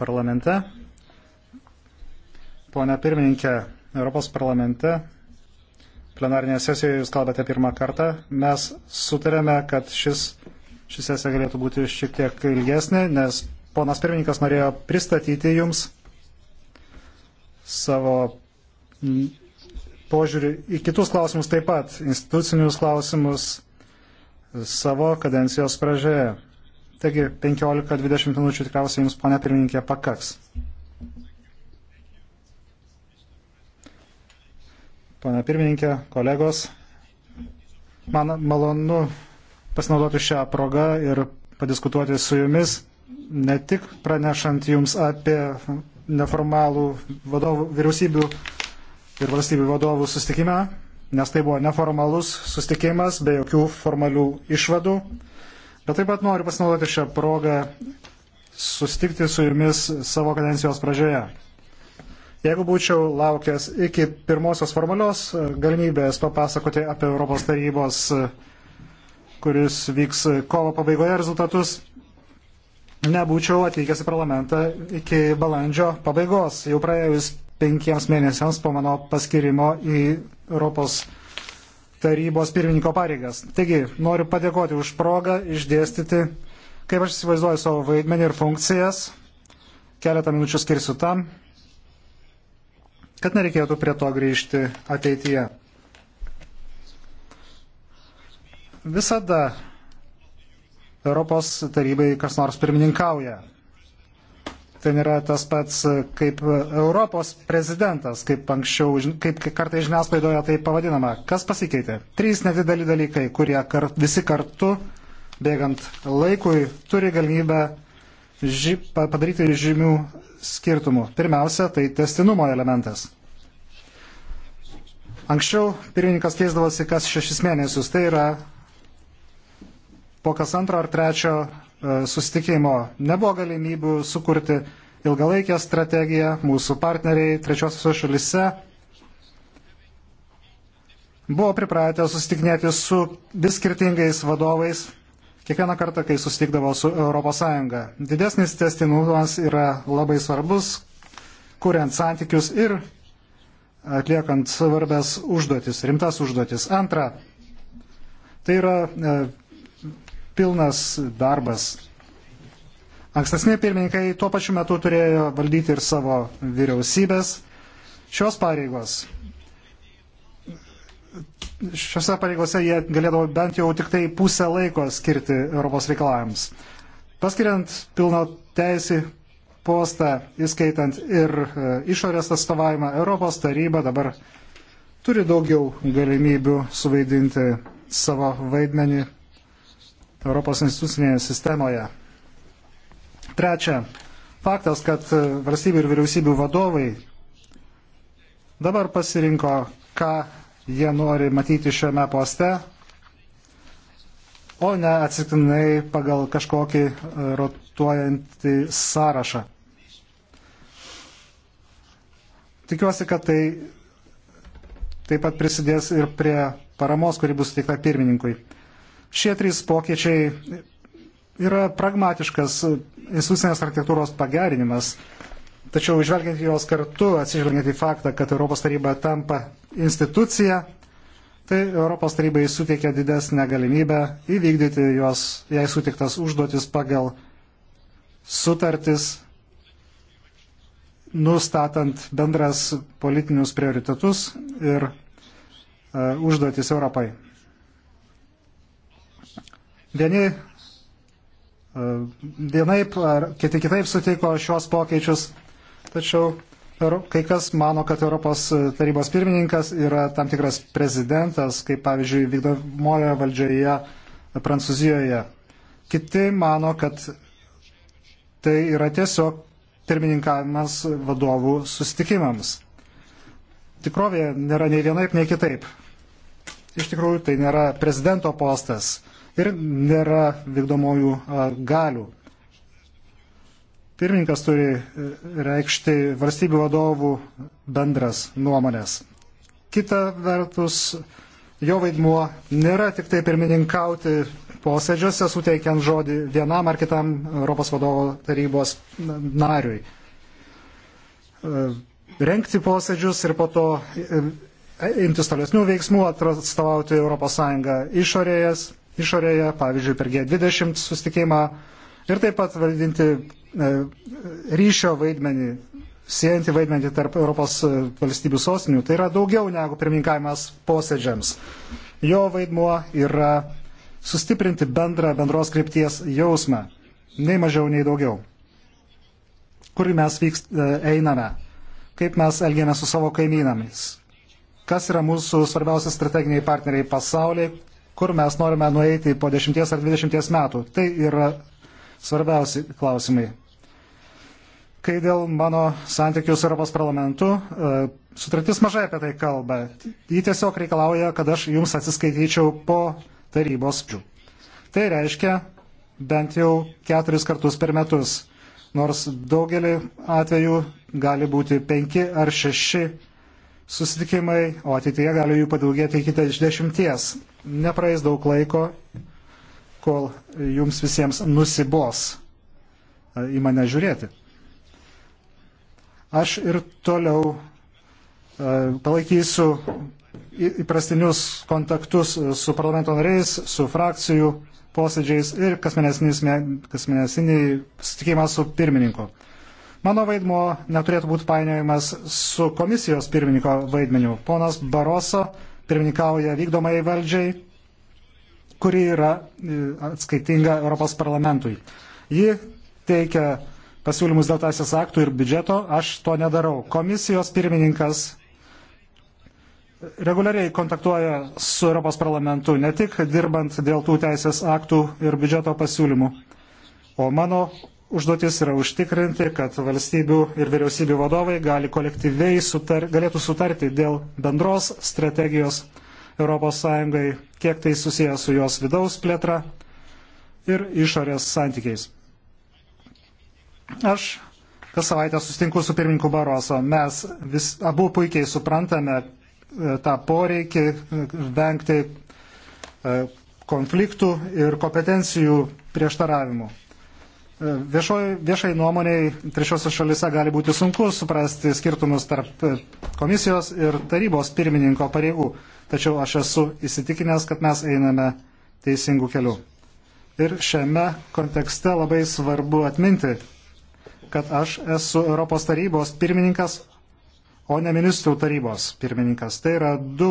parlamente. Pone pirmininkė, Europos parlamente plenarinėje sesijoje jūs kalbate pirmą kartą. Mes sutarėme, kad šis, šis sesija galėtų būti šiek tiek ilgesnė, nes ponas pirmininkas norėjo pristatyti jums savo požiūrį į kitus klausimus taip pat, institucinius klausimus savo kadencijos pradžioje. Taigi 15-20 minučių tikriausiai jums, ponia pirmininkė, pakaks. Pone pirmininkė, kolegos, man malonu pasinaudoti šią progą ir padiskutuoti su jumis, ne tik pranešant jums apie neformalų vadovų, vyriausybių ir valstybių vadovų sustikimą, nes tai buvo neformalus sustikimas be jokių formalių išvadų. Bet taip pat noriu pasinaudoti šią progą sustikti su jumis savo kadencijos pradžioje. Jeigu būčiau laukęs iki pirmosios formalios galimybės papasakoti apie Europos tarybos, kuris vyks kovo pabaigoje rezultatus, nebūčiau atvykęs į parlamentą iki balandžio pabaigos, jau praėjus penkiems mėnesiams po mano paskirimo į Europos tarybą tarybos pirmininko pareigas. Taigi, noriu padėkoti už progą išdėstyti, kaip aš įsivaizduoju savo vaidmenį ir funkcijas. Keletą minučių skirsiu tam, kad nereikėtų prie to grįžti ateityje. Visada Europos tarybai kas nors pirmininkauja tai nėra tas pats e, kaip Europos prezidentas, kaip anksčiau, kaip kartai žiniasklaidoje tai pavadinama. Kas pasikeitė? Trys nedideli dalykai, kurie kart, visi kartu, bėgant laikui, turi galimybę ži, padaryti žymių skirtumų. Pirmiausia, tai testinumo elementas. Anksčiau pirmininkas keisdavosi kas šešis mėnesius, tai yra po kas antro ar trečio E, sustikimo. Nebuvo galimybių sukurti ilgalaikę strategiją, mūsų partneriai trečiosios šalise buvo pripratę susitikinėti su vis skirtingais vadovais kiekvieną kartą, kai susitikdavo su ES. Didesnis testinumas yra labai svarbus, kuriant santykius ir atliekant svarbės užduotis, rimtas užduotis. Antra, tai yra e, pilnas darbas. Ankstesni pirmininkai tuo pačiu metu turėjo valdyti ir savo vyriausybės. Šios pareigos. Šiose pareigose jie galėdavo bent jau tik tai pusę laiko skirti Europos reikalavimams. Paskiriant pilno teisį postą, įskaitant ir e, išorės atstovavimą, Europos taryba dabar turi daugiau galimybių suvaidinti savo vaidmenį Europos institucinėje sistemoje. Trečia, faktas, kad e, valstybių ir vyriausybių vadovai dabar pasirinko, ką jie nori matyti šiame poste, o ne atsitiktinai pagal kažkokį e, rotuojantį sąrašą. Tikiuosi, kad tai taip pat prisidės ir prie paramos, kuri bus suteikta pirmininkui. Šie trys pokyčiai yra pragmatiškas institucinės architektūros pagerinimas, tačiau žvelgiant juos kartu, atsižvelgiant į faktą, kad Europos taryba tampa institucija, tai Europos tarybai suteikia didesnę galimybę įvykdyti jos, jai sutiktas užduotis pagal sutartis, nustatant bendras politinius prioritetus ir uh, užduotis Europai. Vieni e, vienaip ar kiti kitaip sutiko šios pokyčius, tačiau kai kas mano, kad Europos tarybos pirmininkas yra tam tikras prezidentas, kaip pavyzdžiui vykdomojoje valdžioje Prancūzijoje. Kiti mano, kad tai yra tiesiog pirmininkavimas vadovų sustikimams. Tikrovėje nėra nei vienaip, nei kitaip. Iš tikrųjų, tai nėra prezidento postas ir nėra vykdomojų galių. Pirmininkas turi e, reikšti valstybių vadovų bendras nuomonės. Kita vertus, jo vaidmuo nėra tik tai pirmininkauti posėdžiuose, suteikiant žodį vienam ar kitam Europos vadovo tarybos nariui. E, Renkti posėdžius ir po to e, imtis tolesnių veiksmų, atstovauti ES išorėjas, išorėje, pavyzdžiui, per G20 sustikimą ir taip pat valdinti e, ryšio vaidmenį, siejantį vaidmenį tarp Europos e, valstybių sostinių. Tai yra daugiau negu pirmininkavimas posėdžiams. Jo vaidmuo yra sustiprinti bendrą bendros krypties jausmą. Nei mažiau, nei daugiau. Kur mes vyks, e, einame? Kaip mes elgiamės su savo kaimynams? Kas yra mūsų svarbiausi strateginiai partneriai pasaulyje? kur mes norime nueiti po 10 ar 20 metų. Tai yra svarbiausi klausimai. Kai dėl mano santykių su Europos parlamentu, e, sutartis mažai apie tai kalba. Ji tiesiog reikalauja, kad aš jums atsiskaityčiau po tarybos pčių. Tai reiškia bent jau keturis kartus per metus, nors daugelį atvejų gali būti penki ar šeši susitikimai, o ateityje gali jų padaugėti iki 10. Nepraeis daug laiko, kol jums visiems nusibos e, į mane žiūrėti. Aš ir toliau e, palaikysiu įprastinius kontaktus e, su parlamento nariais, su frakcijų posėdžiais ir kasmėnesiniai susitikimą su pirmininku. Mano vaidmo neturėtų būti painiojamas su komisijos pirmininko vaidmeniu. Ponas Baroso pirmininkauja vykdomai valdžiai, kuri yra e, atskaitinga Europos parlamentui. Ji teikia pasiūlymus dėl teisės aktų ir biudžeto, aš to nedarau. Komisijos pirmininkas reguliariai kontaktuoja su Europos parlamentu, ne tik dirbant dėl tų teisės aktų ir biudžeto pasiūlymų. O mano užduotis yra užtikrinti, kad valstybių ir vyriausybių vadovai gali kolektyviai sutar, galėtų sutarti dėl bendros strategijos ES, kiek tai susiję su jos vidaus plėtra ir išorės santykiais. Aš kas savaitę sustinku su pirmininku Baroso. Mes vis, abu puikiai suprantame e, tą poreikį e, vengti e, konfliktų ir kompetencijų prieštaravimų. Viešoj, viešai nuomoniai trečiosios šalise gali būti sunku suprasti skirtumus tarp e, komisijos ir tarybos pirmininko pareigų, tačiau aš esu įsitikinęs, kad mes einame teisingų kelių. Ir šiame kontekste labai svarbu atminti, kad aš esu Europos tarybos pirmininkas, o ne ministrų tarybos pirmininkas. Tai yra du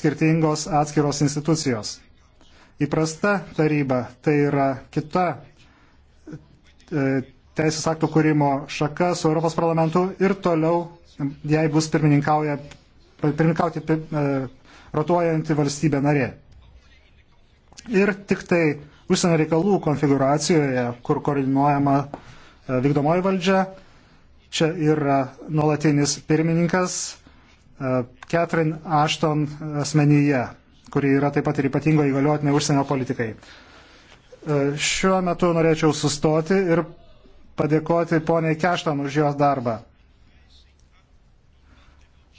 skirtingos atskiros institucijos. Įprasta taryba tai yra kita E, teisės aktų kūrimo šaka su Europos parlamentu ir toliau, jei bus pirmininkauti e, rotuojanti valstybė narė. Ir tik tai užsienio reikalų konfiguracijoje, kur koordinuojama e, vykdomoji valdžia, čia yra nuolatinis pirmininkas Catherine Ashton asmenyje, kuri yra taip pat ir ypatingo įgaliotinė užsienio politikai. E, šiuo metu norėčiau sustoti ir padėkoti poniai Keštan už jos darbą.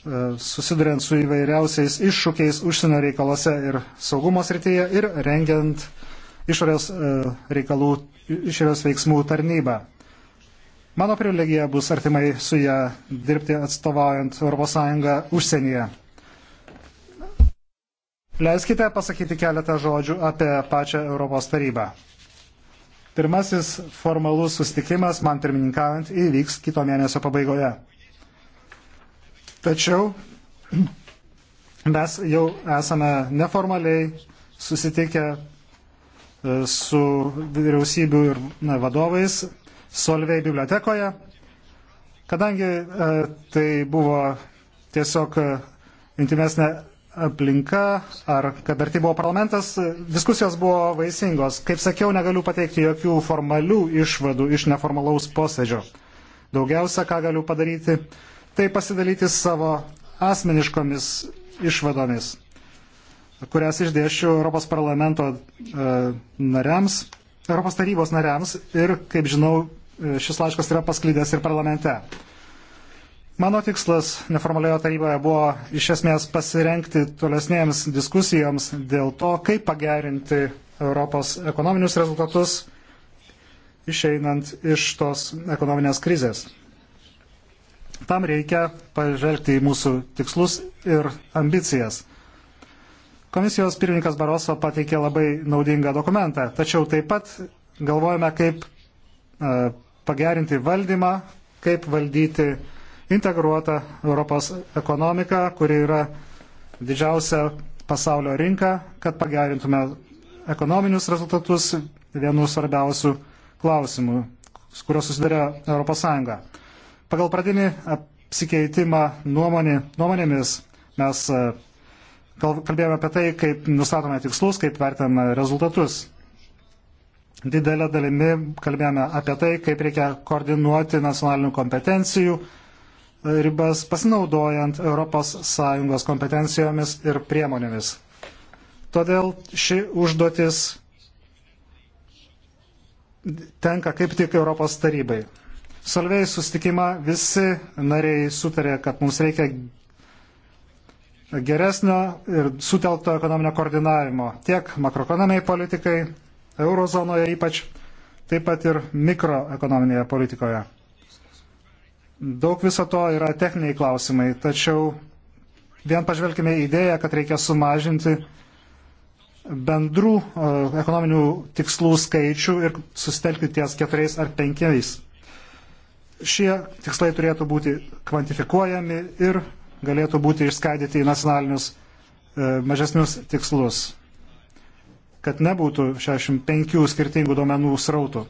E, susiduriant su įvairiausiais iššūkiais užsienio reikalose ir saugumo srityje ir rengiant išorės e, reikalų, išorės veiksmų tarnybą. Mano privilegija bus artimai su ją dirbti atstovaujant ES užsienyje. Leiskite pasakyti keletą žodžių apie pačią Europos tarybą. Pirmasis formalus sustikimas man pirmininkaujant įvyks kito mėnesio pabaigoje. Tačiau mes jau esame neformaliai susitikę e, su vyriausybių ir na, vadovais Solvei bibliotekoje, kadangi e, tai buvo tiesiog e, intimesnė aplinka, ar kad ar tai buvo parlamentas, diskusijos buvo vaisingos. Kaip sakiau, negaliu pateikti jokių formalių išvadų iš neformalaus posėdžio. Daugiausia, ką galiu padaryti, tai pasidalyti savo asmeniškomis išvadomis, kurias išdėšiu Europos parlamento e, nariams, Europos tarybos nariams ir, kaip žinau, e, šis laiškas yra pasklydęs ir parlamente. Mano tikslas neformalioje taryboje buvo iš esmės pasirenkti tolesnėms diskusijoms dėl to, kaip pagerinti Europos ekonominius rezultatus išeinant iš tos ekonominės krizės. Tam reikia pažvelgti į mūsų tikslus ir ambicijas. Komisijos pirmininkas Baroso pateikė labai naudingą dokumentą, tačiau taip pat galvojame, kaip e, pagerinti valdymą, kaip valdyti integruota Europos ekonomika, kuri yra didžiausia pasaulio rinka, kad pagerintume ekonominius rezultatus vienų svarbiausių klausimų, su kuriuo susidarė ES. Pagal pradinį apsikeitimą nuomonė, nuomonėmis mes e, kalbėjome apie tai, kaip nustatome tikslus, kaip vertiname rezultatus. Didelė dalimi kalbėjome apie tai, kaip reikia koordinuoti nacionalinių kompetencijų ribas pasinaudojant ES kompetencijomis ir priemonėmis. Todėl ši užduotis tenka kaip tik Europos tarybai. Solvėjai sustikimą visi nariai sutarė, kad mums reikia geresnio ir sutelkto ekonominio koordinavimo tiek makroekonominiai politikai, eurozonoje ypač, taip pat ir mikroekonominėje politikoje. Daug viso to yra techniniai klausimai, tačiau vien pažvelkime į idėją, kad reikia sumažinti bendrų e, ekonominių tikslų skaičių ir susitelkti ties keturiais ar penkiais. Šie tikslai turėtų būti kvantifikuojami ir galėtų būti išskaidyti į nacionalinius e, mažesnius tikslus, kad nebūtų 65 skirtingų duomenų srautų.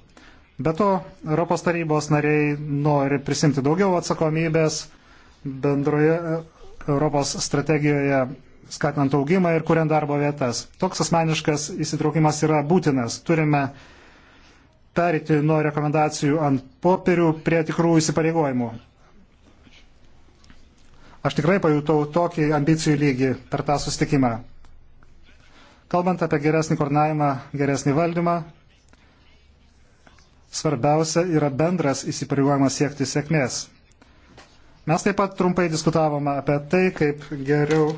Be to, Europos tarybos nariai nori prisimti daugiau atsakomybės bendroje e, Europos strategijoje skatinant augimą ir kuriant darbo vietas. Toks asmeniškas įsitraukimas yra būtinas. Turime perėti nuo rekomendacijų ant popierių prie tikrų įsipareigojimų. Aš tikrai pajutau tokį ambicijų lygį per tą sustikimą. Kalbant apie geresnį koordinavimą, geresnį valdymą, Svarbiausia yra bendras įsipareigojimas siekti sėkmės. Mes taip pat trumpai diskutavome apie tai, kaip geriau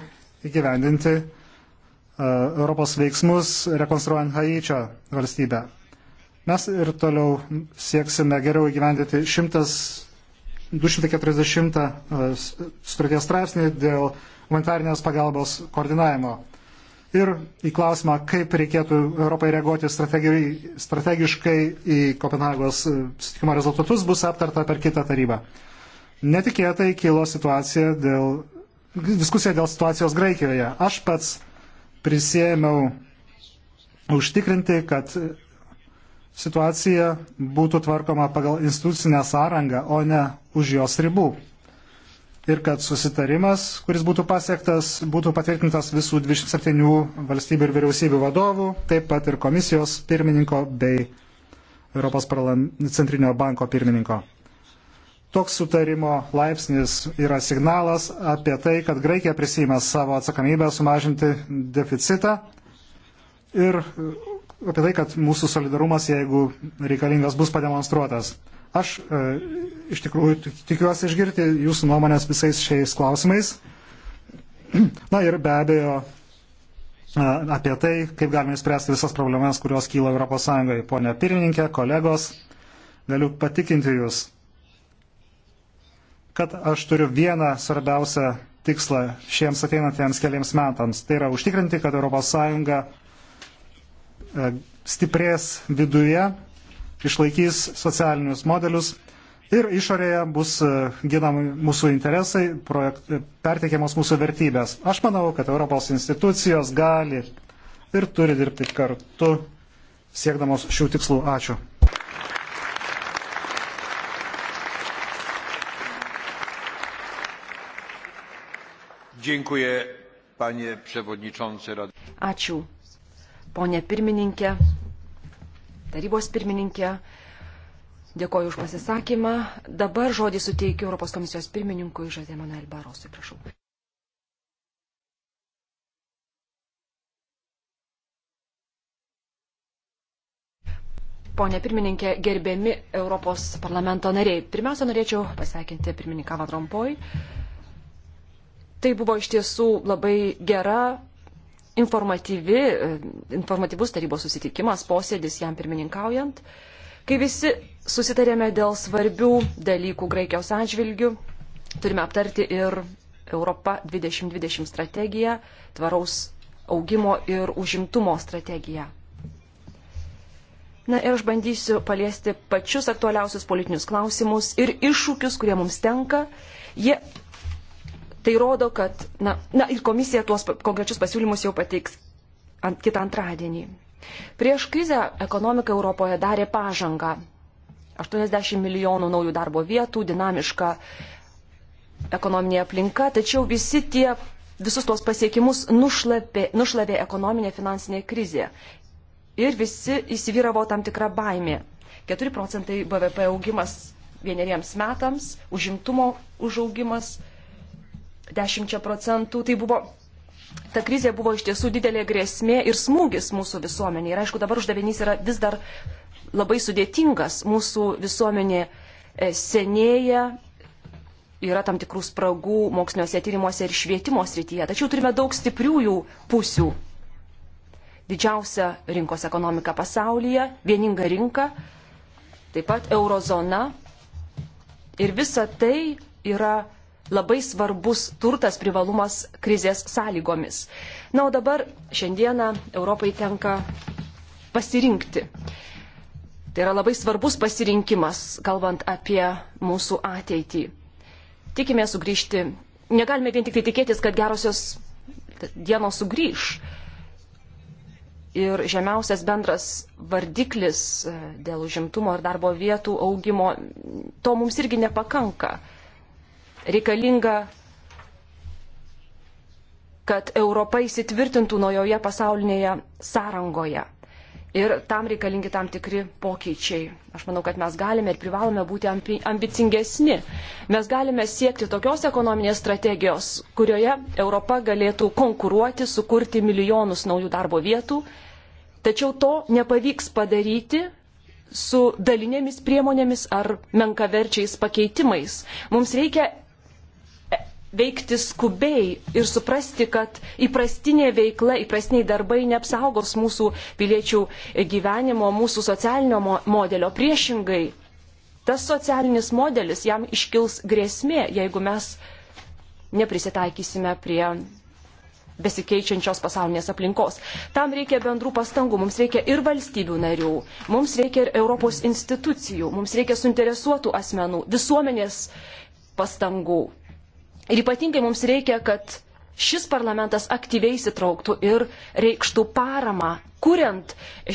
įgyvendinti uh, Europos veiksmus rekonstruojant Haičio valstybę. Mes ir toliau sieksime geriau įgyvendinti 100, 240 uh, sutarties straipsnį dėl humanitarinės pagalbos koordinavimo. Ir į klausimą, kaip reikėtų Europai reaguoti strategi strategiškai į Kopenhagos e, susitikimo rezultatus, bus aptarta per kitą tarybą. Netikėtai kilo situacija dėl, diskusija dėl situacijos Graikijoje. Aš pats prisėmiau užtikrinti, kad situacija būtų tvarkoma pagal institucinę sąrangą, o ne už jos ribų ir kad susitarimas, kuris būtų pasiektas, būtų patvirtintas visų 27 valstybių ir vyriausybių vadovų, taip pat ir komisijos pirmininko bei Europos centrinio banko pirmininko. Toks sutarimo laipsnis yra signalas apie tai, kad Graikija prisima savo atsakomybę sumažinti deficitą ir e, apie tai, kad mūsų solidarumas, jeigu reikalingas, bus pademonstruotas. Aš e, iš tikrųjų tikiuosi išgirti jūsų nuomonės visais šiais klausimais. Na ir be abejo e, apie tai, kaip galime spręsti visas problemas, kurios kyla ES. Pone pirmininkė, kolegos, galiu patikinti jūs, kad aš turiu vieną svarbiausią tikslą šiems ateinantiems keliams metams. Tai yra užtikrinti, kad ES e, stiprės viduje išlaikys socialinius modelius ir išorėje bus e, ginami mūsų interesai, projekt, e, perteikiamos mūsų vertybės. Aš manau, kad Europos institucijos gali ir turi dirbti kartu siekdamos šių tikslų. Ačiū. Dziękuję, panie przewodniczący Rady. Ačiū, ponė pirmininkė tarybos pirmininkė. Dėkoju už pasisakymą. Dabar žodį suteikiu Europos komisijos pirmininkui Žazė Manuel Barosui, prašau. Pone pirmininkė, gerbiami Europos parlamento nariai, pirmiausia, norėčiau pasveikinti pirmininką Vadrompoj. Tai buvo iš tiesų labai gera informatyvi, e, informatyvus tarybos susitikimas, posėdis jam pirmininkaujant, kai visi susitarėme dėl svarbių dalykų Graikijos atžvilgių, turime aptarti ir Europa 2020 strategiją, tvaraus augimo ir užimtumo strategiją. Na ir aš bandysiu paliesti pačius aktualiausius politinius klausimus ir iššūkius, kurie mums tenka. Jie Tai rodo, kad, na, na ir komisija tuos konkrečius pasiūlymus jau pateiks ant kitą antradienį. Prieš krizę ekonomika Europoje darė pažangą. 80 milijonų naujų darbo vietų, dinamiška ekonominė aplinka, tačiau visi tie, visus tuos pasiekimus nušlavė, nušlavė ekonominė finansinė krizė. Ir visi įsivyravo tam tikrą baimę. 4 procentai BVP augimas vieneriems metams, užimtumo užaugimas 10 procentų. Tai buvo, ta krizė buvo iš tiesų didelė grėsmė ir smūgis mūsų visuomenė. Ir aišku, dabar uždavinys yra vis dar labai sudėtingas. Mūsų visuomenė e, senėja, yra tam tikrų spragų moksliniuose tyrimuose ir švietimo srityje. Tačiau turime daug stipriųjų pusių. Didžiausia rinkos ekonomika pasaulyje, vieninga rinka, taip pat eurozona. Ir visa tai yra labai svarbus turtas privalumas krizės sąlygomis. Na, o dabar šiandieną Europai tenka pasirinkti. Tai yra labai svarbus pasirinkimas, kalbant apie mūsų ateitį. Tikime sugrįžti. Negalime vien tik tai tikėtis, kad gerosios dienos sugrįž. Ir žemiausias bendras vardiklis e, dėl užimtumo ir darbo vietų augimo, to mums irgi nepakanka. Reikalinga, kad Europa įsitvirtintų naujoje pasaulinėje sąrangoje. Ir tam reikalingi tam tikri pokyčiai. Aš manau, kad mes galime ir privalome būti ambicingesni. Mes galime siekti tokios ekonominės strategijos, kurioje Europa galėtų konkuruoti, sukurti milijonus naujų darbo vietų. Tačiau to nepavyks padaryti su dalinėmis priemonėmis ar menkaverčiais pakeitimais. Mums reikia veikti skubiai ir suprasti, kad įprastinė veikla, įprastiniai darbai neapsaugos mūsų piliečių gyvenimo, mūsų socialinio modelio. Priešingai, tas socialinis modelis jam iškils grėsmė, jeigu mes neprisitaikysime prie besikeičiančios pasaulinės aplinkos. Tam reikia bendrų pastangų, mums reikia ir valstybių narių, mums reikia ir Europos institucijų, mums reikia suinteresuotų asmenų, visuomenės pastangų. Ir ypatingai mums reikia, kad šis parlamentas aktyviai įsitrauktų ir reikštų paramą, kuriant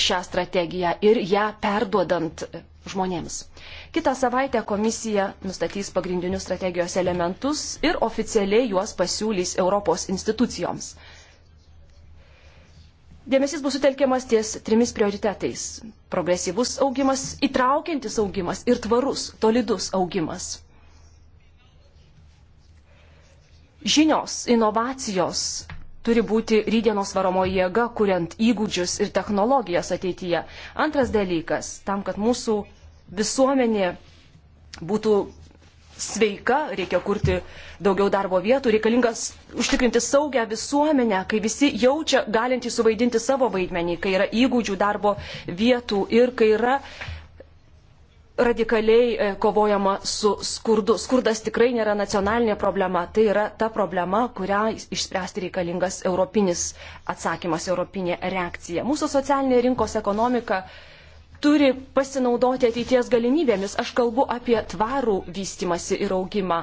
šią strategiją ir ją perduodant žmonėms. Kita savaitė komisija nustatys pagrindinius strategijos elementus ir oficialiai juos pasiūlys Europos institucijoms. Dėmesys bus sutelkiamas ties trimis prioritetais - progresyvus augimas, įtraukiantis augimas ir tvarus, tolidus augimas. Žinios, inovacijos turi būti rydienos varomoji jėga, kuriant įgūdžius ir technologijas ateityje. Antras dalykas, tam, kad mūsų visuomenė būtų sveika, reikia kurti daugiau darbo vietų, reikalingas užtikrinti saugią visuomenę, kai visi jaučia galintys suvaidinti savo vaidmenį, kai yra įgūdžių darbo vietų ir kai yra radikaliai e, kovojama su skurdu. Skurdas tikrai nėra nacionalinė problema, tai yra ta problema, kurią išspręsti reikalingas europinis atsakymas, europinė reakcija. Mūsų socialinė rinkos ekonomika turi pasinaudoti ateities galimybėmis. Aš kalbu apie tvarų vystimasi ir augimą,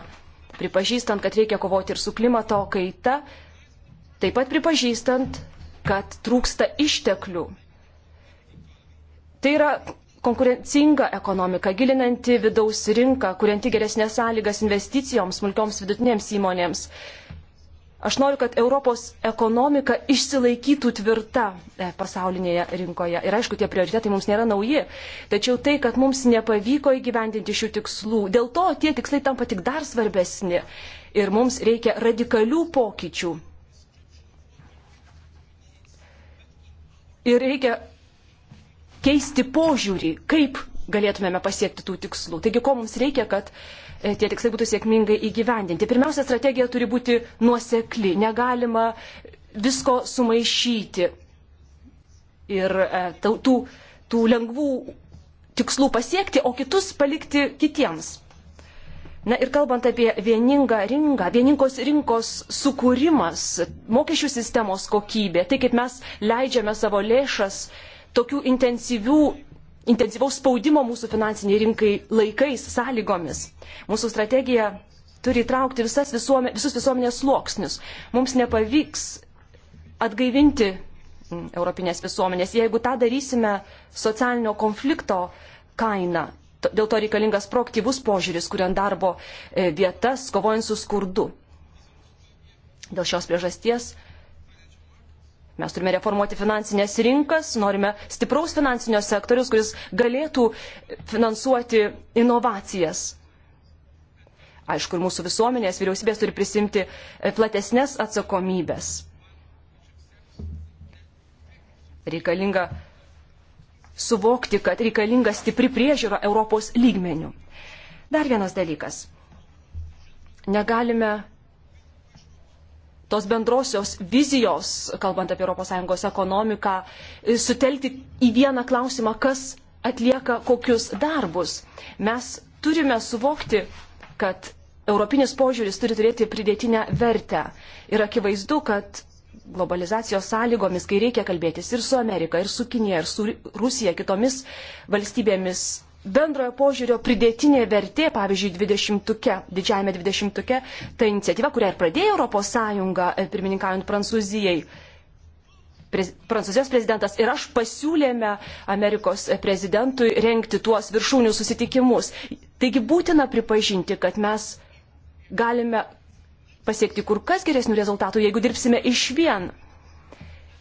pripažįstant, kad reikia kovoti ir su klimato kaita, taip pat pripažįstant, kad trūksta išteklių. Tai yra konkurencinga ekonomika, gilinanti vidaus rinką, kurianti geresnės sąlygas investicijoms, smulkioms vidutinėms įmonėms. Aš noriu, kad Europos ekonomika išsilaikytų tvirta e, pasaulinėje rinkoje. Ir aišku, tie prioritetai mums nėra nauji. Tačiau tai, kad mums nepavyko įgyvendinti šių tikslų, dėl to tie tikslai tampa tik dar svarbesni. Ir mums reikia radikalių pokyčių. Ir reikia keisti požiūrį, kaip galėtumėme pasiekti tų tikslų. Taigi, ko mums reikia, kad e, tie tikslai būtų sėkmingai įgyvendinti. Pirmiausia, strategija turi būti nuosekli, negalima visko sumaišyti ir e, tų, tų, tų lengvų tikslų pasiekti, o kitus palikti kitiems. Na ir kalbant apie vieningą rinką, vieningos rinkos sukūrimas, mokesčių sistemos kokybė, tai kaip mes leidžiame savo lėšas, uh, tokių intensyvių intensyvaus spaudimo mūsų finansiniai rinkai laikais, sąlygomis. Mūsų strategija turi įtraukti visas visuomė, visus visuomenės sluoksnius. Mums nepavyks atgaivinti mm, Europinės visuomenės, jeigu tą darysime socialinio konflikto kainą. Dėl to reikalingas proaktyvus požiūris, kuriant darbo e, vietas, kovojant su skurdu. Dėl šios priežasties Mes turime reformuoti finansinės rinkas, norime stipraus finansinio sektorius, kuris galėtų finansuoti inovacijas. Aišku, ir mūsų visuomenės vyriausybės turi prisimti e, platesnės atsakomybės. Reikalinga suvokti, kad reikalinga stipri priežiūra Europos lygmenių. Dar vienas dalykas. Negalime tos bendrosios vizijos, kalbant apie ES ekonomiką, sutelkti į vieną klausimą, kas atlieka kokius darbus. Mes turime suvokti, kad europinis požiūris turi turėti pridėtinę vertę. Ir akivaizdu, kad globalizacijos sąlygomis, kai reikia kalbėtis ir su Amerika, ir su Kinija, ir su Rusija, kitomis valstybėmis bendrojo požiūrio pridėtinė vertė, pavyzdžiui, 20-tuke, didžiajame 20-tuke, ta iniciatyva, kurią ir pradėjo ES, e, pirmininkaujant Prancūzijai. Prancūzijos prezidentas ir aš pasiūlėme Amerikos prezidentui renkti tuos viršūnių susitikimus. Taigi būtina pripažinti, kad mes galime pasiekti kur kas geresnių rezultatų, jeigu dirbsime iš vien.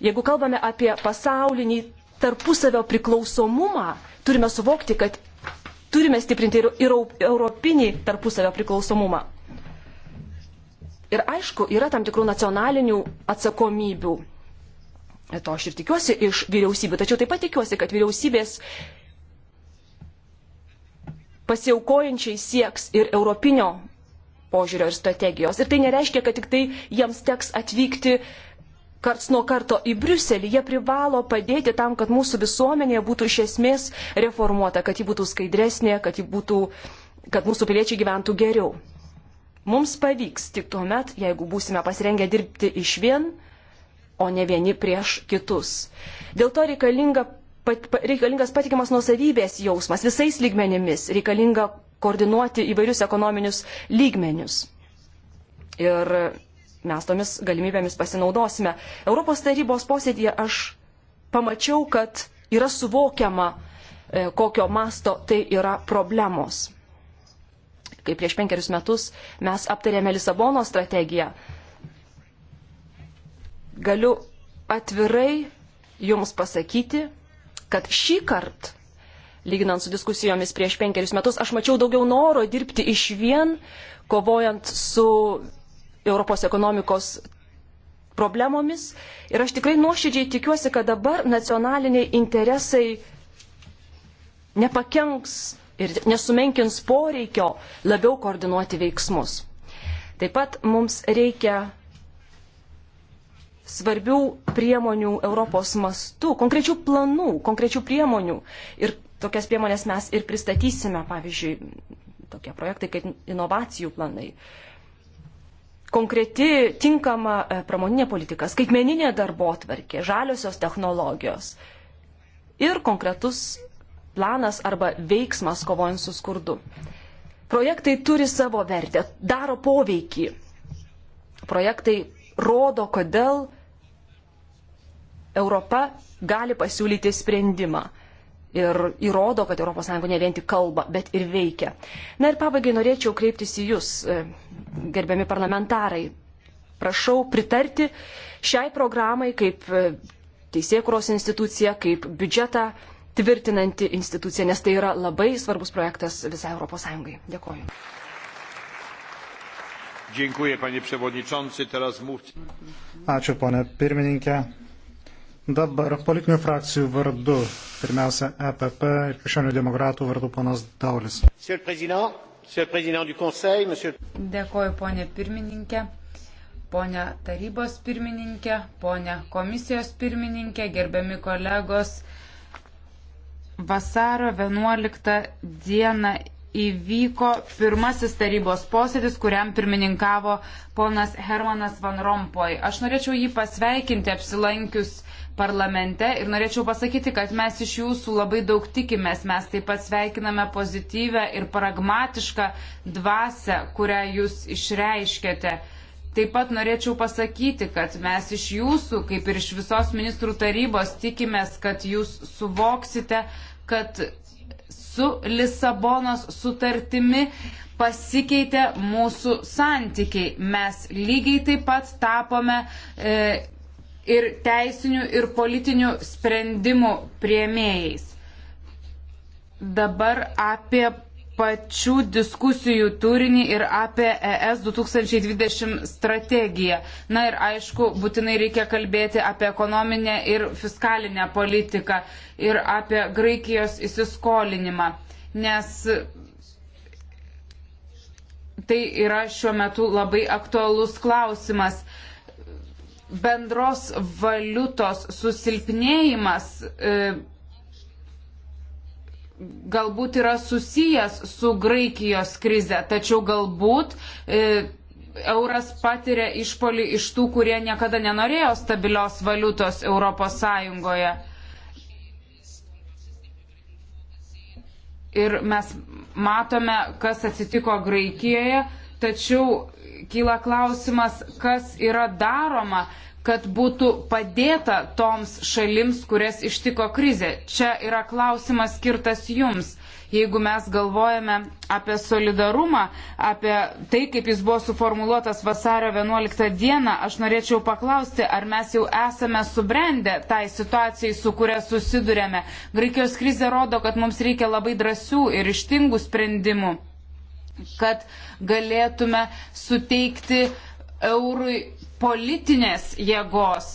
Jeigu kalbame apie pasaulinį tarpusavio priklausomumą, turime suvokti, kad turime stiprinti ir, ir europinį tarpusavio priklausomumą. Ir aišku, yra tam tikrų nacionalinių atsakomybių. To aš ir tikiuosi iš vyriausybių. Tačiau taip pat tikiuosi, kad vyriausybės pasiaukojančiai sieks ir europinio požiūrio ir strategijos. Ir tai nereiškia, kad tik tai jiems teks atvykti uh, karts nuo karto į Briuselį, jie privalo padėti tam, kad mūsų visuomenė būtų iš esmės reformuota, kad ji būtų skaidresnė, kad, būtų, kad mūsų piliečiai gyventų geriau. Mums pavyks tik tuo met, jeigu būsime pasirengę dirbti iš vien, o ne vieni prieš kitus. Dėl to reikalinga, pat, reikalingas patikimas nuosavybės jausmas visais lygmenimis, reikalinga koordinuoti įvairius ekonominius lygmenius. Ir mes tomis galimybėmis pasinaudosime. Europos tarybos posėdėje aš pamačiau, kad yra suvokiama, e, kokio masto tai yra problemos. Kai prieš penkerius metus mes aptarėme Lisabono strategiją, galiu atvirai Jums pasakyti, kad šį kartą, lyginant su diskusijomis prieš penkerius metus, aš mačiau daugiau noro dirbti iš vien, kovojant su Europos ekonomikos problemomis. Ir aš tikrai nuoširdžiai tikiuosi, kad dabar nacionaliniai interesai nepakenks ir nesumenkins poreikio labiau koordinuoti veiksmus. Taip pat mums reikia svarbių priemonių Europos mastu, konkrečių planų, konkrečių priemonių. Ir tokias priemonės mes ir pristatysime, pavyzdžiui, tokie projektai kaip inovacijų planai. Uh, konkreti, tinkama e, pramoninė politika, skaitmeninė darbo tvarkė, žaliosios technologijos ir konkretus planas arba veiksmas kovojant su skurdu. Projektai turi savo vertę, daro poveikį. Projektai rodo, kodėl Europa gali pasiūlyti sprendimą ir įrodo, kad ES ne vien tik kalba, bet ir veikia. Na ir pabaigai norėčiau kreiptis į Jūs, e, gerbiami parlamentarai. Prašau pritarti šiai programai kaip e, teisėkuros institucija, kaip biudžetą tvirtinanti institucija, nes tai yra labai svarbus projektas visai ES. Dėkoju. Dziękuję, panie przewodniczący. Teraz mówcie. Ačiū, pone pirmininkė. Dabar politinių frakcijų vardu, pirmiausia, EPP ir krikščionių demokratų vardu ponas Daulis. Dėkoju, ponė pirmininkė, ponė tarybos pirmininkė, ponė komisijos pirmininkė, gerbiami kolegos. Vasaro 11 dieną įvyko pirmasis tarybos posėdis, kuriam pirmininkavo ponas Hermanas Van Rompoj. Aš norėčiau jį pasveikinti apsilankius parlamente ir norėčiau pasakyti, kad mes iš jūsų labai daug tikimės. Mes taip pat sveikiname pozityvę ir pragmatišką dvasę, kurią jūs išreiškėte. Taip pat norėčiau pasakyti, kad mes iš jūsų, kaip ir iš visos ministrų tarybos, tikimės, kad jūs suvoksite, kad su Lisabonos sutartimi pasikeitė mūsų santykiai. Mes lygiai taip pat tapome e, ir teisinių ir politinių sprendimų prieimėjais. Dabar apie pačių diskusijų turinį ir apie ES 2020 strategiją. Na ir aišku, būtinai reikia kalbėti apie ekonominę ir fiskalinę politiką ir apie Graikijos įsiskolinimą, nes tai yra šiuo metu labai aktualus klausimas bendros valiutos susilpnėjimas e, galbūt yra susijęs su Graikijos krize, tačiau galbūt e, euras patiria išpolį iš tų, kurie niekada nenorėjo stabilios valiutos Europos Sąjungoje. Ir mes matome, kas atsitiko Graikijoje tačiau kyla klausimas, kas yra daroma, kad būtų padėta toms šalims, kurias ištiko krizė. Čia yra klausimas skirtas jums. Jeigu mes galvojame apie solidarumą, apie tai, kaip jis buvo suformuoluotas vasario 11 dieną, aš norėčiau paklausti, ar mes jau esame subrendę tai situacijai, su kuria susidurėme. Graikijos krizė rodo, kad mums reikia labai drąsių ir ištingų sprendimų kad galėtume suteikti eurui politinės jėgos.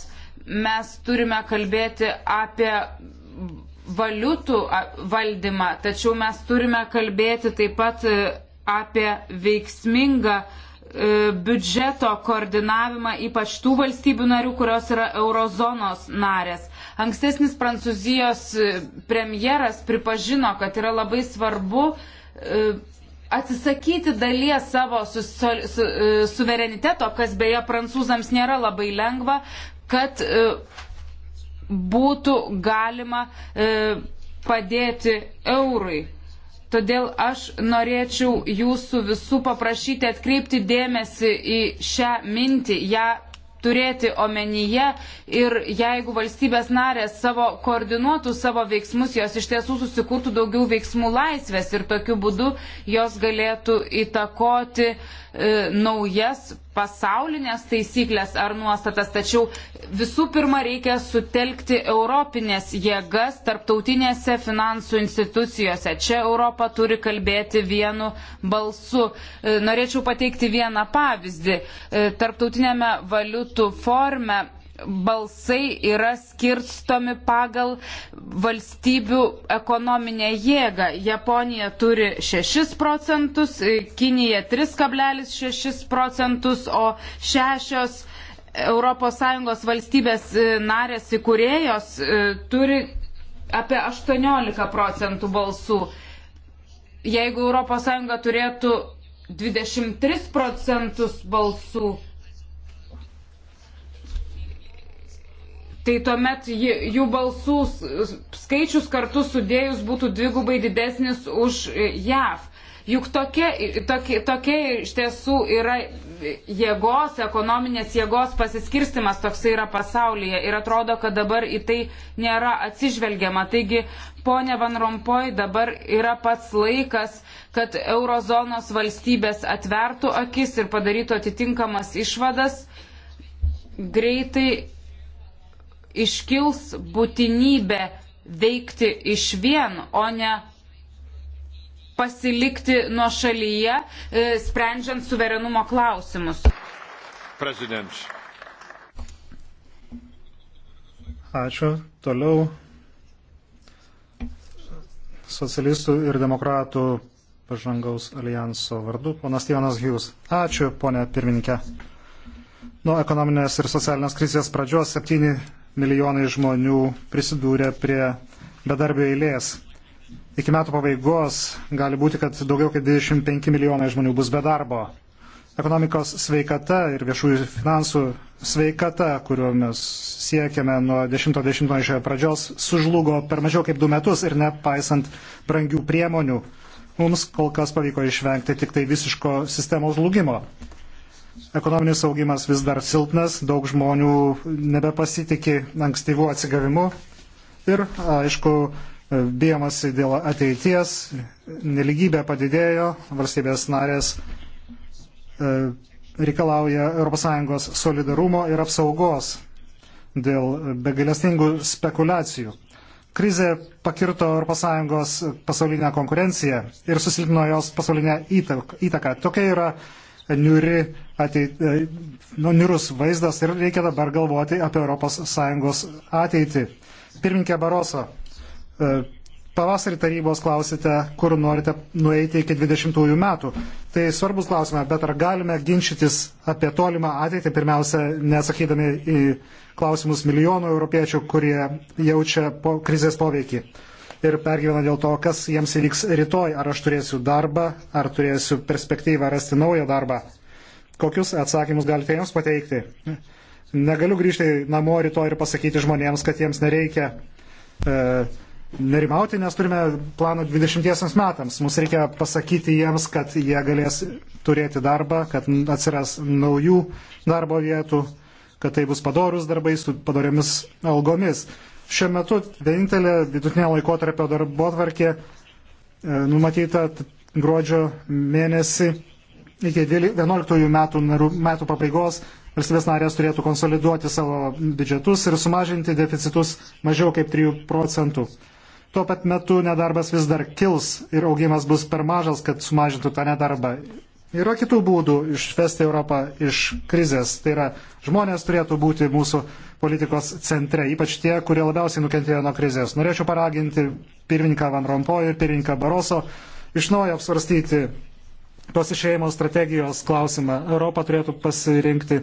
Mes turime kalbėti apie valiutų valdymą, tačiau mes turime kalbėti taip pat e, apie veiksmingą e, biudžeto koordinavimą, ypač tų valstybių narių, kurios yra eurozonos narės. Ankstesnis Prancūzijos e, premjeras pripažino, kad yra labai svarbu atsisakyti dalies savo su, su, su, e, suvereniteto, kas beje prancūzams nėra labai lengva, kad e, būtų galima e, padėti eurui. Todėl aš norėčiau jūsų visų paprašyti atkreipti dėmesį į šią mintį, ją turėti omenyje ir jeigu valstybės narės savo koordinuotų savo veiksmus, jos iš tiesų susikurtų daugiau veiksmų laisvės ir tokiu būdu jos galėtų įtakoti e, naujas pasaulinės taisyklės ar nuostatas, tačiau visų pirma reikia sutelkti europinės jėgas tarptautinėse finansų institucijose. Čia Europa turi kalbėti vienu balsu. E, norėčiau pateikti vieną pavyzdį. E, Tarptautinėme valiutų forme balsai yra skirstomi pagal valstybių ekonominę jėgą. Japonija turi 6 procentus, Kinija 3,6 procentus, o šešios ES valstybės e, narės įkurėjos e, turi apie 18 procentų balsų. Jeigu ES turėtų 23 procentus balsų, tai tuomet jų balsų skaičius kartu sudėjus būtų dvigubai didesnis už e, JAV. Juk tokia, tokia, tokia iš tiesų yra jėgos, ekonominės jėgos pasiskirstimas toksai yra pasaulyje ir atrodo, kad dabar į tai nėra atsižvelgiama. Taigi, ponė Van Rompoj, dabar yra pats laikas, kad eurozonos valstybės atvertų akis ir padarytų atitinkamas išvadas greitai iškils būtinybė veikti iš vien, o ne pasilikti nuo šalyje, e, sprendžiant suverenumo klausimus. President. Ačiū. Toliau socialistų ir demokratų pažangaus alijanso vardu, ponas Jonas Hughes. Ačiū, ponė pirmininkė. Nuo ekonominės ir socialinės krizės pradžios septyni milijonai žmonių prisidūrė prie bedarbio eilės. Iki metų pabaigos gali būti, kad daugiau kaip 25 milijonai žmonių bus be darbo. Ekonomikos sveikata ir viešųjų finansų sveikata, kuriuo mes siekiame nuo 10-20 pradžios, sužlugo per mažiau kaip du metus ir nepaisant brangių priemonių, mums kol kas pavyko išvengti tik tai visiško sistemos žlugimo. Ekonominis augimas vis dar silpnas, daug žmonių nebepasitikė ankstyvų atsigavimu ir, aišku, bijomasi dėl ateities, neligybė padidėjo, valstybės narės e, reikalauja ES solidarumo ir apsaugos dėl begalestingų spekulacijų. Krizė pakirto ES pasaulinę konkurenciją ir susilpno jos pasaulinę įtaką. Tokia yra niuri ateit, e, nu, niurus vaizdas ir reikia dabar galvoti apie ES ateitį. Pirminkė Baroso, e, pavasarį tarybos klausite, kur norite nueiti iki 20 metų. Tai svarbus klausimas, bet ar galime ginčytis apie tolimą ateitį, pirmiausia, nesakydami į klausimus milijonų europiečių, kurie jaučia po krizės poveikį ir pergyvena dėl to, kas jiems įvyks rytoj, ar aš turėsiu darbą, ar turėsiu perspektyvą rasti naują darbą. Kokius atsakymus galite jiems pateikti? Negaliu grįžti namo rytoj ir pasakyti žmonėms, kad jiems nereikia e, nerimauti, nes turime planą 20 metams. Mums reikia pasakyti jiems, kad jie galės turėti darbą, kad atsiras naujų darbo vietų, kad tai bus padorus darbai su padoriomis algomis. Šiuo metu vienintelė vidutinė laikotarpio darbo tvarkė e, numatyta gruodžio mėnesį iki 11 metų, metų pabaigos valstybės narės turėtų konsoliduoti savo biudžetus ir sumažinti deficitus mažiau kaip 3 procentų. Tuo pat metu nedarbas vis dar kils ir augimas bus per mažas, kad sumažintų tą nedarbą. Yra kitų būdų išvesti Europą iš krizės. Tai yra, žmonės turėtų būti mūsų politikos centre, ypač tie, kurie labiausiai nukentėjo nuo krizės. Norėčiau paraginti pirmininką Van Rompoj ir pirmininką Baroso iš naujo apsvarstyti tos išėjimo strategijos klausimą. Europa turėtų pasirinkti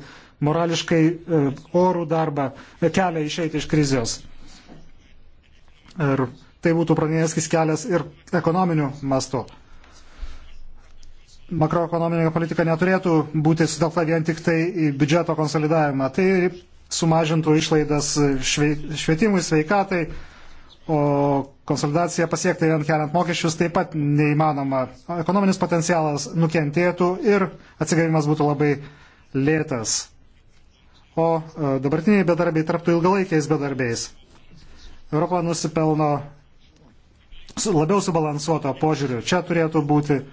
morališkai e, orų darbą, e, kelią išeiti iš krizės. Ir tai būtų pranėskis kelias ir ekonominiu mastu. Makroekonominė politika neturėtų būti sutelkta vien tik tai į biudžeto konsolidavimą. Tai sumažintų išlaidas švietimui, sveikatai, o konsolidacija pasiekti vien keliant mokesčius taip pat neįmanoma. Ekonominis potencialas nukentėtų ir atsigavimas būtų labai lėtas. O e, dabartiniai bedarbiai tarptų ilgalaikiais bedarbiais. Europa nusipelno labiau subalansuoto požiūriu. Čia turėtų būti e,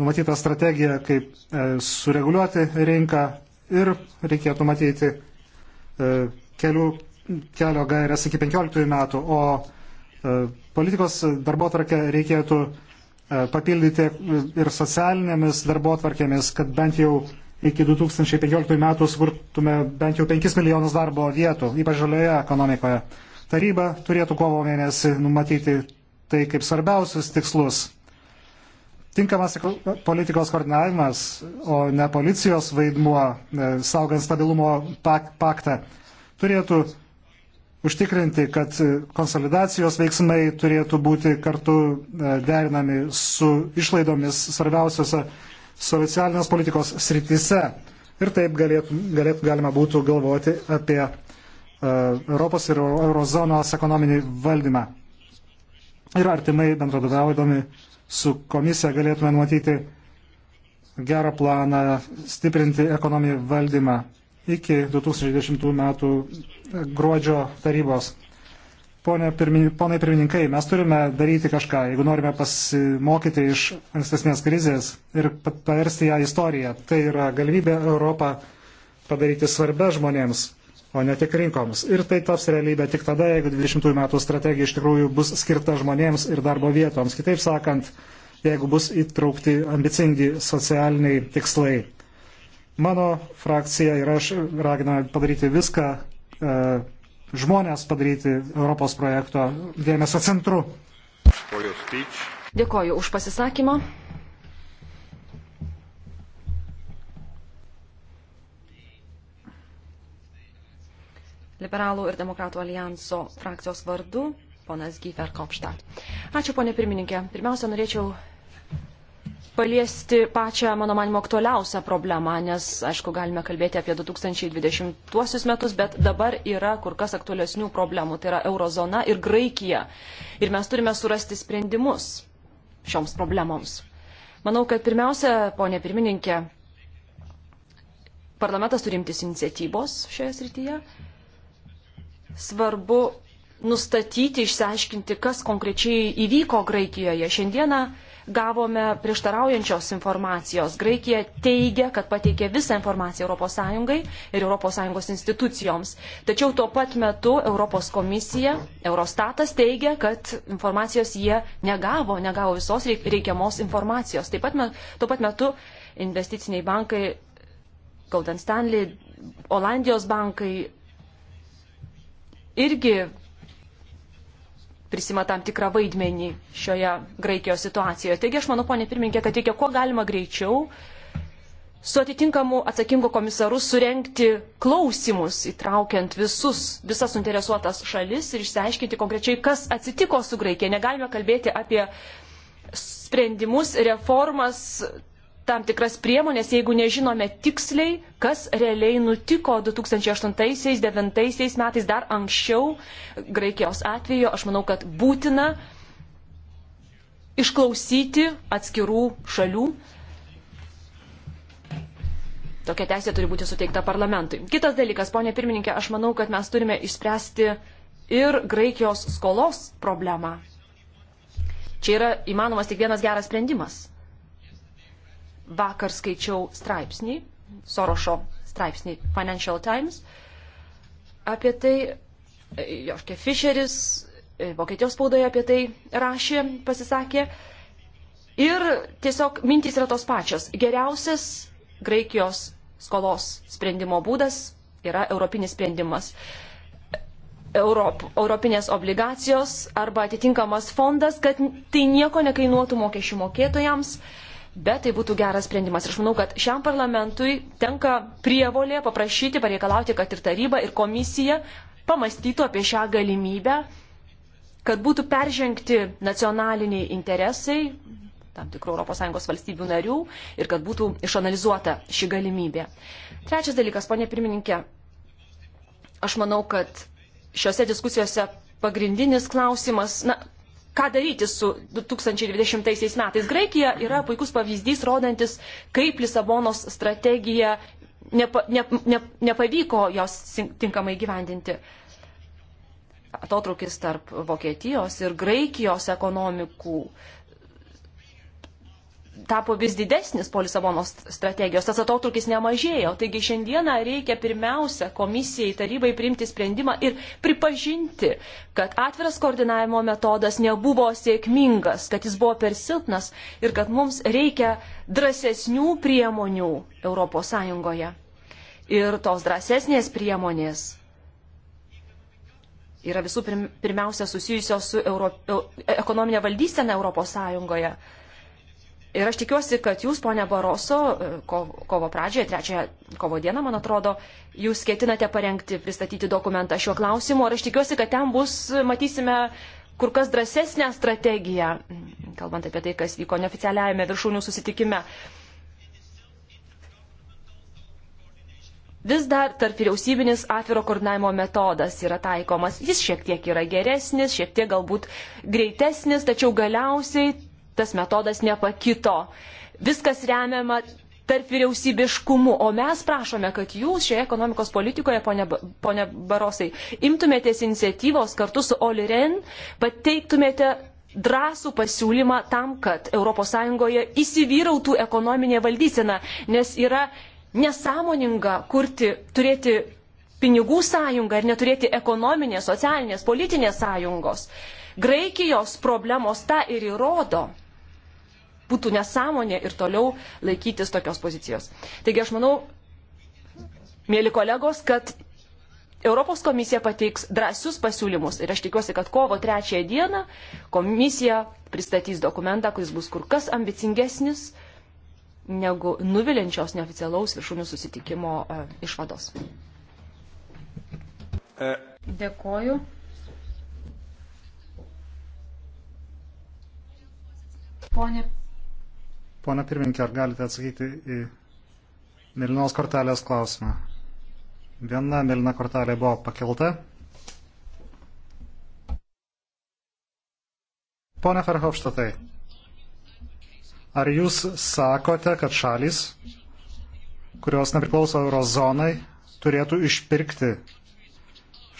numatyta strategija, kaip e, sureguliuoti rinką, ir reikėtų matyti e, kelių, kelio gairias iki 15 metų, o e, politikos darbo tvarkę reikėtų e, papildyti ir socialinėmis darbo tvarkėmis, kad bent jau iki 2015 metų skurtume bent jau 5 milijonus darbo vietų, ypač žalioje ekonomikoje. Taryba turėtų kovo mėnesį numatyti tai kaip svarbiausius tikslus Tinkamas politikos koordinavimas, o ne policijos vaidmuo, e, saugant stabilumo paktą, turėtų užtikrinti, kad e, konsolidacijos veiksmai turėtų būti kartu e, derinami su išlaidomis svarbiausiose socialinės politikos srityse. Ir taip galėtų, galėtų galima būtų galvoti apie uh, Europos ir Eurozonos ekonominį valdymą. Ir artimai bendradaviaudami uh, su komisija galėtume matyti gerą planą stiprinti ekonominį valdymą iki 2020 metų gruodžio tarybos. Pone pirmin, ponai pirmininkai, mes turime daryti kažką, jeigu norime pasimokyti iš ankstesnės krizės ir paversti ją istoriją. Tai yra galimybė Europą padaryti svarbę žmonėms o ne tik rinkoms. Ir tai taps realybė tik tada, jeigu 20 metų strategija iš tikrųjų bus skirta žmonėms ir darbo vietoms. Kitaip sakant, jeigu bus įtraukti ambicingi socialiniai tikslai. Mano frakcija ir aš raginame padaryti viską, e, žmonės padaryti Europos projekto dėmesio centru. Dėkoju už pasisakymą. liberalų ir demokratų alijanso frakcijos vardu, ponas Gyfer Kopštat. Ačiū, ponė pirmininkė. Pirmiausia, norėčiau paliesti pačią, mano manimo, aktualiausią problemą, nes, aišku, galime kalbėti apie 2020 metus, bet dabar yra kur kas aktualesnių problemų, tai yra eurozona ir Graikija. Ir mes turime surasti sprendimus šioms problemoms. Manau, kad pirmiausia, ponė pirmininkė, parlamentas turi imtis iniciatyvos šioje srityje svarbu nustatyti, išsiaiškinti, kas konkrečiai įvyko Graikijoje. Šiandieną gavome prieštaraujančios informacijos. Graikija teigia, kad pateikė visą informaciją ES ir ES institucijoms. Tačiau tuo pat metu Europos komisija, Eurostatas teigia, kad informacijos jie negavo, negavo visos reikiamos informacijos. Taip pat, tuo pat metu investiciniai bankai, Golden Stanley, Olandijos bankai, irgi prisima tam tikrą vaidmenį šioje Graikijos situacijoje. Taigi aš manau, ponė pirmininkė, kad reikia kuo galima greičiau su atitinkamu atsakingu komisaru surenkti klausimus, įtraukiant visus, visas suinteresuotas šalis ir išsiaiškinti konkrečiai, kas atsitiko su Graikija. Negalime kalbėti apie sprendimus, reformas tam tikras priemonės, jeigu nežinome tiksliai, kas realiai nutiko 2008-2009 metais dar anksčiau Graikijos atveju. Aš manau, kad būtina išklausyti atskirų šalių. Tokia teisė turi būti suteikta parlamentui. Kitas dalykas, ponė pirmininkė, aš manau, kad mes turime išspręsti ir Graikijos skolos problemą. Čia yra įmanomas tik vienas geras sprendimas vakar skaičiau straipsnį, Sorošo straipsnį Financial Times, apie tai, Joške Fischeris, e, Vokietijos spaudoje apie tai rašė, pasisakė. Ir tiesiog mintys yra tos pačios. Geriausias Graikijos skolos sprendimo būdas yra europinis sprendimas. Europ, europinės obligacijos arba atitinkamas fondas, kad tai nieko nekainuotų mokesčių mokėtojams. Uh, bet tai būtų geras sprendimas. Ir aš manau, kad šiam parlamentui tenka prievolė paprašyti, pareikalauti, kad ir taryba, ir komisija pamastytų apie šią galimybę, kad būtų peržengti nacionaliniai interesai tam tikrų ES valstybių narių ir kad būtų išanalizuota ši galimybė. Trečias dalykas, ponė pirmininkė, aš manau, kad šiuose diskusijose pagrindinis klausimas, na, ką daryti su 2020 metais. Graikija yra puikus pavyzdys, rodantis, kaip Lisabonos strategija nepa, ne, ne, nepavyko jos tinkamai gyvendinti. Atotrukis tarp Vokietijos ir Graikijos ekonomikų uh, tapo vis didesnis po Lisabonos strategijos, tas atotrukis nemažėjo. Taigi šiandieną reikia pirmiausia komisijai, tarybai priimti sprendimą ir pripažinti, kad atviras koordinavimo metodas nebuvo sėkmingas, kad jis buvo per silpnas ir kad mums reikia drąsesnių priemonių ES. Ir tos drąsesnės priemonės yra visų pirmiausia susijusios su Euro, e-, ekonominė valdysena ES Ir aš tikiuosi, kad jūs, ponia Baroso, e, kovo pradžioje, trečiąją kovo dieną, man atrodo, jūs ketinate parengti, pristatyti dokumentą šiuo klausimu. Ir aš tikiuosi, kad ten bus, matysime, kur kas drąsesnę strategiją, kalbant apie tai, kas vyko neoficialiajame viršūnių susitikime. Vis dar tarp vyriausybinis atviro koordinavimo metodas yra taikomas. Jis šiek tiek yra geresnis, šiek tiek galbūt greitesnis, tačiau galiausiai tas metodas nepakito. Viskas remiama tarp vyriausybiškumu, o mes prašome, kad jūs šioje ekonomikos politikoje, ponia, ponia Barosai, imtumėtės iniciatyvos kartu su Oli Ren, pateiktumėte drąsų pasiūlymą tam, kad ES įsivyrautų ekonominė valdysena, nes yra nesąmoninga kurti, turėti pinigų sąjungą ir neturėti ekonominės, socialinės, politinės sąjungos. Graikijos problemos tą ir įrodo būtų nesąmonė ir toliau laikytis tokios pozicijos. Taigi aš manau, mėly kolegos, kad Europos komisija pateiks drąsius pasiūlymus ir aš tikiuosi, kad kovo trečiąją dieną komisija pristatys dokumentą, kuris bus kur kas ambicingesnis negu nuvilinčios neoficialaus viršūnių susitikimo uh, išvados. Dėkoju. Pone Pone pirmininkė, ar galite atsakyti į Mėlynos kortelės klausimą? Viena mėlyna kortelė buvo pakelta. Pone Ferhofštatai, ar jūs sakote, kad šalis, kurios nepriklauso eurozonai, turėtų išpirkti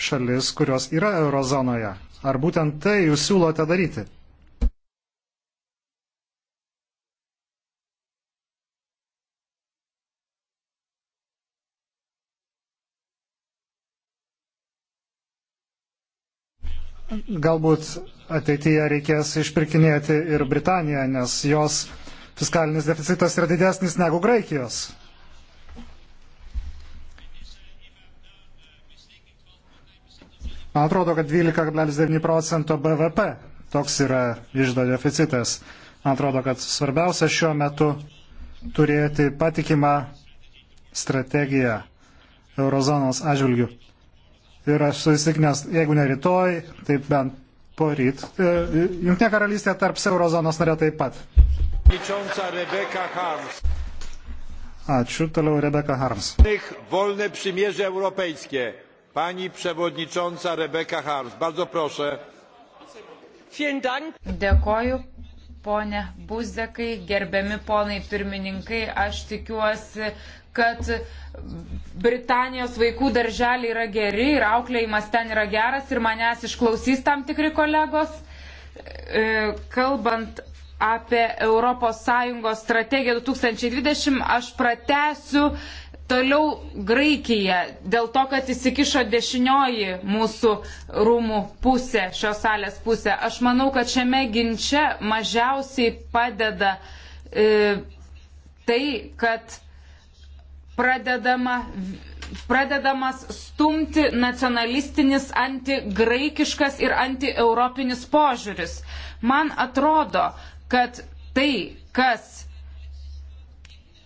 šalis, kurios yra eurozonoje? Ar būtent tai jūs siūlote daryti? galbūt ateityje reikės išpirkinėti ir Britaniją, nes jos fiskalinis deficitas yra didesnis negu Graikijos. Man atrodo, kad 12,9 procento BVP toks yra išdo deficitas. Man atrodo, kad svarbiausia šiuo metu turėti patikimą strategiją eurozonos atžvilgių. Ir aš susitiknęs, jeigu ne rytoj, tai bent po ryt. E, Junktinė karalystė tarp eurozonos narė taip pat. Ačiū, toliau Rebeka Harms. Wolne przymierze europejskie. Pani przewodnicząca Rebeka Harms, bardzo proszę. Dėkoju, ponė Buzekai, gerbiami ponai pirmininkai, aš tikiuosi, kad Britanijos vaikų darželiai yra geri ir auklėjimas ten yra geras ir manęs išklausys tam tikri kolegos. E, kalbant apie ES strategiją 2020, aš pratesiu toliau Graikiją dėl to, kad įsikišo dešinioji mūsų rūmų pusė, šios salės pusė. Aš manau, kad šiame ginče mažiausiai padeda e, tai, kad pradedama, pradedamas stumti nacionalistinis antigraikiškas ir antieuropinis požiūris. Man atrodo, kad tai, kas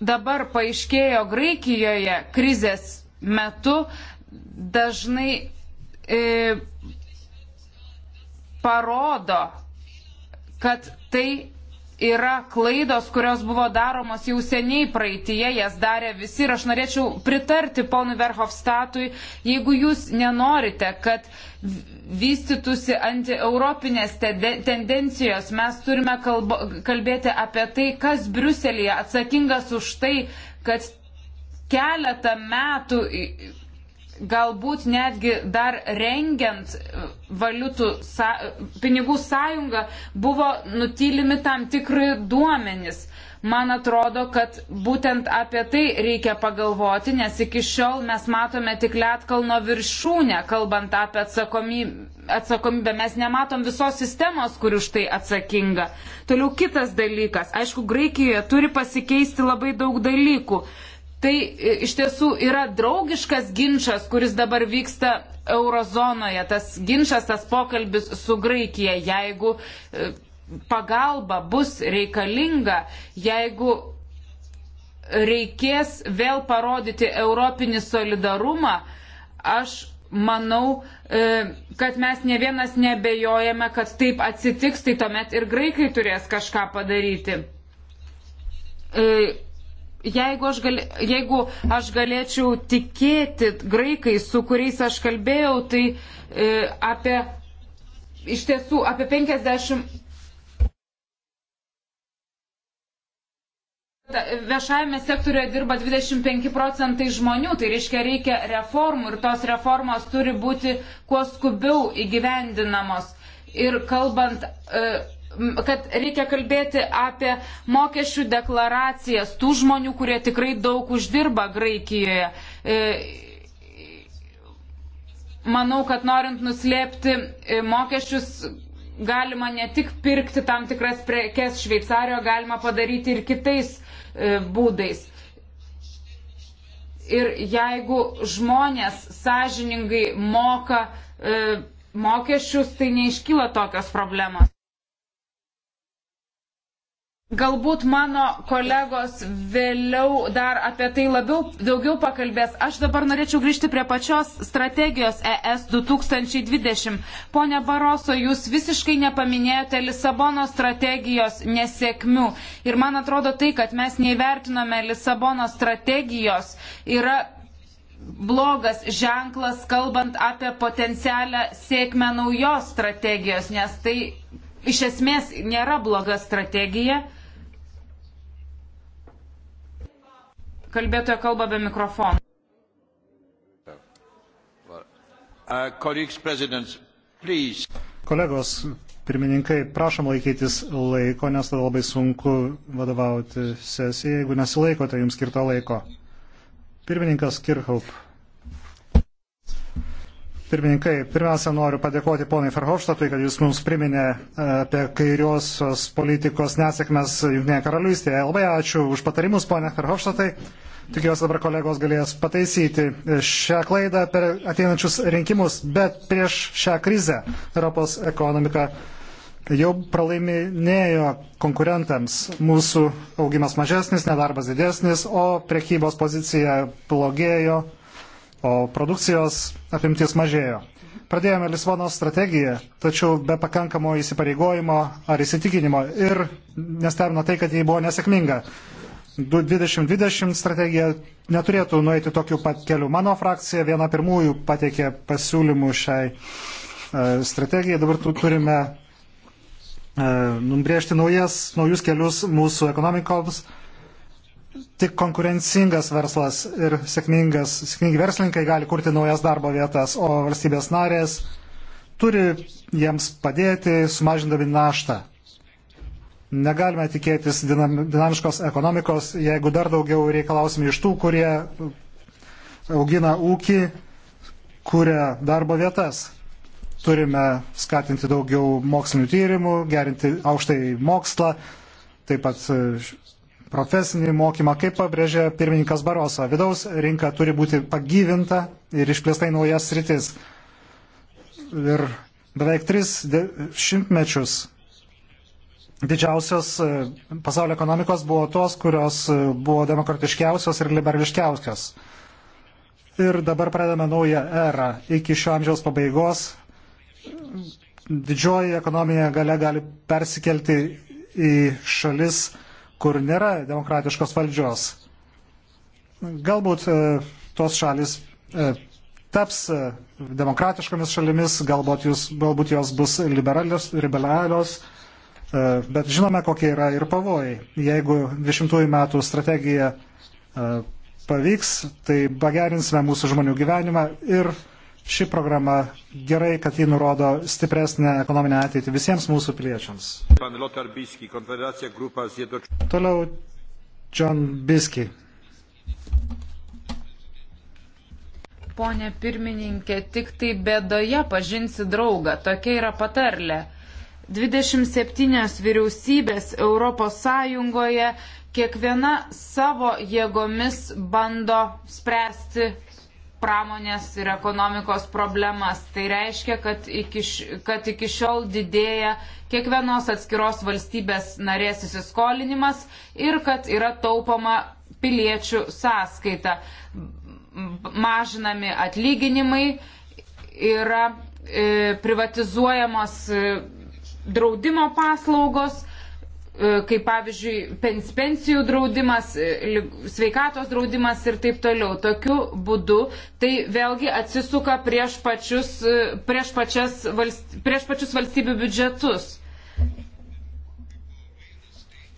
dabar paaiškėjo Graikijoje krizės metu, dažnai e, parodo, kad tai yra klaidos, kurios buvo daromos jau seniai praeitie, jas darė visi ir aš norėčiau pritarti ponui Verhofstatui, jeigu jūs nenorite, kad vystytųsi antieuropinės tendencijos, mes turime kalbo, kalbėti apie tai, kas Briuselėje atsakingas už tai, kad keletą metų galbūt netgi dar rengiant e, valiutų sa, e, pinigų sąjungą buvo nutylimi tam tikri duomenys. Man atrodo, kad būtent apie tai reikia pagalvoti, nes iki šiol mes matome tik Lietkalno viršūnę, kalbant apie atsakomybę. Mes nematom visos sistemos, kur už tai atsakinga. Toliau kitas dalykas. Aišku, Graikijoje turi pasikeisti labai daug dalykų. Tai e, iš tiesų yra draugiškas ginčas, kuris dabar vyksta eurozonoje, tas ginčas, tas pokalbis su Graikija, jeigu e, pagalba bus reikalinga, jeigu reikės vėl parodyti europinį solidarumą, aš manau, e, kad mes ne vienas nebejojame, kad taip atsitiks, tai tuomet ir graikai turės kažką padaryti Jeigu aš, gal, jeigu aš galėčiau tikėti graikais, su kuriais aš kalbėjau, tai e, apie, iš tiesų, apie 50 viešajame sektoriuje dirba 25 procentai žmonių, tai reiškia reikia reformų ir tos reformos turi būti kuo skubiau įgyvendinamos. Ir kalbant e, kad reikia kalbėti apie mokesčių deklaracijas tų žmonių, kurie tikrai daug uždirba Graikijoje. E, manau, kad norint nuslėpti e, mokesčius, galima ne tik pirkti tam tikras prekes Šveicarijoje, galima padaryti ir kitais e, būdais. Ir jeigu žmonės sąžiningai moka mokesčius, tai neiškyla tokios problemos. Galbūt mano kolegos vėliau dar apie tai labiau daugiau pakalbės. Aš dabar norėčiau grįžti prie pačios strategijos ES 2020. Pone Baroso, jūs visiškai nepaminėjote Lisabono strategijos nesėkmių. Ir man atrodo tai, kad mes neįvertinome Lisabono strategijos, yra blogas ženklas, kalbant apie potencialią sėkmę naujos strategijos, nes tai iš esmės nėra bloga strategija. Kalbėtojo kalba be mikrofono. Uh, Kolegos, pirmininkai, prašom laikytis laiko, nes tada labai sunku vadovauti sesijai, jeigu nesilaikote jums skirto laiko. Pirmininkas Kirchhoff pirmininkai, pirmiausia noriu padėkoti ponai Ferhofštatui, kad jis mums priminė e, apie kairiosios politikos nesėkmes Junktinėje karalystėje. Labai ačiū už patarimus, ponė Ferhofštatai. Tikiuosi dabar kolegos galės pataisyti šią klaidą per ateinančius rinkimus, bet prieš šią krizę Europos ekonomika jau pralaiminėjo konkurentams. Mūsų augimas mažesnis, nedarbas didesnis, o prekybos pozicija blogėjo o produkcijos apimtis mažėjo. Pradėjome Lisbonos strategiją, tačiau be pakankamo įsipareigojimo ar įsitikinimo ir nestebino tai, kad jie buvo nesėkminga. 2020 strategija neturėtų nueiti tokiu pat keliu. Mano frakcija viena pirmųjų pateikė pasiūlymų šiai e, strategijai. Dabar turime e, nubrėžti naujas, naujus kelius mūsų ekonomikoms tik konkurencingas verslas ir sėkmingas, sėkmingi verslininkai gali kurti naujas darbo vietas, o valstybės narės turi jiems padėti, sumažindami naštą. Negalime tikėtis dinam, dinamiškos ekonomikos, jeigu dar daugiau reikalausime iš tų, kurie augina ūkį, kuria darbo vietas. Turime skatinti daugiau mokslinių tyrimų, gerinti aukštai mokslą, taip pat profesinį mokymą, kaip pabrėžė pirmininkas Barosa. Vidaus rinka turi būti pagyvinta ir išplėsta į naujas sritis. Ir beveik tris šimtmečius didžiausios e, pasaulio ekonomikos buvo tos, kurios e, buvo demokratiškiausios ir liberališkiausios. Ir dabar pradame naują erą. Iki šio amžiaus pabaigos e, didžioji ekonominė gale gali persikelti į šalis, kur nėra demokratiškos valdžios. Galbūt e, tos šalis e, taps e, demokratiškomis šalimis, galbūt, jūs, galbūt jos bus liberalios, liberalios, bet žinome, kokie yra ir pavojai. Jeigu 20 metų strategija pavyks, tai pagerinsime mūsų žmonių gyvenimą ir ši programa gerai, kad ji nurodo stipresnę ekonominę ateitį visiems mūsų piliečiams. Biski, Ziedo... Toliau John Biski. Pone pirmininkė, tik tai bėdoje pažinsi draugą, tokia yra patarlė. 27 vyriausybės Europos Sąjungoje kiekviena savo jėgomis bando spręsti pramonės ir ekonomikos problemas. Tai reiškia, kad iki, kad iki šiol didėja kiekvienos atskiros valstybės narės įsiskolinimas ir kad yra taupoma piliečių sąskaita. Mažinami atlyginimai yra e, privatizuojamos e, draudimo paslaugos E, kaip pavyzdžiui pensijų draudimas, e, sveikatos draudimas ir taip toliau. Tokiu būdu tai vėlgi atsisuka prieš pačius, e, prieš pačias, prieš pačius valstybių biudžetus.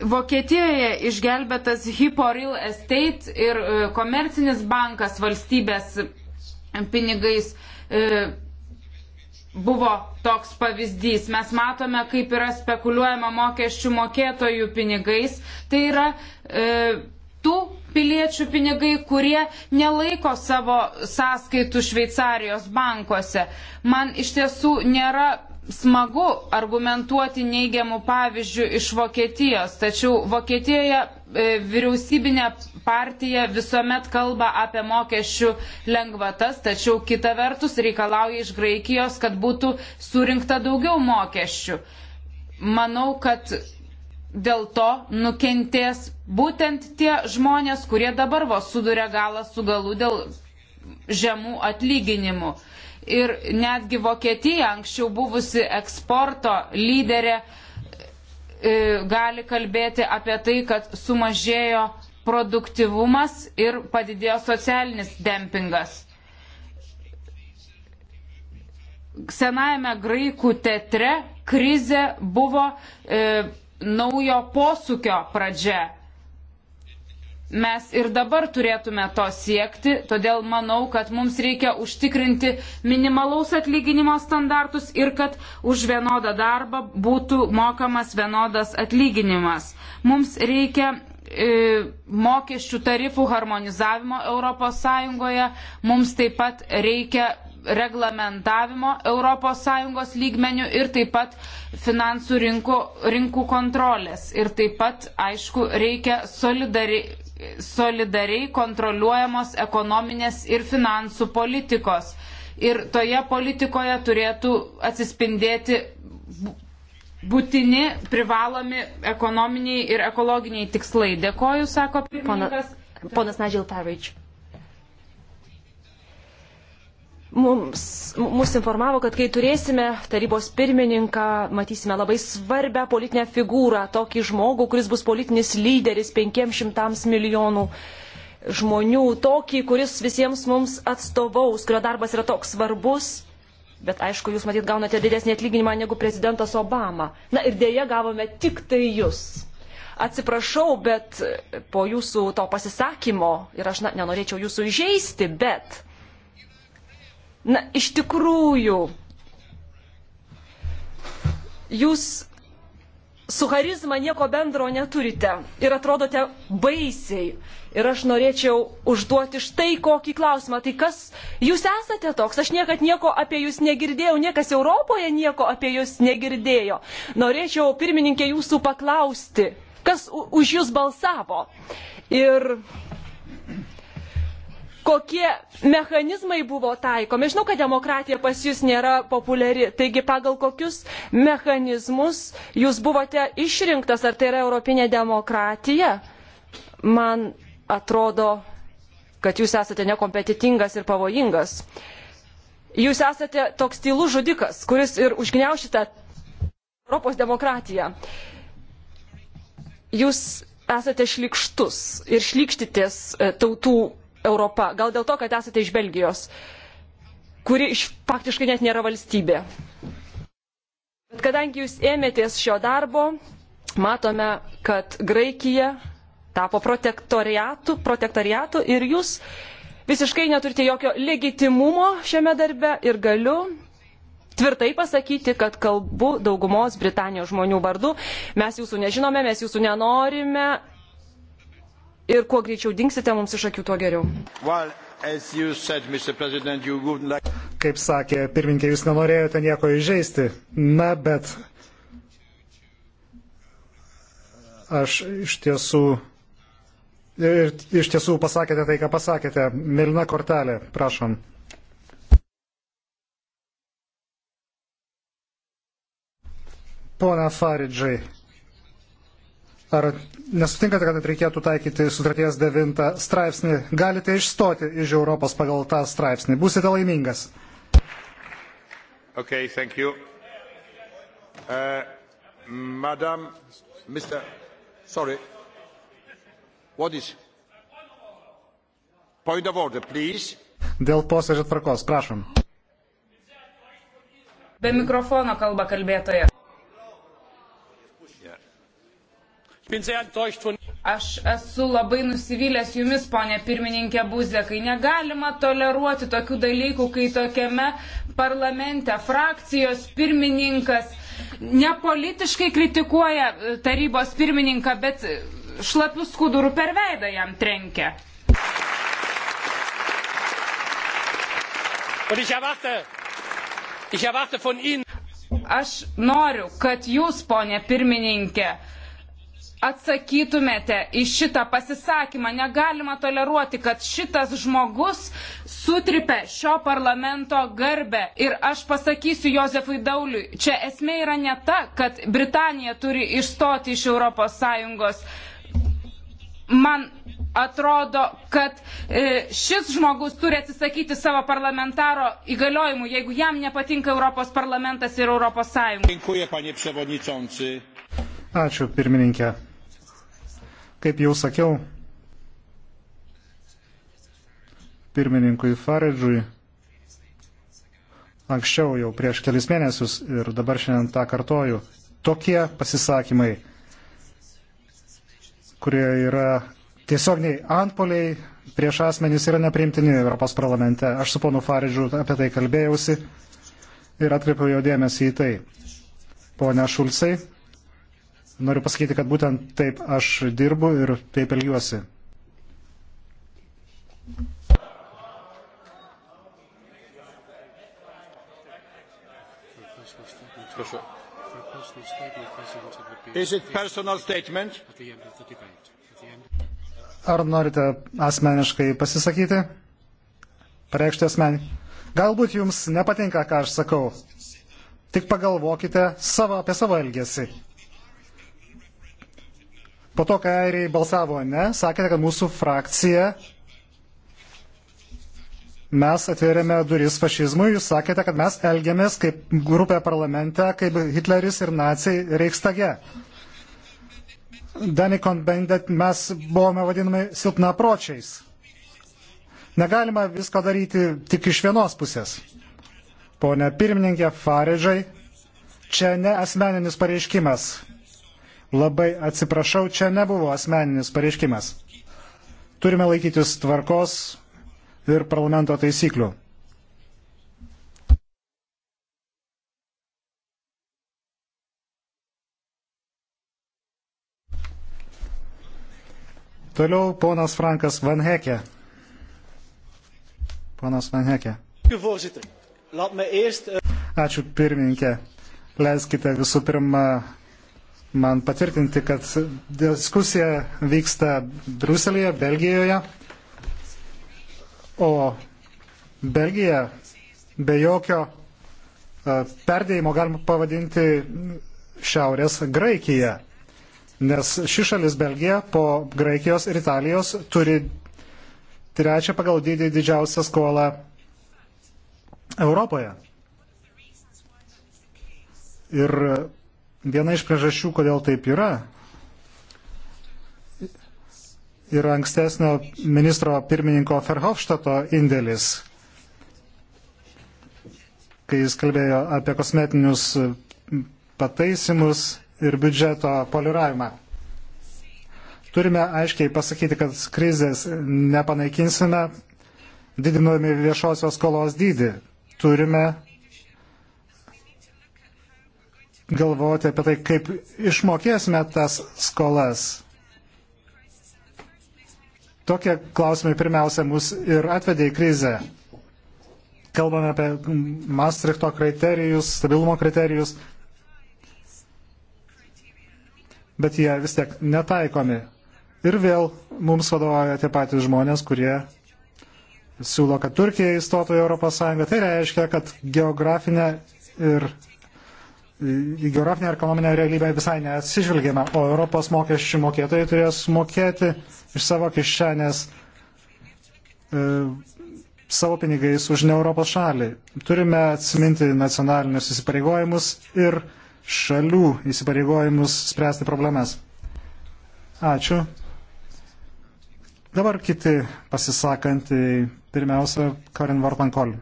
Vokietijoje išgelbėtas Hippo Real Estate ir komercinis bankas valstybės pinigais buvo toks pavyzdys. Mes matome, kaip yra spekuliuojama mokesčių mokėtojų pinigais. Tai yra e, tų piliečių pinigai, kurie nelaiko savo sąskaitų Šveicarijos bankuose. Man iš tiesų nėra smagu argumentuoti neigiamų pavyzdžių iš Vokietijos, tačiau Vokietijoje e, vyriausybinė partija visuomet kalba apie mokesčių lengvatas, tačiau kita vertus reikalauja iš Graikijos, kad būtų surinkta daugiau mokesčių. Manau, kad dėl to nukentės būtent tie žmonės, kurie dabar vos suduria galą su galu dėl žemų atlyginimų. Ir netgi Vokietija, anksčiau buvusi eksporto lyderė, e, gali kalbėti apie tai, kad sumažėjo produktivumas ir padidėjo socialinis dempingas. Senajame graikų teatre krize buvo e, naujo posūkio pradžia. Mes ir dabar turėtume to siekti, todėl manau, kad mums reikia užtikrinti minimalaus atlyginimo standartus ir kad už vienodą darbą būtų mokamas vienodas atlyginimas. Mums reikia e, mokesčių tarifų harmonizavimo ES, mums taip pat reikia reglamentavimo ES lygmenių ir taip pat finansų rinkų, rinkų kontrolės. Ir taip pat, aišku, reikia solidariai, solidariai kontroliuojamos ekonominės ir finansų politikos. Ir toje politikoje turėtų atsispindėti būtini privalomi ekonominiai ir ekologiniai tikslai. Dėkoju, sako pirmininkas. Ponas, ponas Nigel Parage. mums, mus informavo, kad kai turėsime tarybos pirmininką, matysime labai svarbę politinę figūrą, tokį žmogų, kuris bus politinis lyderis 500 milijonų žmonių, tokį, kuris visiems mums atstovaus, kurio darbas yra toks svarbus. Bet aišku, jūs matyt gaunate didesnį atlyginimą negu prezidentas Obama. Na ir dėja gavome tik tai jūs atsiprašau, bet po jūsų to pasisakymo, ir aš na, nenorėčiau jūsų įžeisti, bet Na, iš tikrųjų, jūs su charizma nieko bendro neturite ir atrodote baisiai. Ir aš norėčiau užduoti štai kokį klausimą. Tai kas jūs esate toks? Aš niekad nieko apie jūs negirdėjau, niekas Europoje nieko apie jūs negirdėjo. Norėčiau pirmininkė jūsų paklausti, kas už jūs balsavo. Ir kokie mechanizmai buvo taikomi. Žinau, kad demokratija pas jūs nėra populiari, taigi pagal kokius mechanizmus jūs buvote išrinktas, ar tai yra europinė demokratija? Man atrodo, kad jūs esate nekompetitingas ir pavojingas. Jūs esate toks tylus žudikas, kuris ir užgneušite Europos demokratiją. Jūs esate šlikštus ir šlikštitės e, tautų Europa. Gal dėl to, kad esate iš Belgijos, kuri iš, faktiškai net nėra valstybė. Bet kadangi jūs ėmėtės šio darbo, matome, kad Graikija tapo protektoriatu, protektoriatu ir jūs visiškai neturite jokio legitimumo šiame darbe ir galiu tvirtai pasakyti, kad kalbu daugumos Britanijos žmonių vardu. Mes jūsų nežinome, mes jūsų nenorime, ir kuo greičiau dinksite mums iš akių, tuo geriau. Well, said, like... Kaip sakė pirmininkė, jūs nenorėjote nieko įžeisti. Na, bet aš iš tiesų. Ir iš tiesų pasakėte tai, ką pasakėte. Melina kortelė, prašom. Pona Faridžai, Ar nesutinkate, kad reikėtų taikyti sutarties devintą straipsnį? Galite išstoti iš Europos pagal tą straipsnį. Būsite laimingas. Okay, thank you. Uh, madam, Mr. Sorry. What is? Point of order, please. Dėl posėdžio tvarkos, prašom. Be mikrofono kalba kalbėtoja. Aš esu labai nusivylęs jumis, ponė pirmininkė Buzekai. Negalima toleruoti tokių dalykų, kai tokiame parlamente frakcijos pirmininkas nepolitiškai kritikuoja e, tarybos pirmininką, bet šlapius skudurų per veidą jam trenkia. Aš noriu, kad jūs, ponė pirmininkė, atsakytumėte į šitą pasisakymą. Negalima toleruoti, kad šitas žmogus sutripia šio parlamento garbę. Ir aš pasakysiu Jozefui Dauliui, čia esmė yra ne ta, kad Britanija turi išstoti iš ES. Man atrodo, kad e, šis žmogus turi atsisakyti savo parlamentaro įgaliojimų, jeigu jam nepatinka Europos parlamentas ir Europos Sąjunga. Ačiū, pirmininkė. Kaip jau sakiau, pirmininkui Faridžui anksčiau jau prieš kelis mėnesius ir dabar šiandien tą kartoju. Tokie pasisakymai, kurie yra tiesiogniai antpoliai prieš asmenys yra nepriimtini Europos parlamente. Aš su ponu Faridžu apie tai kalbėjausi ir atkreipiau jo dėmesį į tai. Pone Šulcai, noriu pasakyti, kad būtent taip aš dirbu ir taip elgiuosi. Ar norite asmeniškai pasisakyti? Pareikšti asmenį. Galbūt jums nepatinka, ką aš sakau. Tik pagalvokite savo, apie savo elgesį. Po to, kai airiai balsavo ne, sakėte, kad mūsų frakcija mes atvėrėme duris fašizmui, jūs sakėte, kad mes elgiamės kaip grupė parlamente, kaip Hitleris ir nacijai Reichstage. Danikon Bendit mes buvome vadinami silpnapročiais. Negalima visko daryti tik iš vienos pusės. Pone pirmininkė Faridžai, čia ne asmeninis pareiškimas. Labai atsiprašau, čia nebuvo asmeninis pareiškimas. Turime laikytis tvarkos ir parlamento taisyklių. Toliau ponas Frankas Van Hekė. Ponas Van Hekė. Eh, Ačiū pirmininkė. Leiskite visų pirma man patvirtinti, kad diskusija vyksta Bruselėje, Belgijoje, o Belgija be jokio e, perdėjimo galima pavadinti Šiaurės Graikiją, nes ši šalis Belgija po Graikijos ir Italijos turi trečią pagal dydį didžiausią skolą Europoje. Ir Viena iš priežasčių, kodėl taip yra, yra ankstesnio ministro pirmininko Ferhofštato indėlis, kai jis kalbėjo apie kosmetinius pataisimus ir biudžeto poliravimą. Turime aiškiai pasakyti, kad krizės nepanaikinsime, didinami viešosios skolos dydį. Turime galvoti apie tai, kaip išmokėsime tas skolas. Tokie klausimai pirmiausia mus ir atvedė į krizę. Kalbame apie Maastrichto kriterijus, stabilumo kriterijus, bet jie vis tiek netaikomi. Ir vėl mums vadovauja tie patys žmonės, kurie siūlo, kad Turkija įstotų į ES. Tai reiškia, kad geografinė ir į geografinę ir ekonominę realybę visai neatsižvelgiame, o Europos mokesčių mokėtojai turės mokėti iš savo kišenės e, savo pinigais už ne Europos šalį. Turime atsiminti nacionalinius įsipareigojimus ir šalių įsipareigojimus spręsti problemas. Ačiū. Dabar kiti pasisakantį, pirmiausia, Karin Vartankol.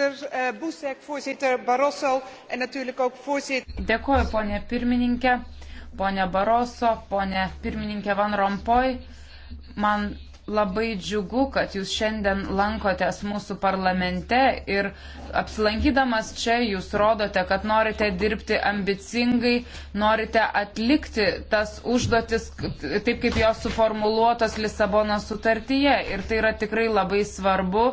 voorzitter eh, Boesek, voorzitter Barroso en natuurlijk ook voorzitter. Dėkoju, ponė pirmininkė, ponė Barroso, ponė pirmininkė Van Rompuy. Man labai džiugu, kad jūs šiandien lankotės mūsų parlamente ir apsilankydamas čia jūs rodote, kad norite dirbti ambicingai, norite atlikti tas užduotis taip, kaip jos suformuluotos Lisabono sutartyje. Ir tai yra tikrai labai svarbu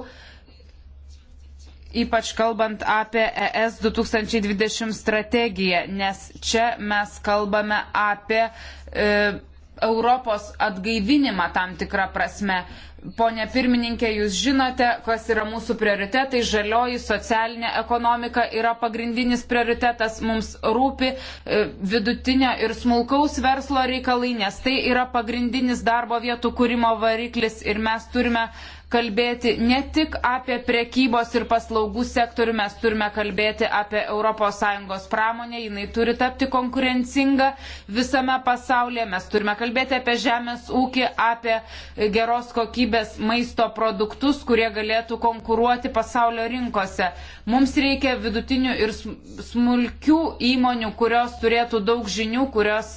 ypač kalbant apie ES 2020 strategiją, nes čia mes kalbame apie e, Europos atgaivinimą tam tikrą prasme. Pone pirmininkė, jūs žinote, kas yra mūsų prioritetai. Žalioji socialinė ekonomika yra pagrindinis prioritetas. Mums rūpi e, vidutinio ir smulkaus verslo reikalai, nes tai yra pagrindinis darbo vietų kūrimo variklis ir mes turime uh, kalbėti ne tik apie prekybos ir paslaugų sektorių, mes turime kalbėti apie ES pramonę, jinai turi tapti konkurencinga visame pasaulyje, mes turime kalbėti apie žemės ūkį, apie geros kokybės maisto produktus, kurie galėtų konkuruoti pasaulio rinkose. Mums reikia vidutinių ir smulkių įmonių, kurios turėtų daug žinių, kurios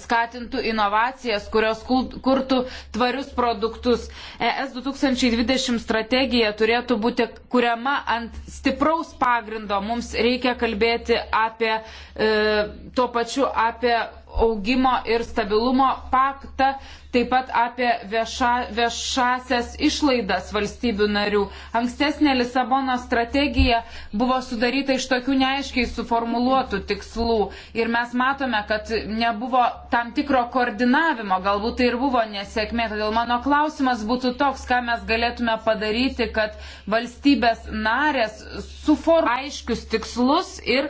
skatintų inovacijas, kurios kurtų tvarius produktus. ES 2020 strategija turėtų būti kuriama ant stipraus pagrindo. Mums reikia kalbėti apie e, tuo pačiu apie augimo ir stabilumo paktą, taip pat apie vieša, viešasias išlaidas valstybių narių. Ankstesnė Lisabono strategija buvo sudaryta iš tokių neaiškiai suformuluotų tikslų ir mes matome, kad nebuvo tam tikro koordinavimo, galbūt tai ir buvo nesėkmė. Todėl mano klausimas būtų toks, ką mes galėtume padaryti, kad valstybės narės suformuotų aiškius tikslus ir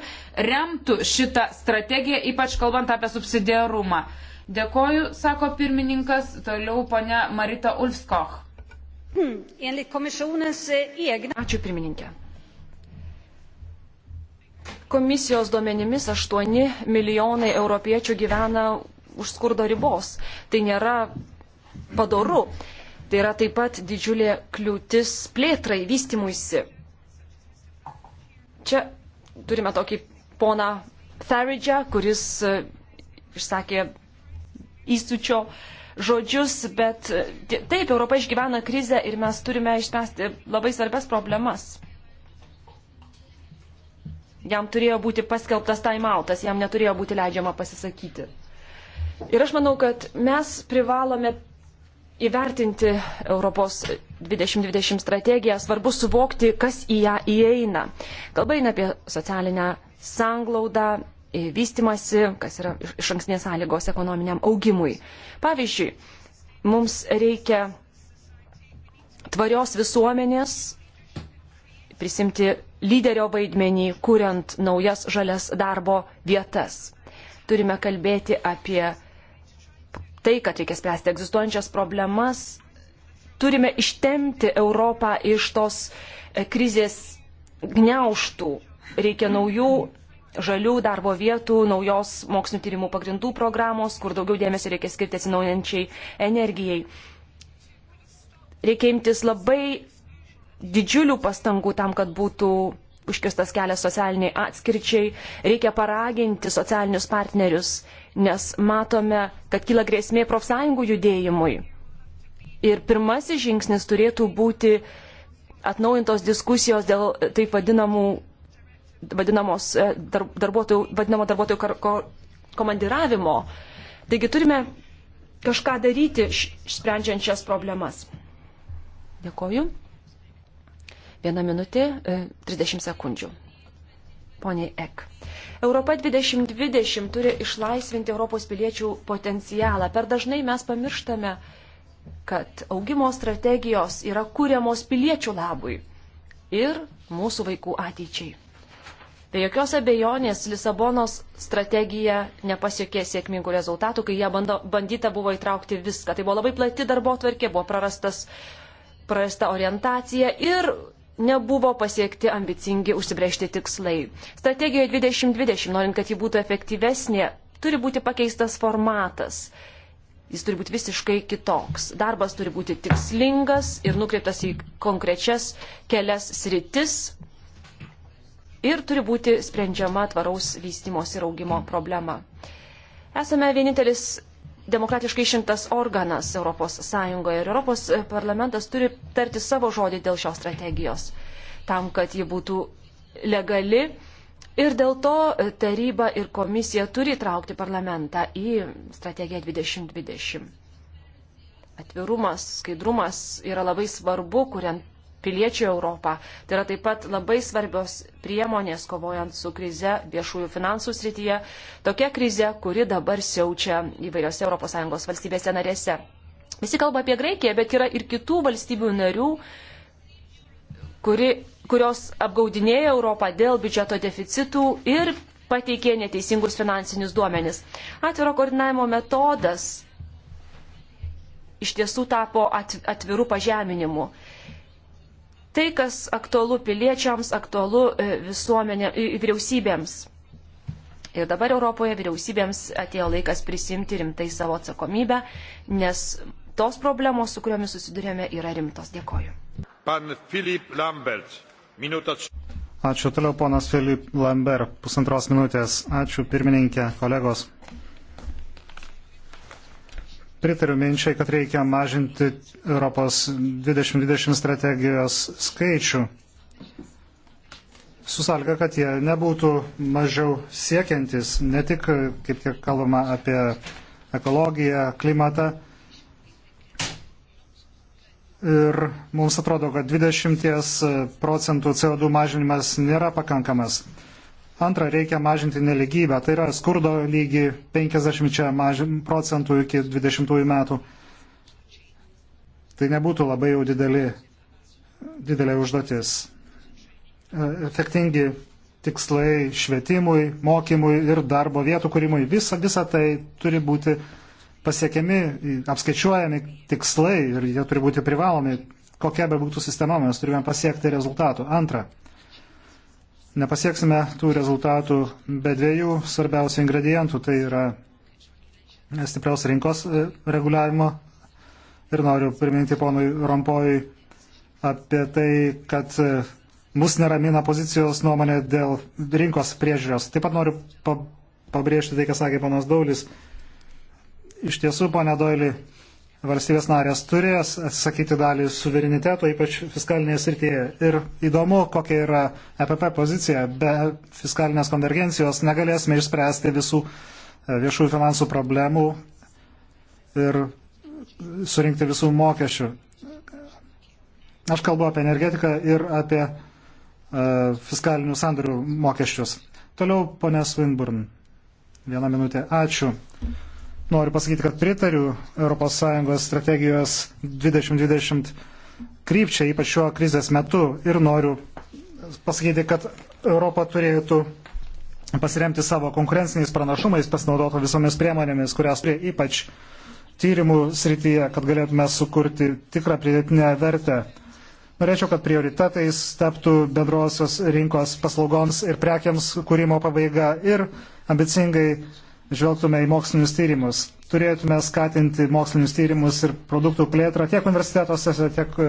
remtų šitą strategiją, ypač kalbant apie subsidiarumą. Dėkoju, sako pirmininkas, toliau ponia Marita Ulfskoch. Hmm, eh, Ačiū pirmininkė. Komisijos duomenimis 8 milijonai europiečių gyvena už skurdo ribos. Tai nėra padoru. Tai yra taip pat didžiulė kliūtis plėtrai, vystimuisi. Čia turime tokį poną Faridžą, kuris eh, išsakė įsučio žodžius, bet e, taip, Europa išgyvena krizę ir mes turime išspręsti labai svarbes problemas. Jam turėjo būti paskelbtas taimautas, jam neturėjo būti leidžiama pasisakyti. Ir aš manau, kad mes privalome įvertinti Europos 2020 strategiją, svarbu suvokti, kas į ją įeina. Kalba eina apie socialinę sanglaudą, E, vystimasi, kas yra iš anksnės sąlygos ekonominiam augimui. Pavyzdžiui, mums reikia tvarios visuomenės, prisimti lyderio vaidmenį, kuriant naujas žalias darbo vietas. Turime kalbėti apie tai, kad reikia spręsti egzistuojančias problemas. Turime ištemti Europą iš tos e, krizės gniauštų. Reikia naujų žalių darbo vietų, naujos mokslinio tyrimų pagrindų programos, kur daugiau dėmesio reikia skirti atsinaujančiai energijai. Reikia imtis labai didžiulių pastangų tam, kad būtų užkirstas kelias socialiniai atskirčiai. Reikia paraginti socialinius partnerius, nes matome, kad kyla grėsmė profsąjungų judėjimui. Ir pirmasis žingsnis turėtų būti atnaujintos diskusijos dėl taip vadinamų vadinamos e, dar, darbuotojų, vadinamo darbuotojų kar, ko, komandiravimo. Taigi turime kažką daryti, sprendžiant šias problemas. Dėkoju. Viena minutė, 30 e, sekundžių. Poniai Ek. Europa 2020 turi išlaisvinti Europos piliečių potencialą. Per dažnai mes pamirštame, kad augimo strategijos yra kūriamos piliečių labui ir mūsų vaikų ateičiai. Be tai jokios abejonės Lisabonos strategija nepasiekė sėkmingų rezultatų, kai jie bando, bandyta buvo įtraukti viską. Tai buvo labai plati darbo tvarkė, buvo prarastas, prarasta orientacija ir nebuvo pasiekti ambicingi užsibriežti tikslai. Strategijoje 2020, norint, kad ji būtų efektyvesnė, turi būti pakeistas formatas. Jis turi būti visiškai kitoks. Darbas turi būti tikslingas ir nukreiptas į konkrečias kelias sritis, ir turi būti sprendžiama tvaraus vystimos ir augimo problema. Esame vienintelis demokratiškai išrinktas organas Europos Sąjungoje ir Europos parlamentas turi tarti savo žodį dėl šios strategijos, tam, kad ji būtų legali Ir dėl to taryba ir komisija turi traukti parlamentą į strategiją 2020. Atvirumas, skaidrumas yra labai svarbu, kuriant piliečių Europą. Tai yra taip pat labai svarbios priemonės kovojant su krize viešųjų finansų srityje, tokia krize, kuri dabar siaučia įvairiose ES valstybėse narėse. Visi kalba apie Graikiją, bet yra ir kitų valstybių narių, kuri, kurios apgaudinėja Europą dėl biudžeto deficitų ir pateikė neteisingus finansinius duomenis. Atviro koordinavimo metodas iš tiesų tapo atvirų pažeminimu tai, kas aktualu piliečiams, aktualu e, visuomenė, vyriausybėms. Ir dabar Europoje vyriausybėms atėjo laikas prisimti rimtai savo atsakomybę, nes tos problemos, su kuriomis susidurėme, yra rimtos. Dėkoju. Pan Filip Lambert, minutas. Ačiū toliau, ponas Filip Lambert, pusantros minutės. Ačiū pirmininkė, kolegos pritariu minčiai, kad reikia mažinti Europos 2020 strategijos skaičių. Susalga, kad jie nebūtų mažiau siekiantis, ne tik, kaip kalbama, apie ekologiją, klimatą, ir mums atrodo, kad 20 procentų CO2 mažinimas nėra pakankamas. Antra, reikia mažinti neligybę, tai yra skurdo lygį 50 procentų iki 20 metų. Tai nebūtų labai jau dideli, didelė užduotis. E, efektingi tikslai švietimui, mokymui ir darbo vietų kūrimui, visa, visa tai turi būti pasiekiami, apskaičiuojami tikslai ir jie turi būti privalomi, kokia be būtų sistema, mes turime pasiekti rezultatų. Antra, nepasieksime tų rezultatų be dviejų svarbiausių ingredientų. Tai yra stipriaus rinkos e, reguliavimo. Ir noriu priminti ponui Rompojui apie tai, kad e, mus neramina pozicijos nuomonė dėl rinkos priežiūros. Taip pat noriu pabrėžti tai, ką sakė ponas Daulis. Iš tiesų, ponė Doili, valstybės narės turės atsisakyti dalį suvereniteto, ypač fiskalinėje srityje. Ir įdomu, kokia yra EPP pozicija. Be fiskalinės konvergencijos negalėsime išspręsti visų e, viešųjų finansų problemų ir surinkti visų mokesčių. Aš kalbu apie energetiką ir apie uh, fiskalinių sandorių mokesčius. Toliau, ponė Svinburn. Vieną minutę. Ačiū noriu pasakyti, kad pritariu ES strategijos 2020 krypčiai, ypač šio krizės metu. Ir noriu pasakyti, kad Europa turėtų pasiremti savo konkurenciniais pranašumais, pasinaudotų visomis priemonėmis, kurias prie ypač tyrimų srityje, kad galėtume sukurti tikrą pridėtinę vertę. Norėčiau, kad prioritetais taptų bendrosios rinkos paslaugoms ir prekiams kūrimo pabaiga ir ambicingai žvelgtume į mokslinius tyrimus. Turėtume skatinti mokslinius tyrimus ir produktų plėtrą tiek universitetuose, tiek e,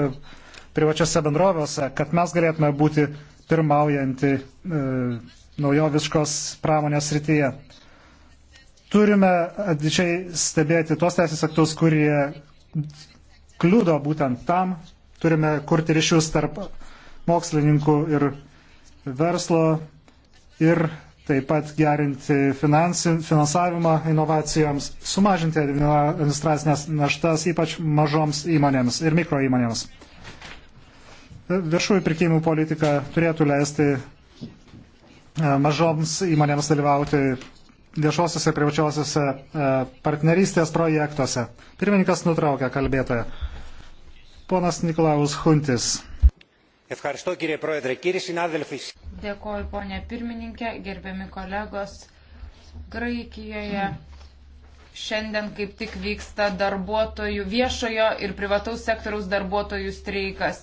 privačiose bendrovėse, kad mes galėtume būti pirmaujanti e, naujoviškos pramonės rytyje. Turime atidžiai stebėti tos teisės aktus, kurie kliudo būtent tam. Turime kurti ryšius tarp mokslininkų ir verslo ir taip pat gerinti finansi, finansavimą inovacijoms, sumažinti administracinės naštas ypač mažoms įmonėms ir mikro įmonėms. Viešųjų pirkimų politika turėtų leisti e, mažoms įmonėms dalyvauti viešosiuose ir privačiosiuose e, partnerystės projektuose. Pirmininkas nutraukė kalbėtoją. Ponas Nikolaus Huntis. Dėkoju, ponė pirmininkė, gerbiami kolegos. Graikijoje šiandien kaip tik vyksta darbuotojų, viešojo ir privataus sektoriaus darbuotojų streikas.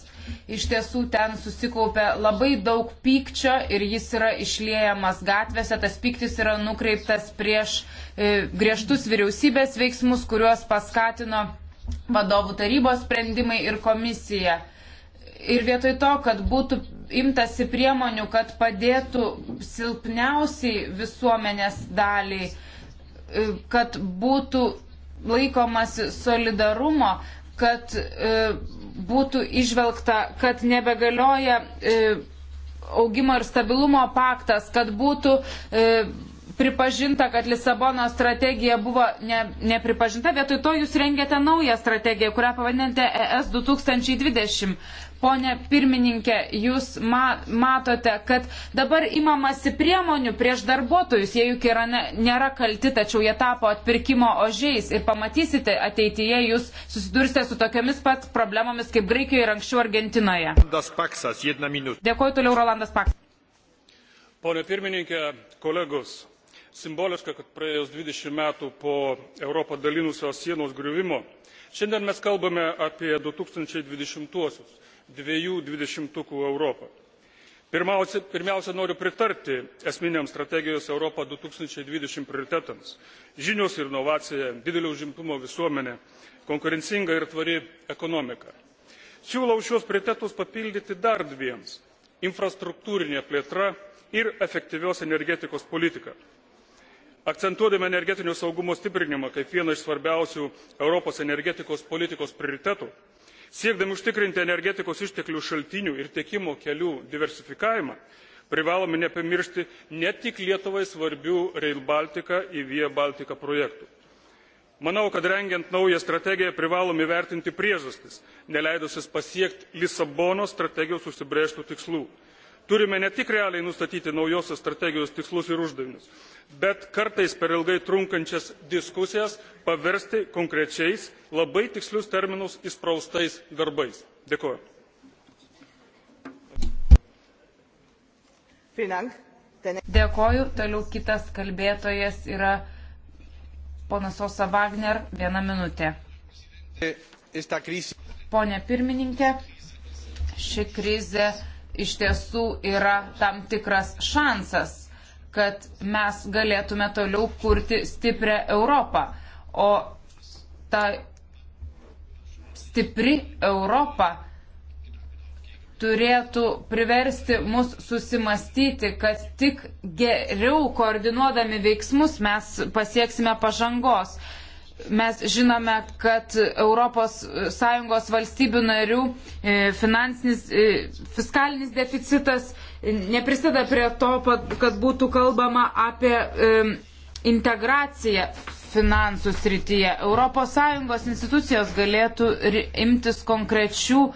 Iš tiesų ten susikaupia labai daug pykčio ir jis yra išliejamas gatvėse. Tas pyktis yra nukreiptas prieš e, griežtus vyriausybės veiksmus, kuriuos paskatino vadovų tarybos sprendimai ir komisija. E, Ir vietoj to, kad būtų imtasi priemonių, kad padėtų silpniausiai visuomenės daliai, e, kad būtų laikomasi solidarumo, kad e, būtų išvelgta, kad nebegalioja e, augimo ir stabilumo paktas, kad būtų e, pripažinta, kad Lisabono strategija buvo ne, nepripažinta, vietoj to jūs rengiate naują strategiją, kurią pavadinate ES 2020. Pone pirmininkė, jūs ma matote, kad dabar imamasi priemonių prieš darbuotojus, jie juk yra ne, nėra kalti, tačiau jie tapo atpirkimo ožiais ir pamatysite ateityje, jūs susidursite su tokiamis pat problemomis kaip Graikijoje ir anksčiau Argentinoje. Paksas, Dėkuoju toliau, Rolandas Paksas. Pone pirmininkė, kolegos simboliška kad praėjus dvidešimt metų po europą dalinusios sienos griuvimo šiandien mes kalbame apie du tūkstančiai dvidešimt uosius dviejų dvidešimtukų europą. pirmiausia noriu pritarti esminiams strategijos europa du tūkstančiai dvidešimt prioritetams žinios ir inovacija didelio užimtumo visuomenė konkurencinga ir tvari ekonomika. siūlau šiuos prioritetus papildyti dar dviem infrastruktūrine plėtra ir efektyvios energetikos politika akcentuodami energetinio saugumo stiprinimą kaip vieną iš svarbiausių europos energetikos politikos prioritetų siekdami užtikrinti energetikos išteklių šaltinių ir tiekimo kelių diversifikavimą privalome nepamiršti ne tik lietuvai svarbių rail baltica ir via baltica projektų. manau kad rengiant naują strategiją privalome įvertinti priežastis neleidusias pasiekti lisabonos strategijos užsibrėžtų tikslų turime ne tik realiai nustatyti naujosios strategijos tikslus ir uždavinius bet kartais per ilgai trunkančias diskusijas paversti konkrečiais labai tikslius terminus įspraustais darbais. dėkoju. Dėkoju. Toliau kitas kalbėtojas yra ponas Osa Wagner. Viena minutė. Pone pirmininkė, ši krizė iš tiesų yra tam tikras šansas, kad mes galėtume toliau kurti stiprią Europą. O ta stipri Europa turėtų priversti mus susimastyti, kad tik geriau koordinuodami veiksmus mes pasieksime pažangos mes žinome, kad ES valstybių narių e, finansinis, e, fiskalinis deficitas neprisideda prie to, kad būtų kalbama apie e, integraciją finansų srityje. ES institucijos galėtų imtis konkrečių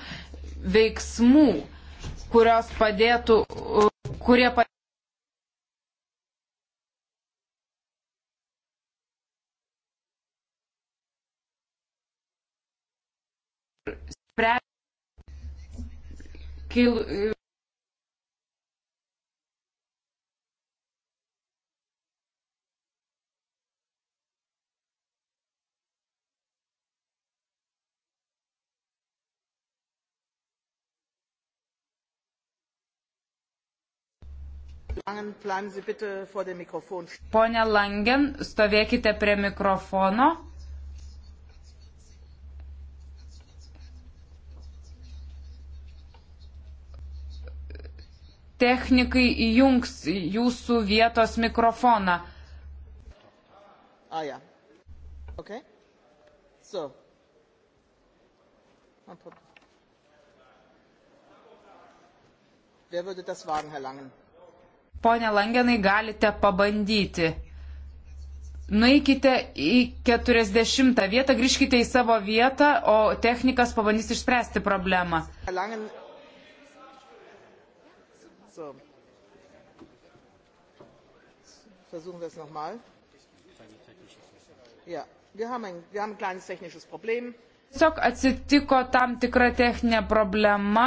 veiksmų, kurios padėtų, kurie padėtų spręsti. Pone Langen, stovėkite prie mikrofono. technikai įjungs jūsų vietos mikrofoną. Ah, ja. okay. so. Wer würde das wagen, Herr Langen? Pone Langenai, galite pabandyti. Nueikite į 40 vietą, grįžkite į savo vietą, o technikas pabandys išspręsti problemą. Herr Langen, So. Versuchen wir es nochmal. Ja, wir haben, ein, wir haben ein kleines technisches Problem. Tiesiog atsitiko tam tikra techninė problema,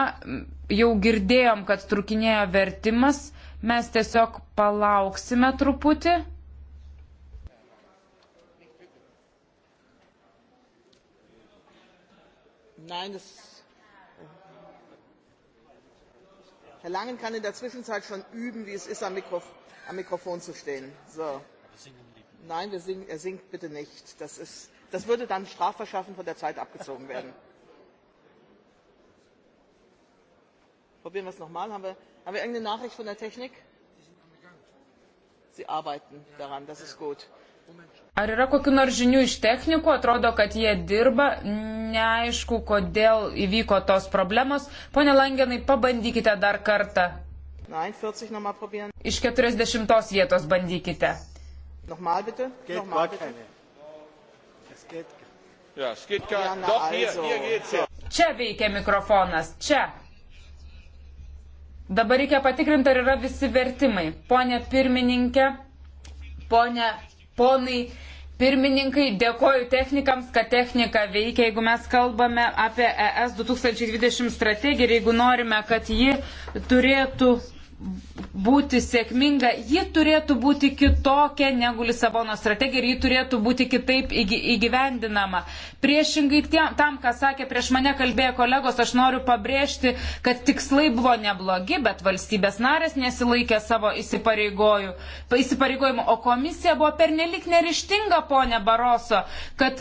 jau girdėjom, kad trukinėjo vertimas, mes tiesiog palauksime truputį. Nein, das herr langen kann in der zwischenzeit schon üben wie es ist am, Mikrof am mikrofon zu stehen. So. nein singen, er singt bitte nicht das, ist, das würde dann strafverschaffen von der zeit abgezogen werden. probieren wir es nochmal. Haben wir, haben wir irgendeine Nachricht von der Technik? Sie arbeiten daran, das ist gut. Ar yra kokiu nors žinių iš technikų, atrodo, kad jie dirba, neaišku, kodėl įvyko tos problemos. Pone Langenai, pabandykite dar kartą. Nein, 40 nochmal probieren. Iš 40 vietos bandykite. Nochmal bitte? Geht nochmal bitte. Es geht. Ja, es geht gar nicht. Doch, hier, hier geht's ja. Čia veikia mikrofonas, čia. Dabar reikia patikrinti, ar yra visi vertimai. Pone pirmininkė, pone ponai pirmininkai, dėkoju technikams, kad technika veikia. Jeigu mes kalbame apie ES 2020 strategiją ir jeigu norime, kad ji turėtų būti sėkminga, ji turėtų būti kitokia negu Lisabono strategija ir ji turėtų būti kitaip įgyvendinama. Priešingai tiem, tam, ką sakė prieš mane kalbėjo kolegos, aš noriu pabrėžti, kad tikslai buvo neblogi, bet valstybės narės nesilaikė savo įsipareigojimų, o komisija buvo pernelik nerištinga, ponė Baroso, kad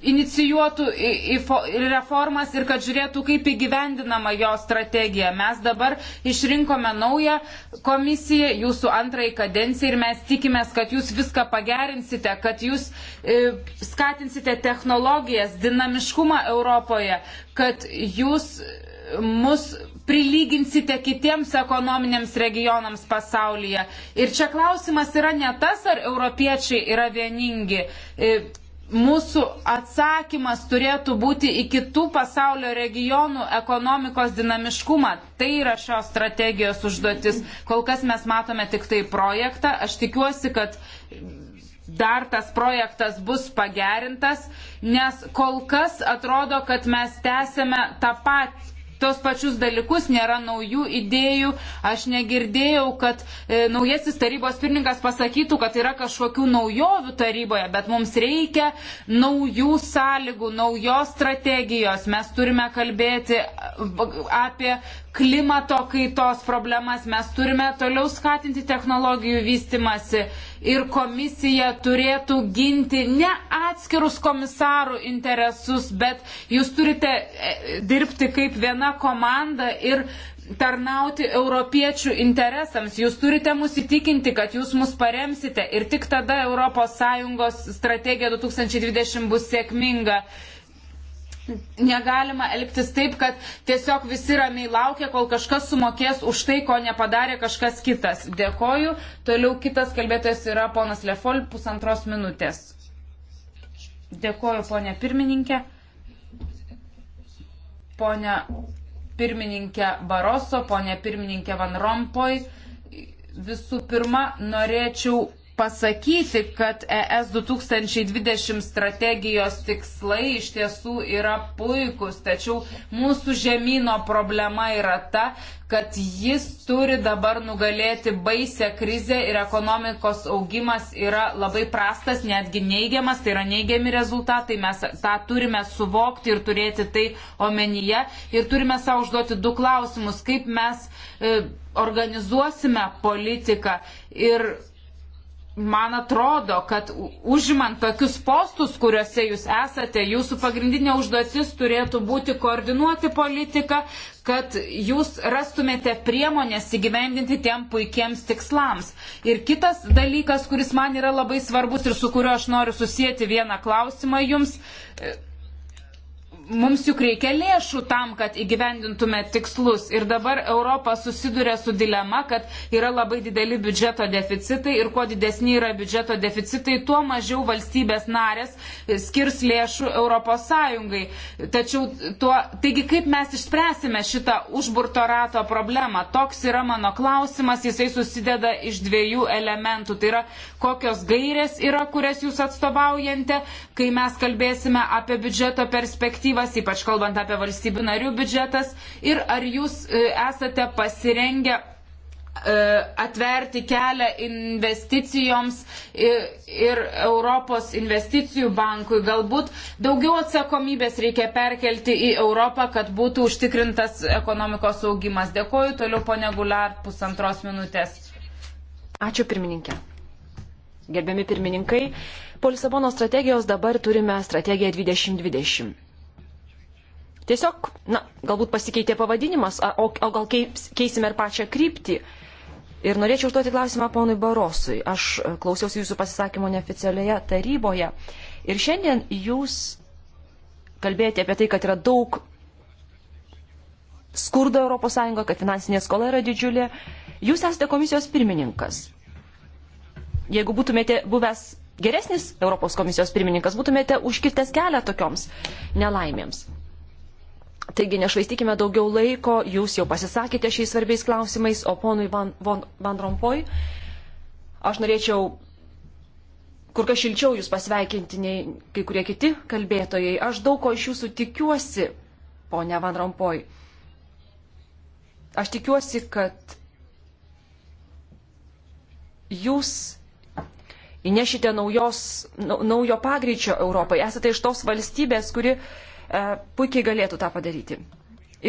inicijuotų į, į fo, reformas ir kad žiūrėtų, kaip įgyvendinama jo strategija. Mes dabar išrinkome naują komisiją, jūsų antrąjį kadenciją ir mes tikimės, kad jūs viską pagerinsite, kad jūs e, skatinsite technologijas, dinamiškumą Europoje, kad jūs e, mus prilyginsite kitiems ekonominiams regionams pasaulyje. Ir čia klausimas yra ne tas, ar europiečiai yra vieningi. E, mūsų atsakymas turėtų būti į kitų pasaulio regionų ekonomikos dinamiškumą. Tai yra šios strategijos užduotis. Kol kas mes matome tik tai projektą. Aš tikiuosi, kad dar tas projektas bus pagerintas, nes kol kas atrodo, kad mes tęsėme tą patį tos pačius dalykus, nėra naujų idėjų. Aš negirdėjau, kad e, naujasis tarybos pirmininkas pasakytų, kad yra kažkokių naujovių taryboje, bet mums reikia naujų sąlygų, naujos strategijos. Mes turime kalbėti e, apie klimato kaitos problemas, mes turime toliau skatinti technologijų vystimasi ir komisija turėtų ginti ne atskirus komisarų interesus, bet jūs turite e, dirbti kaip viena komanda ir tarnauti europiečių interesams. Jūs turite mus įtikinti, kad jūs mus paremsite ir tik tada ES strategija 2020 bus sėkminga negalima elgtis taip, kad tiesiog visi ramiai laukia, kol kažkas sumokės už tai, ko nepadarė kažkas kitas. Dėkoju. Toliau kitas kalbėtojas yra ponas Lefol, pusantros minutės. Dėkoju, ponė pirmininkė. Pone pirmininkė Baroso, ponė pirmininkė Van Rompoj. Visų pirma, norėčiau pasakyti, kad ES 2020 strategijos tikslai iš tiesų yra puikus, tačiau mūsų žemynų problema yra ta, kad jis turi dabar nugalėti baisę krizę ir ekonomikos augimas yra labai prastas, netgi neigiamas, tai yra neigiami rezultatai, mes tą turime suvokti ir turėti tai omenyje ir turime savo užduoti du klausimus, kaip mes e, organizuosime politiką ir man atrodo, kad užimant tokius postus, kuriuose jūs esate, jūsų pagrindinė užduotis turėtų būti koordinuoti politiką, kad jūs rastumėte priemonės įgyvendinti tiem puikiems tikslams. Ir kitas dalykas, kuris man yra labai svarbus ir su kuriuo aš noriu susijęti vieną klausimą jums. E, mums juk reikia lėšų tam, kad įgyvendintume tikslus. Ir dabar Europa susiduria su dilema, kad yra labai dideli biudžeto deficitai ir kuo didesni yra biudžeto deficitai, tuo mažiau valstybės narės skirs lėšų Europos Sąjungai. Tačiau tuo, taigi kaip mes išspręsime šitą užburto rato problemą? Toks yra mano klausimas, jisai susideda iš dviejų elementų. Tai yra, kokios gairės yra, kurias jūs atstovaujate, kai mes kalbėsime apie biudžeto perspektyvą perspektyvas, ypač kalbant apie valstybių narių biudžetas, ir ar jūs e, esate pasirengę e, atverti kelią investicijoms e, ir Europos investicijų bankui. Galbūt daugiau atsakomybės reikia perkelti į Europą, kad būtų užtikrintas ekonomikos augimas. Dėkoju, toliau ponia Guliart, pusantros minutės. Ačiū pirmininkė. Gerbiami pirmininkai, po Lisabono strategijos dabar turime strategiją 2020 Tiesiog, na, galbūt pasikeitė pavadinimas, o, o gal keisime ir pačią kryptį. Ir norėčiau užduoti klausimą ponui Barosui. Aš e, klausiausi jūsų pasisakymo neoficialioje taryboje. Ir šiandien jūs kalbėjote apie tai, kad yra daug skurdo ES, kad finansinė skola yra didžiulė. Jūs esate komisijos pirmininkas. Jeigu būtumėte buvęs geresnis Europos komisijos pirmininkas, būtumėte užkirtęs kelią tokioms nelaimėms. Taigi nešvaistykime daugiau laiko, jūs jau pasisakėte šiais svarbiais klausimais, o ponui Van, Van, Van Rompoj, aš norėčiau kur kas šilčiau jūs pasveikinti nei kai kurie kiti kalbėtojai. Aš daug ko iš jūsų tikiuosi, ponia Van Rompoj. Aš tikiuosi, kad jūs įnešite naujos, naujo pagreičio Europai. Esate iš tos valstybės, kuri E, puikiai galėtų tą padaryti.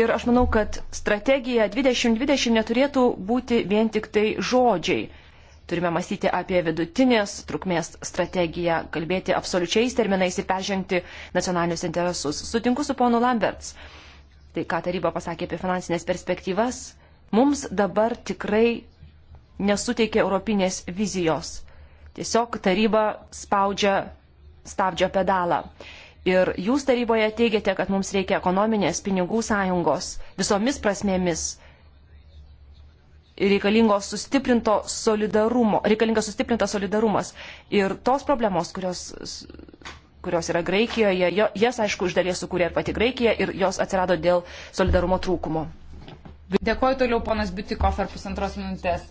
Ir aš manau, kad strategija 2020 neturėtų būti vien tik tai žodžiai. Turime mąstyti apie vidutinės trukmės strategiją, kalbėti absoliučiais terminais ir peržengti nacionalinius interesus. Sutinku su ponu Lamberts. Tai ką taryba pasakė apie finansinės perspektyvas, mums dabar tikrai nesuteikia europinės vizijos. Tiesiog taryba spaudžia stabdžio pedalą. Ir jūs taryboje teigiate, kad mums reikia ekonominės pinigų sąjungos visomis prasmėmis. Reikalingos sustiprinto solidarumo, reikalingas sustiprintas solidarumas. Ir tos problemos, kurios, kurios yra Graikijoje, jas aišku iš dalies sukūrė ir pati Graikija ir jos atsirado dėl solidarumo trūkumo. Dėkuoju toliau, ponas Biutikofer, pusantros minutės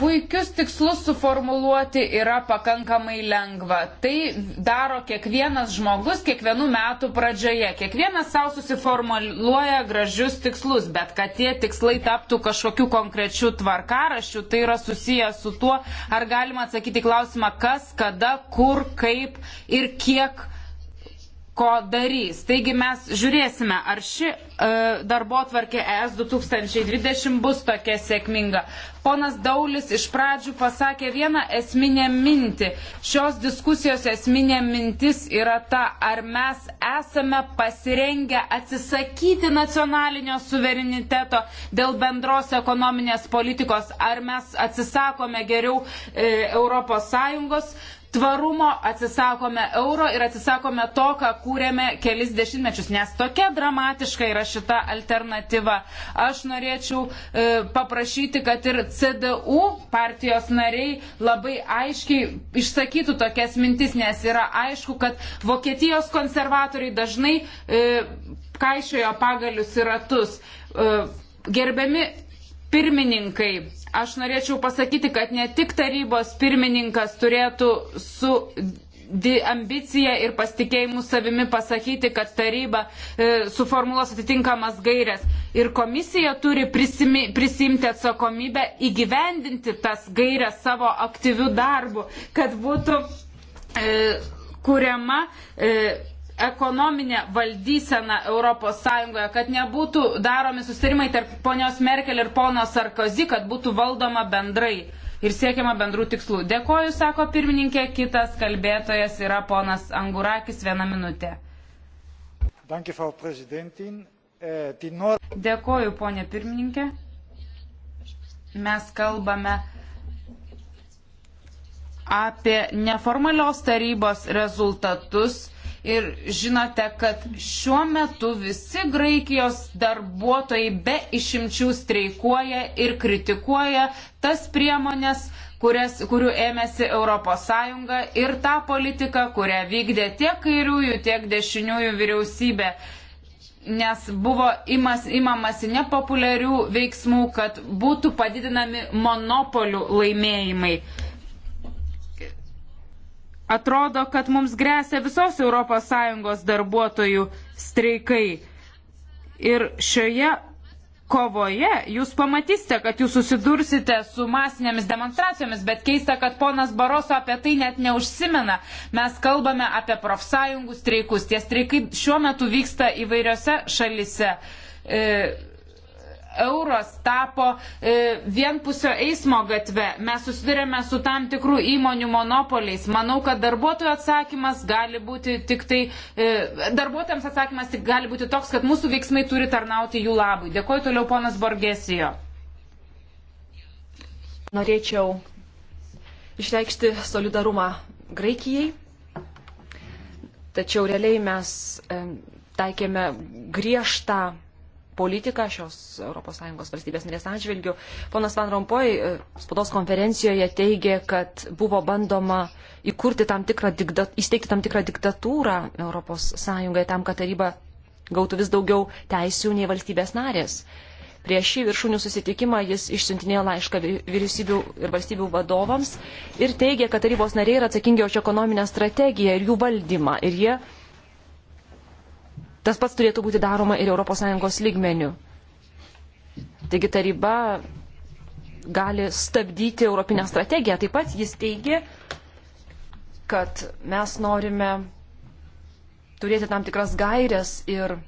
puikius tikslus suformuluoti yra pakankamai lengva. Tai daro kiekvienas žmogus kiekvienų metų pradžioje. Kiekvienas savo susiformuluoja gražius tikslus, bet kad tie tikslai taptų kažkokiu konkrečiu tvarkarašiu, tai yra susiję su tuo, ar galima atsakyti klausimą, kas, kada, kur, kaip ir kiek ko darys. Taigi mes žiūrėsime, ar ši e, darbo tvarkė ES 2020 bus tokia sėkminga. Ponas Daulis iš pradžių pasakė vieną esminę mintį. Šios diskusijos esminė mintis yra ta, ar mes esame pasirengę atsisakyti nacionalinio suvereniteto dėl bendros ekonominės politikos, ar mes atsisakome geriau e, ES tvarumo, atsisakome euro ir atsisakome to, ką kūrėme kelis dešimtmečius, nes tokia dramatiška yra šita alternatyva. Aš norėčiau e, paprašyti, kad ir CDU partijos nariai labai aiškiai išsakytų tokias mintis, nes yra aišku, kad Vokietijos konservatoriai dažnai e, kaišiojo pagalius į ratus. E, gerbiami pirmininkai, aš norėčiau pasakyti, kad ne tik tarybos pirmininkas turėtų su ambicija ir pasitikėjimu savimi pasakyti, kad taryba e, suformulos atitinkamas gairias. Ir komisija turi prisimi, prisimti atsakomybę įgyvendinti tas gairias savo aktyviu darbu, kad būtų e, kuriama e, ekonominė valdysena ES, kad nebūtų daromi sustarimai tarp ponios Merkel ir pono Sarkozy, kad būtų valdoma bendrai ir siekiama bendrų tikslų. Dėkoju, sako pirmininkė, kitas kalbėtojas yra ponas Angurakis, vieną minutę. Äh, Dėkoju, ponė pirmininkė. Mes kalbame apie neformalios tarybos rezultatus ir žinote, kad šiuo metu visi Graikijos darbuotojai be išimčių streikuoja ir kritikuoja tas priemonės, kurias, kurių ėmėsi ES ir tą politiką, kurią vykdė tiek kairiųjų, tiek dešiniųjų vyriausybė nes buvo imas, imamasi nepopuliarių veiksmų, kad būtų padidinami monopolių laimėjimai. Atrodo, kad mums grėsia visos ES darbuotojų streikai. Ir šioje kovoje jūs pamatysite, kad jūs susidursite su masinėmis demonstracijomis, bet keista, kad ponas Baroso apie tai net neužsimena. Mes kalbame apie profsąjungų streikus. Tie streikai šiuo metu vyksta įvairiose šalise. E, euros tapo e, vienpusio eismo gatve. Mes susidurėme su tam tikrų įmonių monopoliais. Manau, kad darbuotojų atsakymas gali būti tik tai, e, darbuotojams atsakymas tik gali būti toks, kad mūsų veiksmai turi tarnauti jų labui. Dėkuoju toliau ponas Borgesijo. Norėčiau išreikšti solidarumą Graikijai, tačiau realiai mes e, taikėme griežtą politiką šios ES valstybės narės atžvilgių. Ponas Van Rompoj e, spados konferencijoje teigė, kad buvo bandoma įkurti tam tikrą, diktat, įsteigti tam tikrą diktatūrą ES tam, kad taryba gautų vis daugiau teisių nei valstybės narės. Prieš šį viršūnių susitikimą jis išsiuntinėjo laišką vyriausybių ir valstybių vadovams ir teigė, kad tarybos nariai yra atsakingi už ekonominę strategiją ir jų valdymą. Ir jie Tas pats turėtų būti daroma ir ES lygmenių. Taigi taryba gali stabdyti Europinę strategiją. Taip pat jis teigia, kad mes norime turėti tam tikras gairias ir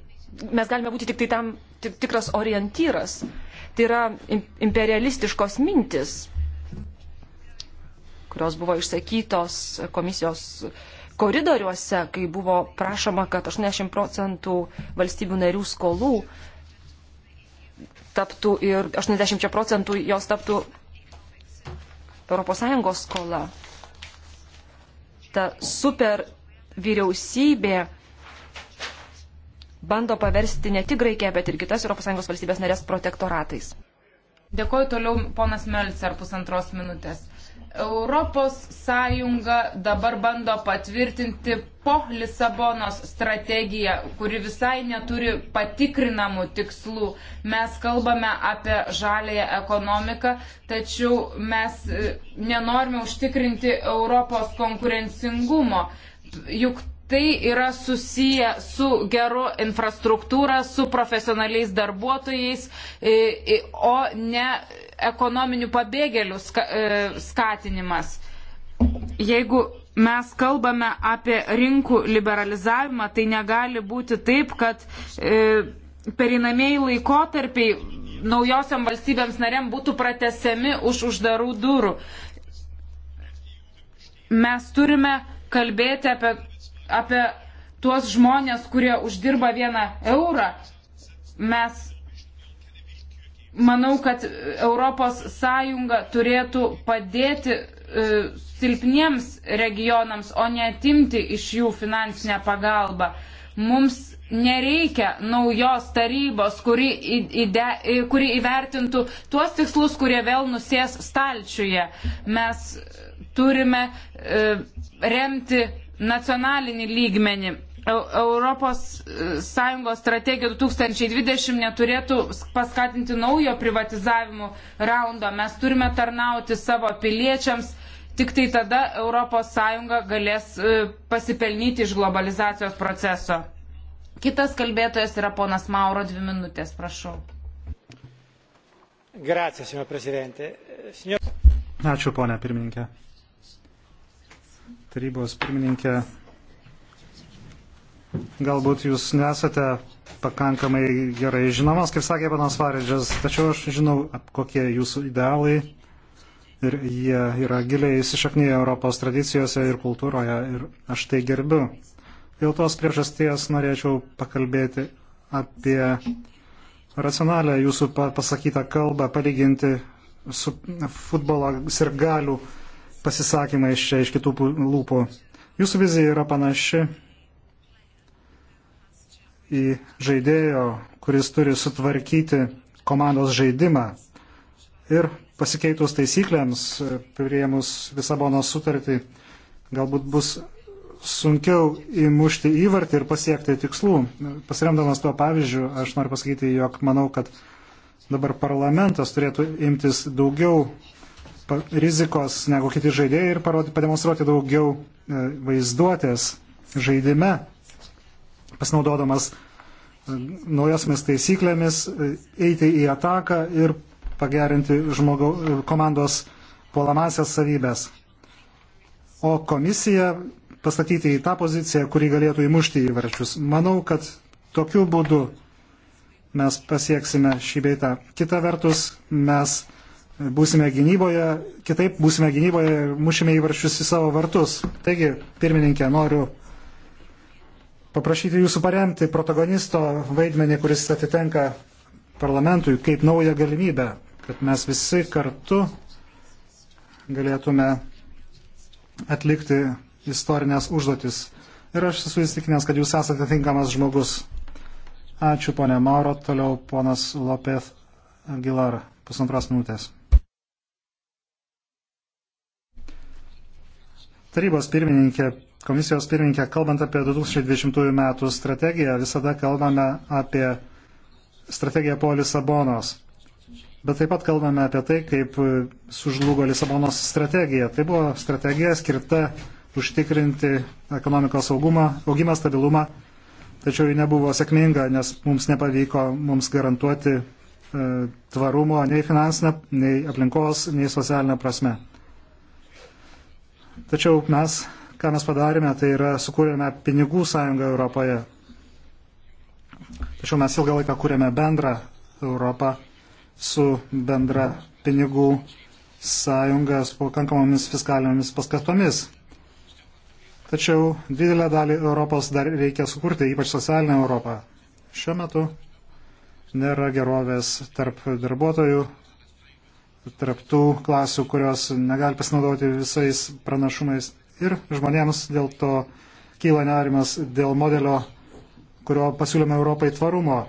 mes galime būti tik tai tam tik, tikras orientyras. Tai yra imperialistiškos mintis, kurios buvo išsakytos komisijos koridoriuose, kai buvo prašoma, kad 80 procentų valstybių narių skolų taptų ir 80 procentų jos taptų ES skola. Ta super vyriausybė bando paversti ne tik Graikiją, bet ir kitas ES valstybės narės protektoratais. Dėkoju toliau ponas Melcer pusantros minutės. Europos Sąjunga dabar bando patvirtinti po Lisabonos strategiją, kuri visai neturi patikrinamų tikslų. Mes kalbame apie žalėją ekonomiką, tačiau mes e, nenorime užtikrinti Europos konkurencingumo. Juk tai yra susiję su geru infrastruktūra, su profesionaliais darbuotojais, e, e, o ne ekonominių pabėgėlių e, skatinimas. Jeigu mes kalbame apie rinkų liberalizavimą, tai negali būti taip, kad e, perinamieji laikotarpiai naujosiam valstybėms narėm būtų pratesiami už uždarų durų. Mes turime kalbėti apie, apie tuos žmonės, kurie uždirba vieną eurą. Mes manau, kad ES turėtų padėti e, silpniems regionams, o ne atimti iš jų finansinę pagalbą. Mums nereikia naujos tarybos, kuri, ide, kuri įvertintų tuos tikslus, kurie vėl nusės stalčiuje. Mes turime e, remti nacionalinį lygmenį. Europos e, Sąjungos strategija 2020 neturėtų paskatinti naujo privatizavimo raundo. Mes turime tarnauti savo piliečiams, tik tai tada Europos Sąjunga galės e, pasipelnyti iš globalizacijos proceso. Kitas kalbėtojas yra ponas Mauro, dvi minutės, prašau. Grazie, signor Presidente. Signor... Ačiū, ponia pirmininkė. Tarybos pirmininkė Galbūt jūs nesate pakankamai gerai žinomas, kaip sakė panas Varidžas, tačiau aš žinau, kokie jūsų idealai ir jie yra giliai įsišaknyje Europos tradicijose ir kultūroje ir aš tai gerbiu. Dėl tos priežasties norėčiau pakalbėti apie racionalę jūsų pasakytą kalbą, palyginti su futbolo sirgalių pasisakymais čia iš kitų lūpų. Jūsų vizija yra panaši į žaidėjo, kuris turi sutvarkyti komandos žaidimą. Ir pasikeitus taisyklėms, prieimus Visabonos sutartį, galbūt bus sunkiau įmušti įvartį ir pasiekti tikslų. Pasiremdamas tuo pavyzdžiu, aš noriu pasakyti, jog manau, kad dabar parlamentas turėtų imtis daugiau rizikos negu kiti žaidėjai ir parodyti, pademonstruoti daugiau e, vaizduotės žaidime pasinaudodamas e, naujosmis taisyklėmis, e, eiti į ataką ir pagerinti žmogau, e, komandos puolamasias savybės. O komisija pastatyti į tą poziciją, kurį galėtų įmušti įvarčius. Manau, kad tokiu būdu mes pasieksime šį beitą. Kita vertus, mes būsime gynyboje, kitaip būsime gynyboje ir mušime įvarčius į savo vartus. Taigi, pirmininkė, noriu paprašyti jūsų paremti protagonisto vaidmenį, kuris atitenka parlamentui kaip naują galimybę, kad mes visi kartu galėtume atlikti istorinės užduotis. Ir aš esu įstikinęs, kad jūs esate tinkamas žmogus. Ačiū, ponė Mauro. Toliau ponas Lopez Aguilar, pusantros minutės. Tarybos pirmininkė Komisijos pirmininkė, kalbant apie 2020 metų strategiją, visada kalbame apie strategiją po Lisabonos. Bet taip pat kalbame apie tai, kaip sužlugo Lisabonos strategija. Tai buvo strategija skirta užtikrinti ekonomikos saugumą, augimą, stabilumą, tačiau ji nebuvo sėkminga, nes mums nepavyko mums garantuoti e, tvarumo nei finansinė, nei aplinkos, nei socialinė prasme. Tačiau mes Ką mes padarėme, tai yra sukūrėme pinigų sąjungą Europoje. Tačiau mes ilgą laiką kūrėme bendrą Europą su bendra pinigų sąjunga su pakankamomis fiskalinėmis paskatomis. Tačiau didelę dalį Europos dar reikia sukurti, ypač socialinę Europą. Šiuo metu nėra gerovės tarp darbuotojų, tarp tų klasių, kurios negali pasinaudoti visais pranašumais ir žmonėms dėl to kyla nerimas dėl modelio, kurio pasiūlėme Europai tvarumo,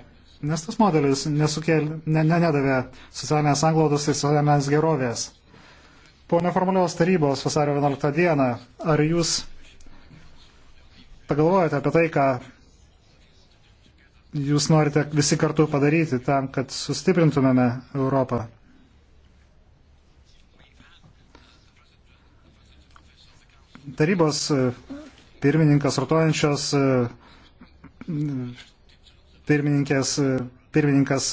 nes tas modelis nesukėl, ne, ne, nedavė socialinės anglaudos ir socialinės gerovės. Po neformalios tarybos vasario 11 dieną, ar jūs pagalvojate apie tai, ką jūs norite visi kartu padaryti tam, kad sustiprintumėme Europą? tarybos e, pirmininkas rotuojančios e, pirmininkės, e, pirmininkas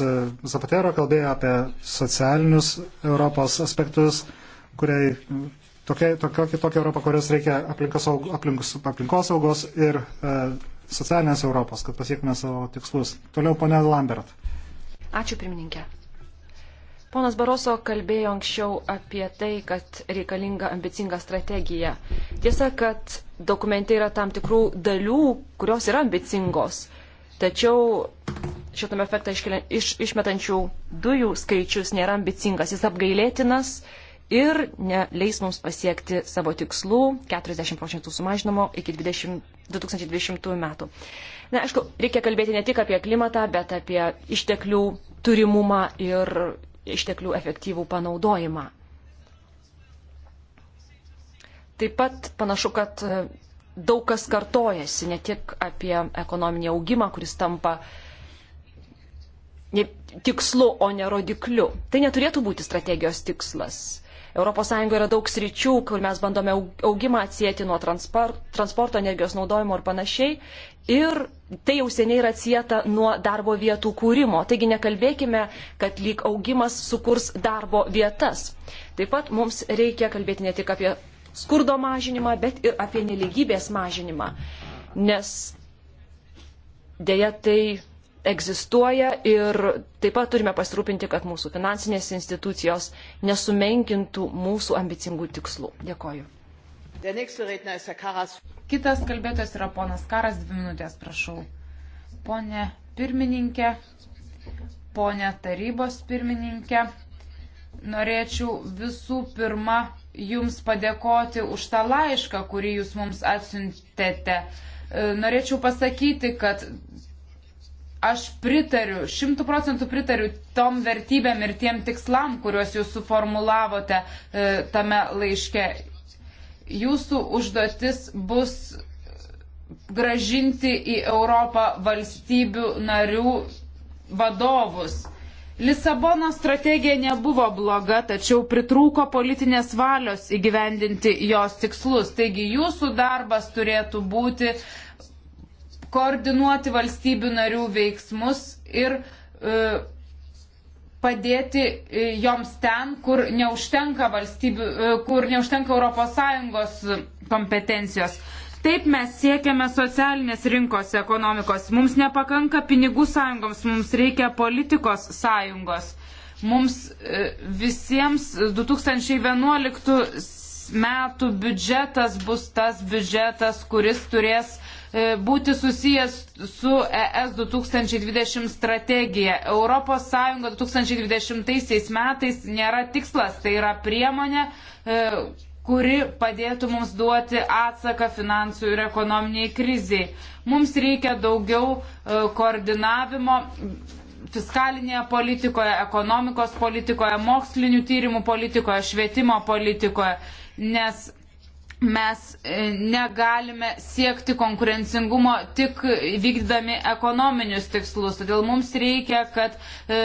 Zapatero kalbėjo apie socialinius Europos aspektus, kuriai tokia, tokia, tokia Europa, kurios reikia aplinkos, aplinkos, aplinkos saugos ir e, socialinės Europos, kad pasiektume savo tikslus. Toliau, ponė Lambert. Ačiū, pirmininkė. Ponas Baroso kalbėjo anksčiau apie tai, kad reikalinga ambicinga strategija. Tiesa, kad dokumente yra tam tikrų dalių, kurios yra ambicingos, tačiau šitam efektą iš, išmetančių dujų skaičius nėra ambicingas, jis apgailėtinas ir neleis mums pasiekti savo tikslų 40 procentų sumažinimo iki 20, 2020 metų. Na, aišku, reikia kalbėti ne tik apie klimatą, bet apie išteklių turimumą ir išteklių efektyvų panaudojimą. Taip pat panašu, kad e, daug kas kartojasi, ne tik apie ekonominį augimą, kuris tampa tikslu, o ne rodikliu. Tai neturėtų būti strategijos tikslas. ES yra daug sričių, kur mes bandome augimą atsijėti nuo transporto, energijos naudojimo ir panašiai ir tai jau seniai yra atsieta nuo darbo vietų kūrimo. Taigi nekalbėkime, kad lyg augimas sukurs darbo vietas. Taip pat mums reikia kalbėti ne tik apie skurdo mažinimą, bet ir apie neligybės mažinimą. Nes dėja tai egzistuoja ir taip pat turime pasirūpinti, kad mūsų finansinės institucijos nesumenkintų mūsų ambicingų tikslų. Dėkoju. Kitas kalbėtojas yra ponas Karas, dvi minutės, prašau. Pone pirmininkė, ponė tarybos pirmininkė, norėčiau visų pirma Jums padėkoti už tą laišką, kurį Jūs mums atsiuntėte. E, norėčiau pasakyti, kad aš pritariu, šimtų procentų pritariu tom vertybėm ir tiem tikslam, kuriuos jūs suformulavote e, tame laiške jūsų užduotis bus gražinti į Europą valstybių narių vadovus. Lisabono strategija nebuvo bloga, tačiau pritrūko politinės valios įgyvendinti jos tikslus. Taigi jūsų darbas turėtų būti koordinuoti valstybių narių veiksmus ir e, padėti e, joms ten, kur neužtenka valstybių, e, kur neužtenka ES kompetencijos. Taip mes siekiame socialinės rinkos ekonomikos. Mums nepakanka pinigų sąjungoms, mums reikia politikos sąjungos. Mums e, visiems 2011 metų biudžetas bus tas biudžetas, kuris turės uh, E, būti susijęs su ES 2020 strategija. ES 2020 metais nėra tikslas, tai yra priemonė, e, kuri padėtų mums duoti atsaką finansų ir ekonominiai kriziai. Mums reikia daugiau e, koordinavimo fiskalinėje politikoje, ekonomikos politikoje, mokslinių tyrimų politikoje, švietimo politikoje, nes mes e, negalime siekti konkurencingumo tik vykdami ekonominius tikslus. Todėl mums reikia, kad e,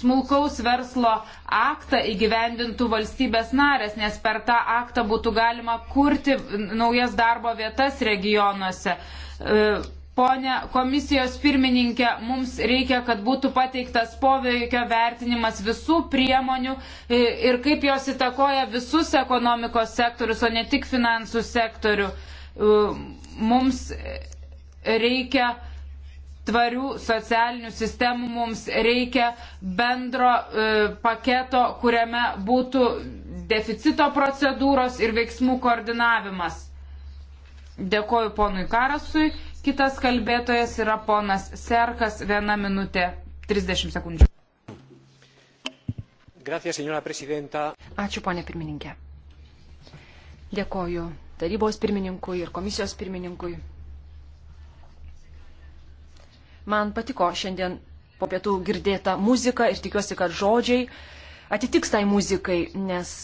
smulkaus verslo aktą įgyvendintų valstybės narės, nes per tą aktą būtų galima kurti naujas darbo vietas regionuose. E, Pone komisijos pirmininkė, mums reikia, kad būtų pateiktas poveikio vertinimas visų priemonių e, ir kaip jos įtakoja visus ekonomikos sektorius, o ne tik finansų sektorių. E, mums reikia tvarių socialinių sistemų, mums reikia bendro e, paketo, kuriame būtų deficito procedūros ir veiksmų koordinavimas. Dėkoju ponui Karasui. Kitas kalbėtojas yra ponas Serkas, viena minutė 30 sekundžių. Gracias, Ačiū, ponė pirmininkė. Dėkoju tarybos pirmininkui ir komisijos pirmininkui. Man patiko šiandien po pietų girdėta muzika ir tikiuosi, kad žodžiai atitiks tai muzikai, nes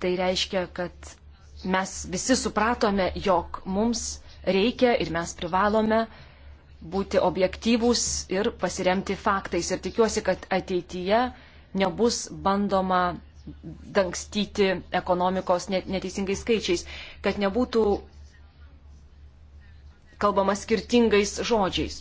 tai reiškia, kad mes visi supratome, jog mums reikia ir mes privalome būti objektyvūs ir pasiremti faktais. Ir tikiuosi, kad ateityje nebus bandoma dangstyti ekonomikos neteisingais skaičiais, kad nebūtų kalbama skirtingais žodžiais.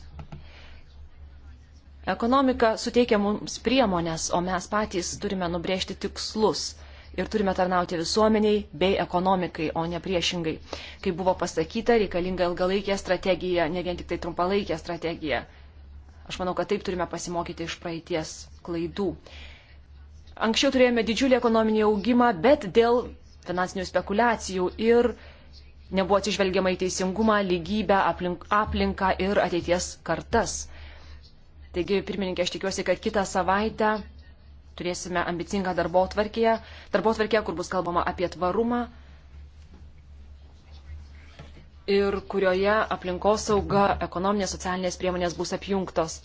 Ekonomika suteikia mums priemonės, o mes patys turime nubrėžti tikslus ir turime tarnauti visuomeniai bei ekonomikai, o ne priešingai. Kaip buvo pasakyta, reikalinga ilgalaikė strategija, ne vien tik tai trumpalaikė strategija. Aš manau, kad taip turime pasimokyti iš praeities klaidų. Anksčiau turėjome didžiulį ekonominį augimą, bet dėl finansinių spekulacijų ir nebuvo atsižvelgiama į teisingumą, lygybę, aplink, aplinką ir ateities kartas. Taigi, pirmininkė, aš tikiuosi, kad kitą savaitę turėsime ambicingą darbo tvarkėje, darbo tvarkėje, kur bus kalbama apie tvarumą ir kurioje aplinkosauga, ekonominės, socialinės priemonės bus apjungtos.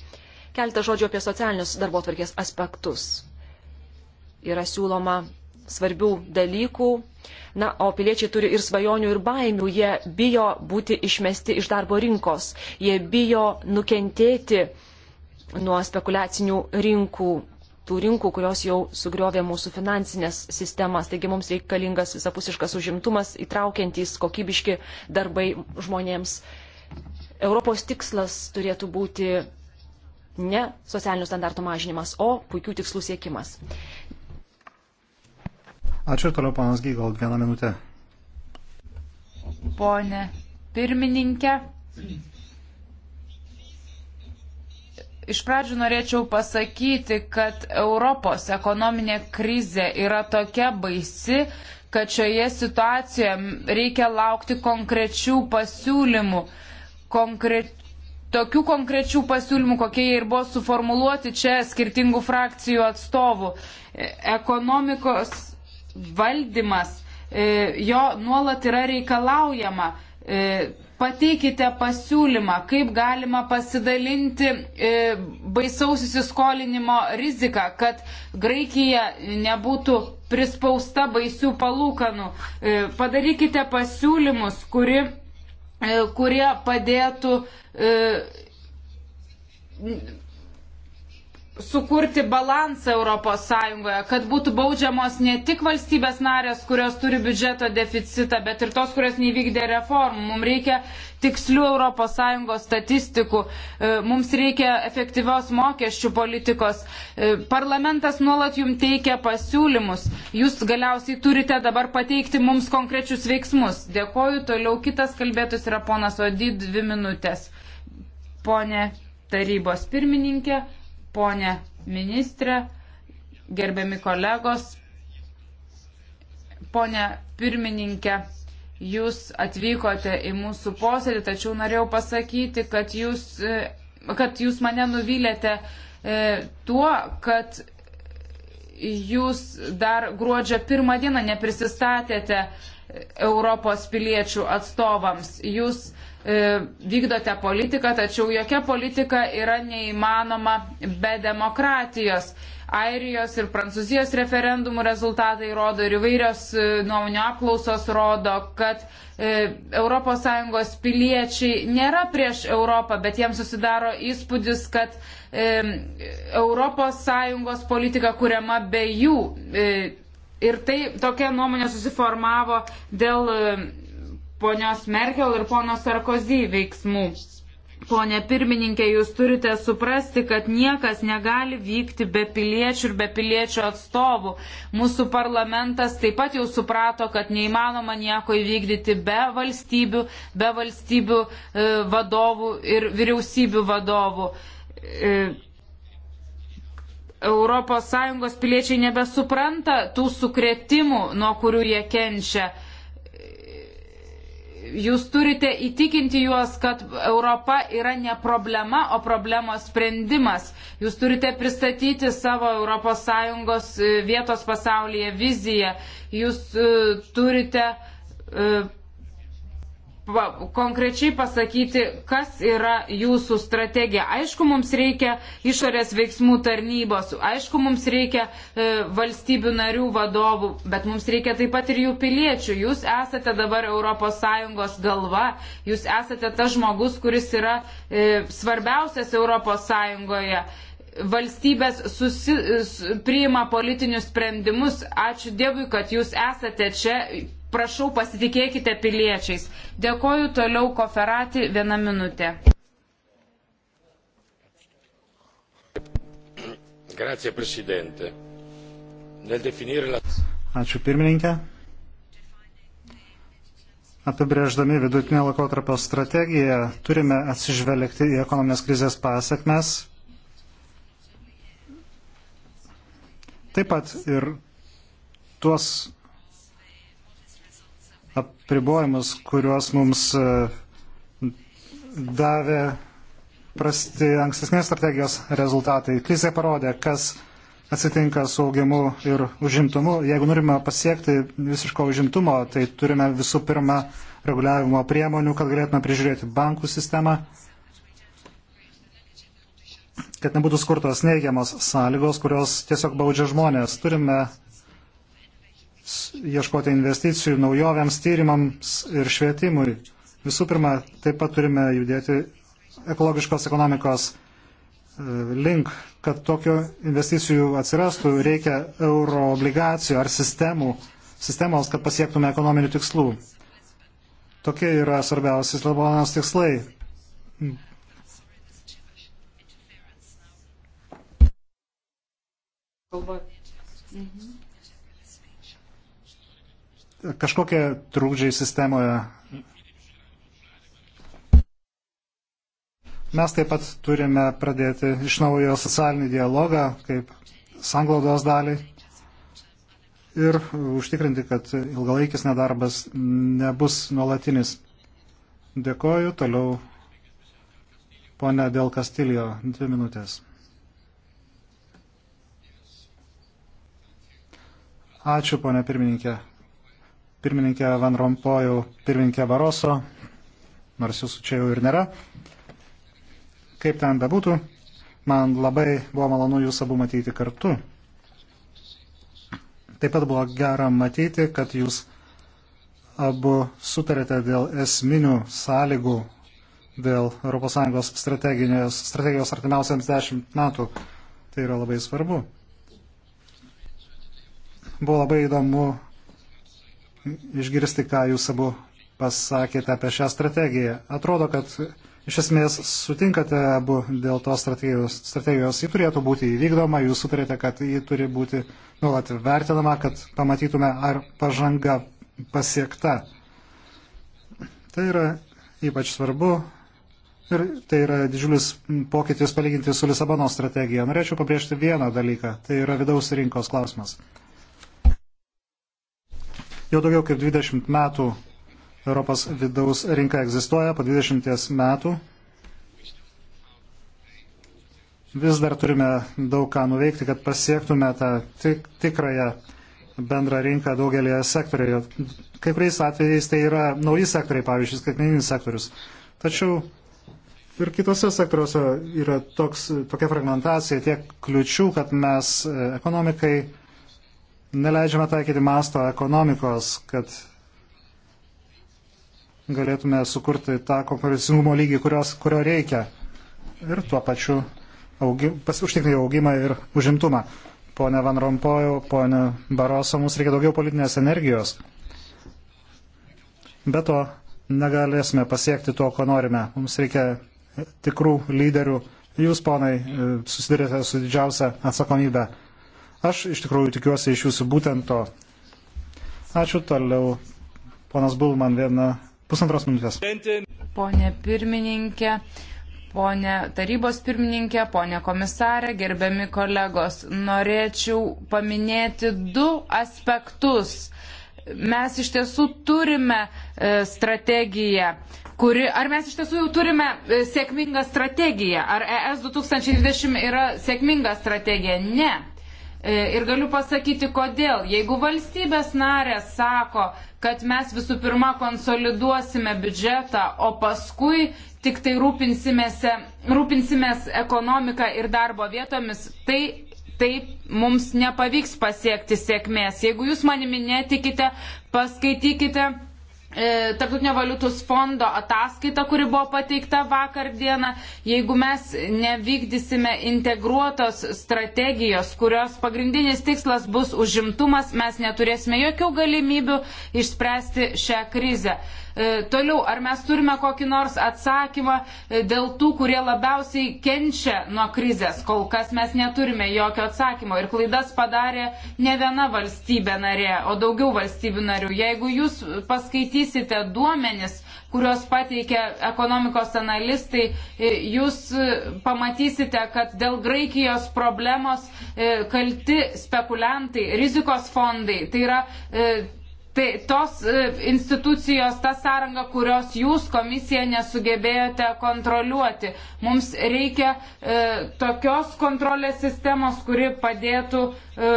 Keltą žodžių apie socialinius darbo tvarkės aspektus. Yra siūloma svarbių dalykų. Na, o piliečiai turi ir svajonių, ir baimių. Jie bijo būti išmesti iš darbo rinkos. Jie bijo nukentėti nuo spekuliacinių rinkų tų rinkų, kurios jau sugriovė mūsų finansinės sistemas. Taigi mums reikalingas visapusiškas užimtumas, įtraukiantys kokybiški darbai žmonėms. Europos tikslas turėtų būti ne socialinių standartų mažinimas, o puikių tikslų siekimas. Ačiū ir toliau, panas Gygal, vieną minutę. Pone pirmininkė, Iš pradžių norėčiau pasakyti, kad Europos ekonominė krizė yra tokia baisi, kad šioje situacijoje reikia laukti konkrečių pasiūlymų. Konkre... Tokių konkrečių pasiūlymų, kokie ir buvo suformuluoti čia skirtingų frakcijų atstovų. E, ekonomikos valdymas, e, jo nuolat yra reikalaujama e, pateikite pasiūlymą, kaip galima pasidalinti e, baisaus įsiskolinimo riziką, kad Graikija nebūtų prispausta baisių palūkanų. E, padarykite pasiūlymus, kuri, e, kurie padėtų. E, sukurti balansą Europos Sąjungoje, kad būtų baudžiamos ne tik valstybės narės, kurios turi biudžeto deficitą, bet ir tos, kurios nevykdė reformų. Mums reikia tikslių Europos Sąjungos statistikų, e, mums reikia efektyvios mokesčių politikos. E, parlamentas nuolat jums teikia pasiūlymus. Jūs galiausiai turite dabar pateikti mums konkrečius veiksmus. Dėkoju, toliau kitas kalbėtus yra ponas Odi, dvi minutės. Pone tarybos pirmininkė, ponė ministrė, gerbiami kolegos, ponė pirmininkė, jūs atvykote į mūsų posėdį, tačiau norėjau pasakyti, kad jūs, e, kad jūs mane nuvylėte e, tuo, kad jūs dar gruodžio pirmą dieną neprisistatėte Europos piliečių atstovams. Jūs E, vykdote politiką, tačiau jokia politika yra neįmanoma be demokratijos. Airijos ir Prancūzijos referendumų rezultatai rodo ir įvairios e, nuomonių apklausos rodo, kad ES piliečiai nėra prieš Europą, bet jiems susidaro įspūdis, kad ES politika kuriama be jų. E, ir tai tokia nuomonė susiformavo dėl ponios Merkel ir pono Sarkozy veiksmų. Pone pirmininkė, jūs turite suprasti, kad niekas negali vykti be piliečių ir be piliečių atstovų. Mūsų parlamentas taip pat jau suprato, kad neįmanoma nieko įvykdyti be valstybių, be valstybių e, vadovų ir vyriausybių vadovų. E, ES piliečiai nebesupranta tų sukretimų, nuo kurių jie kenčia. E, jūs turite įtikinti juos, kad Europa yra ne problema, o problemos sprendimas. Jūs turite pristatyti savo ES e, vietos pasaulyje viziją. Jūs e, turite e, pa, konkrečiai pasakyti, kas yra jūsų strategija. Aišku, mums reikia išorės veiksmų tarnybos, aišku, mums reikia e, valstybių narių vadovų, bet mums reikia taip pat ir jų piliečių. Jūs esate dabar ES galva, jūs esate tas žmogus, kuris yra e, svarbiausias ES valstybės susi, priima politinius sprendimus. Ačiū Dievui, kad jūs esate čia, prašau pasitikėkite piliečiais. Dėkoju toliau Koferati vieną minutę. Grazie, Presidente. Nel definire la... Ačiū pirmininkė. Apibrėždami vidutinio laikotarpio strategiją turime atsižvelgti į ekonominės krizės pasiekmes. Taip pat ir tuos apribojimus, kuriuos mums e, davė prasti ankstesnės strategijos rezultatai. Krizė parodė, kas atsitinka su augimu ir užimtumu. Jeigu norime pasiekti visiško užimtumo, tai turime visų pirma reguliavimo priemonių, kad galėtume prižiūrėti bankų sistemą, kad nebūtų skurtos neigiamos sąlygos, kurios tiesiog baudžia žmonės. Turime ieškoti investicijų naujovėms, tyrimams ir švietimui. Visų pirma, taip pat turime judėti ekologiškos ekonomikos e, link, kad tokių investicijų atsirastų, reikia euro obligacijų ar sistemų, sistemos, kad pasiektume ekonominių tikslų. Tokie yra svarbiausias Lisabonos tikslai. Kalba. Mhm kažkokie trūkdžiai sistemoje. Mes taip pat turime pradėti iš naujo socialinį dialogą kaip sanglaudos dalį ir užtikrinti, kad ilgalaikis nedarbas nebus nuolatinis. Dėkoju, toliau ponia Del Castillo, dvi minutės. Ačiū, ponia pirmininkė pirmininkę Van Rompojų, pirmininkę Baroso, nors jūsų čia jau ir nėra. Kaip ten bebūtų, man labai buvo malonu jūs abu matyti kartu. Taip pat buvo gera matyti, kad jūs abu sutarėte dėl esminių sąlygų dėl ES strategijos, strategijos artimiausiams dešimt metų. Tai yra labai svarbu. Buvo labai įdomu išgirsti, ką jūs abu pasakėte apie šią strategiją. Atrodo, kad iš esmės sutinkate abu dėl tos strategijos. strategijos. Ji turėtų būti įvykdoma, jūs sutarėte, kad ji turi būti nuolat vertinama, kad pamatytume, ar pažanga pasiekta. Tai yra ypač svarbu ir tai yra didžiulis pokytis palyginti su Lisabono strategija. Norėčiau pabrėžti vieną dalyką, tai yra vidaus rinkos klausimas. Jau daugiau kaip 20 metų Europos vidaus rinka egzistuoja, po 20 metų vis dar turime daug ką nuveikti, kad pasiektume tą tik, tikrąją bendrą rinką daugelėje sektoriuje. Kai kuriais atvejais tai yra nauji sektoriai, pavyzdžiui, skaitmeninis sektorius. Tačiau ir kitose sektoriuose yra toks, tokia fragmentacija, tiek kliučių, kad mes e, ekonomikai neleidžiame taikyti masto ekonomikos, kad galėtume sukurti tą konkurencingumo lygį, kurios, kurio reikia. Ir tuo pačiu augi, užtikrinti augimą ir užimtumą. Pone Van Rompojau, pone Baroso, mums reikia daugiau politinės energijos. Be to, negalėsime pasiekti to, ko norime. Mums reikia tikrų lyderių. Jūs, ponai, e, susidurėte su didžiausia atsakomybė Aš iš tikrųjų tikiuosi iš jūsų būtent to. Ačiū toliau. Ponas Bulman, viena pusantros minutės. Pone pirmininkė, Pone tarybos pirmininkė, pone komisarė, gerbiami kolegos, norėčiau paminėti du aspektus. Mes iš tiesų turime e, strategiją, kuri, ar mes iš tiesų jau turime e, sėkmingą strategiją, ar ES 2020 yra sėkminga strategija? Ne E, ir galiu pasakyti, kodėl. Jeigu valstybės narės sako, kad mes visų pirma konsoliduosime biudžetą, o paskui tik tai rūpinsimės ekonomiką ir darbo vietomis, tai taip mums nepavyks pasiekti sėkmės. Jeigu jūs manimi netikite, paskaitykite E, Tarptautinio valiutos fondo ataskaita, kuri buvo pateikta vakar dieną, jeigu mes nevykdysime integruotos strategijos, kurios pagrindinis tikslas bus užimtumas, mes neturėsime jokių galimybių išspręsti šią krizę. E, toliau, ar mes turime kokį nors atsakymą e, dėl tų, kurie labiausiai kenčia nuo krizės? Kol kas mes neturime jokio atsakymo ir klaidas padarė ne viena valstybė narė, o daugiau valstybių narių. Jeigu jūs paskaitysite, pamatysite duomenis, kuriuos pateikia ekonomikos analistai, e, jūs e, pamatysite, kad dėl Graikijos problemos e, kalti spekuliantai, rizikos fondai. Tai yra Tai tos institucijos, ta sąranga, kurios jūs komisija nesugebėjote kontroliuoti. Mums reikia e, tokios kontrolės sistemos, kuri padėtų e,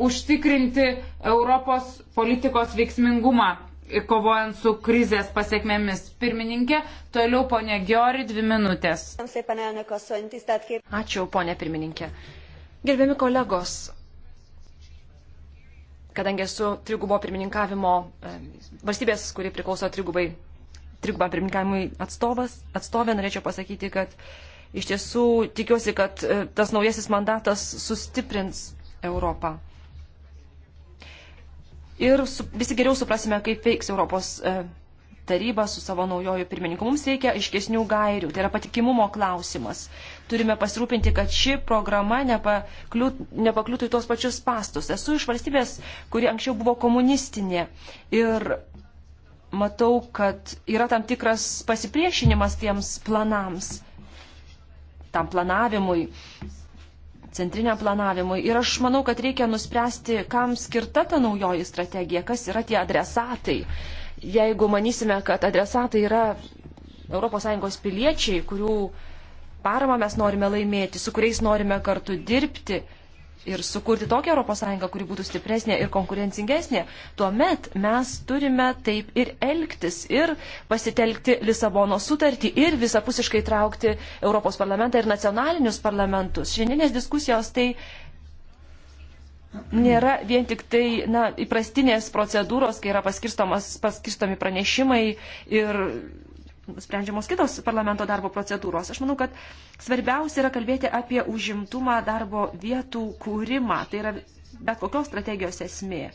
užtikrinti Europos politikos veiksmingumą kovojant su krizės pasiekmėmis. Pirmininkė, toliau ponė Giori, dvi minutės. Ačiū, ponė pirmininkė. Gerbiami kolegos, kadangi esu trigubo pirmininkavimo e, valstybės, kuri priklauso trigubai, trigubą pirmininkavimui atstovas, atstovė, norėčiau pasakyti, kad iš tiesų tikiuosi, kad e, tas naujasis mandatas sustiprins Europą ir su, visi geriau suprasime, kaip veiks Europos e, taryba su savo naujoju pirmininku. Mums reikia aiškesnių gairių, tai yra patikimumo klausimas. Turime pasirūpinti, kad ši programa nepakliūtų į tuos pačius pastus. Esu iš valstybės, kuri anksčiau buvo komunistinė ir matau, kad yra tam tikras pasipriešinimas tiems planams, tam planavimui centriniam planavimui. Ir aš manau, kad reikia nuspręsti, kam skirta ta naujoji strategija, kas yra tie adresatai. Jeigu manysime, kad adresatai yra ES piliečiai, kurių paramą mes norime laimėti, su kuriais norime kartu dirbti, ir sukurti tokią ES, kuri būtų stipresnė ir konkurencingesnė, tuomet mes turime taip ir elgtis ir pasitelkti Lisabono sutartį ir visapusiškai traukti Europos parlamentą ir nacionalinius parlamentus. Šiandienės diskusijos tai nėra vien tik tai na, įprastinės procedūros, kai yra paskirstomi pranešimai ir sprendžiamos kitos parlamento darbo procedūros. Aš manau, kad svarbiausia yra kalbėti apie užimtumą darbo vietų kūrimą. Tai yra bet kokios strategijos esmė.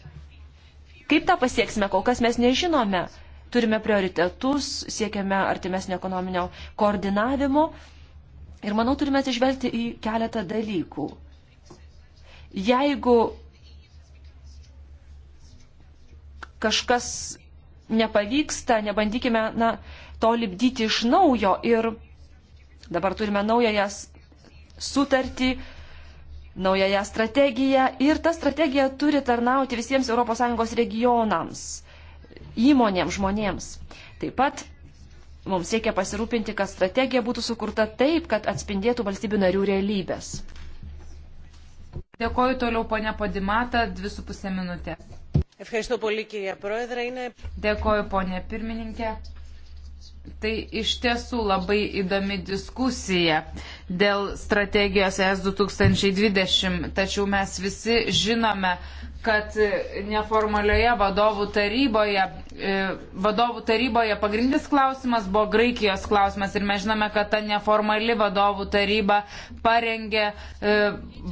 Kaip tą pasieksime, kol kas mes nežinome. Turime prioritetus, siekiame artimesnio ekonominio koordinavimo ir manau turime atsižvelgti į keletą dalykų. Jeigu kažkas nepavyksta, nebandykime, na, to lipdyti iš naujo ir dabar turime naująją sutartį, naująją strategiją ir ta strategija turi tarnauti visiems ES regionams, įmonėms, žmonėms. Taip pat mums reikia pasirūpinti, kad strategija būtų sukurta taip, kad atspindėtų valstybių narių realybės. Dėkoju toliau, ponia Podimata, dvi su pusė minutė. Dėkoju, ponia pirmininkė. Tai iš tiesų labai įdomi diskusija dėl strategijos ES 2020, tačiau mes visi žinome, kad neformalioje vadovų taryboje, e, vadovų taryboje pagrindinis klausimas buvo Graikijos klausimas ir mes žinome, kad ta neformali vadovų taryba parengė e,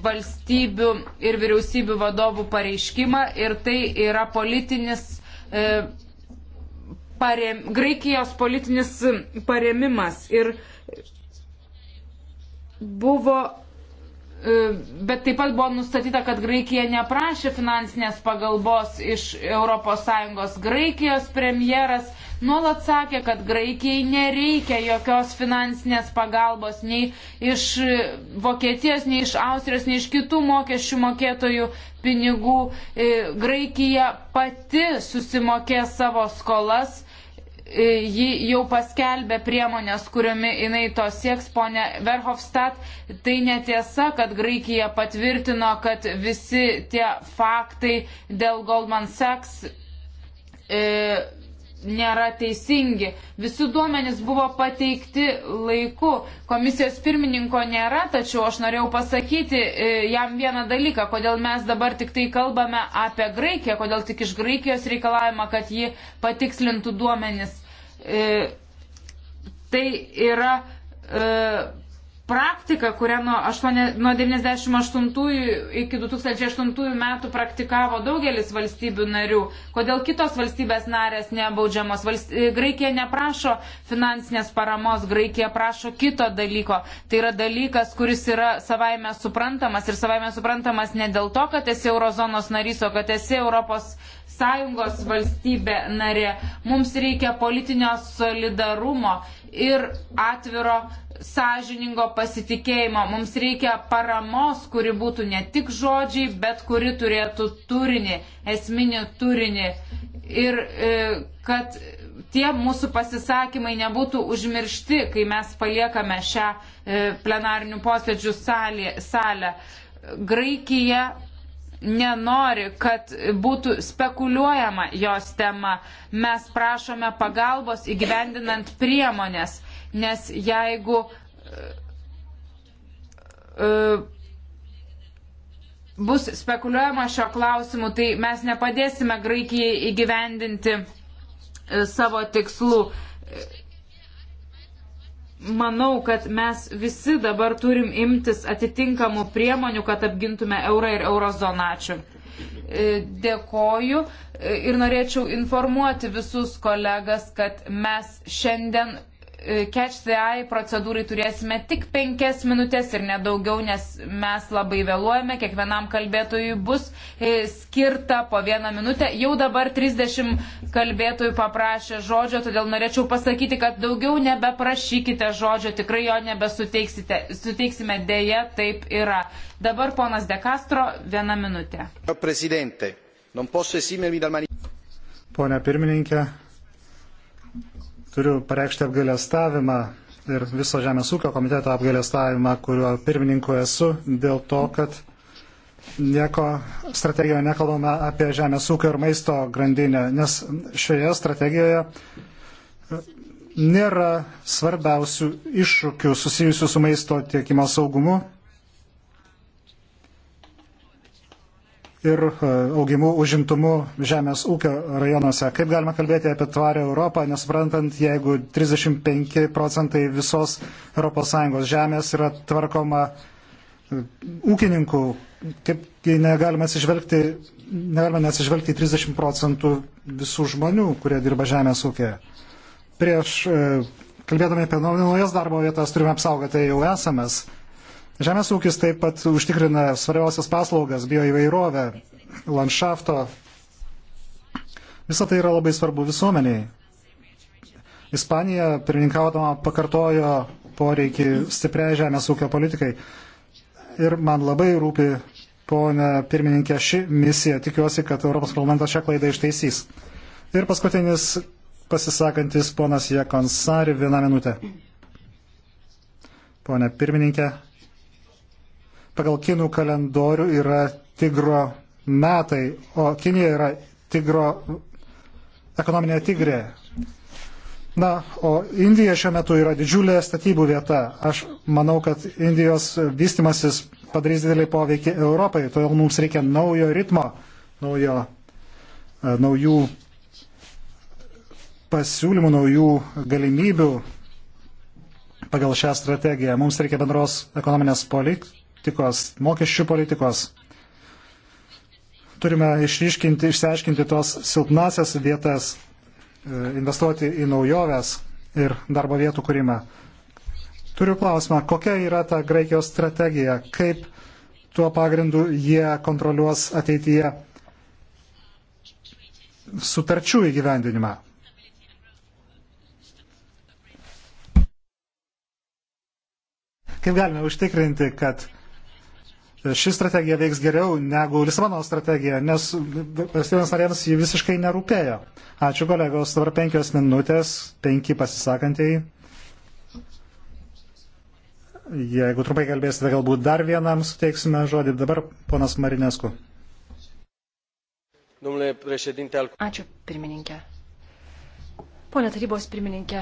valstybių ir vyriausybių vadovų pareiškimą ir tai yra politinis e, parem, Graikijos politinis paremimas. Ir buvo, e, bet taip pat buvo nustatyta, kad Graikija neprašė finansinės pagalbos iš ES. Graikijos premjeras nuolat sakė, kad Graikijai nereikia jokios finansinės pagalbos nei iš Vokietijos, nei iš Austrijos, nei iš kitų mokesčių mokėtojų pinigų. E, Graikija pati susimokės savo skolas E, ji jau paskelbė priemonės, kuriomi jinai to sieks, ponė Verhofstadt. Tai netiesa, kad Graikija patvirtino, kad visi tie faktai dėl Goldman Sachs e, nėra teisingi. Visi duomenys buvo pateikti laiku. Komisijos pirmininko nėra, tačiau aš norėjau pasakyti e, jam vieną dalyką, kodėl mes dabar tik tai kalbame apie Graikiją, kodėl tik iš Graikijos reikalavimą, kad ji patikslintų duomenys. E, tai yra e, praktika, kurią nuo, 8, nuo 98 iki 2008 metų praktikavo daugelis valstybių narių. Kodėl kitos valstybės narės nebaudžiamos? Valst... Graikija neprašo finansinės paramos, Graikija prašo kito dalyko. Tai yra dalykas, kuris yra savaime suprantamas ir savaime suprantamas ne dėl to, kad esi eurozonos narys, o kad esi Europos sąjungos valstybė narė. Mums reikia politinio solidarumo ir atviro sąžiningo pasitikėjimo. Mums reikia paramos, kuri būtų ne tik žodžiai, bet kuri turėtų turinį, esminį turinį. Ir e, kad tie mūsų pasisakymai nebūtų užmiršti, kai mes paliekame šią e, plenarinių posėdžių salę. Graikija nenori, kad būtų spekuliuojama jos tema. Mes prašome pagalbos įgyvendinant priemonės, nes jeigu e, e, bus spekuliuojama šio klausimu, tai mes nepadėsime Graikijai įgyvendinti e, savo tikslų manau, kad mes visi dabar turim imtis atitinkamų priemonių, kad apgintume eurą ir eurozonačių. E, dėkoju e, ir norėčiau informuoti visus kolegas, kad mes šiandien E, catch the eye procedūrai turėsime tik penkias minutės ir nedaugiau, nes mes labai vėluojame. Kiekvienam kalbėtojui bus e, skirta po vieną minutę. Jau dabar 30 kalbėtojų paprašė žodžio, todėl norėčiau pasakyti, kad daugiau nebeprašykite žodžio, tikrai jo nebesuteiksime. Deja, taip yra. Dabar ponas De Castro, vieną minutę. Pone pirmininkė, turiu pareikšti apgailestavimą ir viso Žemės ūkio komiteto apgailestavimą, kurio pirmininku esu, dėl to, kad nieko strategijoje nekalbame apie Žemės ūkio ir maisto grandinę, nes šioje strategijoje nėra svarbiausių iššūkių susijusių su maisto tiekimo saugumu ir e, augimu užimtumu žemės ūkio rajonuose. Kaip galima kalbėti apie tvarę Europą, nesuprantant, jeigu 35 procentai visos ES žemės yra tvarkoma e, ūkininkų, kaip negalima atsižvelgti, negalima nesižvelgti į 30 procentų visų žmonių, kurie dirba žemės ūkėje. Prieš e, kalbėdami apie naujas darbo vietas turime apsaugoti jau esamas Žemės ūkis taip pat užtikrina svarbiausias paslaugas, bioįvairovę, landšafto. Visą tai yra labai svarbu visuomeniai. Ispanija, pirmininkaudama, pakartojo poreikį stipriai žemės ūkio politikai. Ir man labai rūpi, ponia pirmininkė, ši misija. Tikiuosi, kad Europos parlamentas šią klaidą išteisys. Ir paskutinis pasisakantis ponas Jekonsari, vieną minutę. Pone pirmininkė, pagal kinų kalendorių yra tigro metai, o Kinija yra tigro ekonominė tigrė. Na, o Indija šiuo metu yra didžiulė statybų vieta. Aš manau, kad Indijos vystimasis padarys didelį poveikį Europai, todėl mums reikia naujo ritmo, naujo, e, naujų pasiūlymų, naujų galimybių pagal šią strategiją. Mums reikia bendros ekonominės polik, politikos, mokesčių politikos. Turime išryškinti, išsiaiškinti tos silpnasias vietas, e, investuoti į naujoves ir darbo vietų kūrimą. Turiu klausimą, kokia yra ta Graikijos strategija, kaip tuo pagrindu jie kontroliuos ateityje sutarčių įgyvendinimą. Kaip galime užtikrinti, kad ši strategija veiks geriau negu Lisabono strategija, nes valstybės narėms ji visiškai nerūpėjo. Ačiū kolegos, dabar penkios minutės, penki pasisakantieji. Jeigu trumpai kalbėsite, galbūt dar vienam suteiksime žodį. Dabar ponas Marinesku. Ačiū, pirmininkė. Pone tarybos pirmininkė,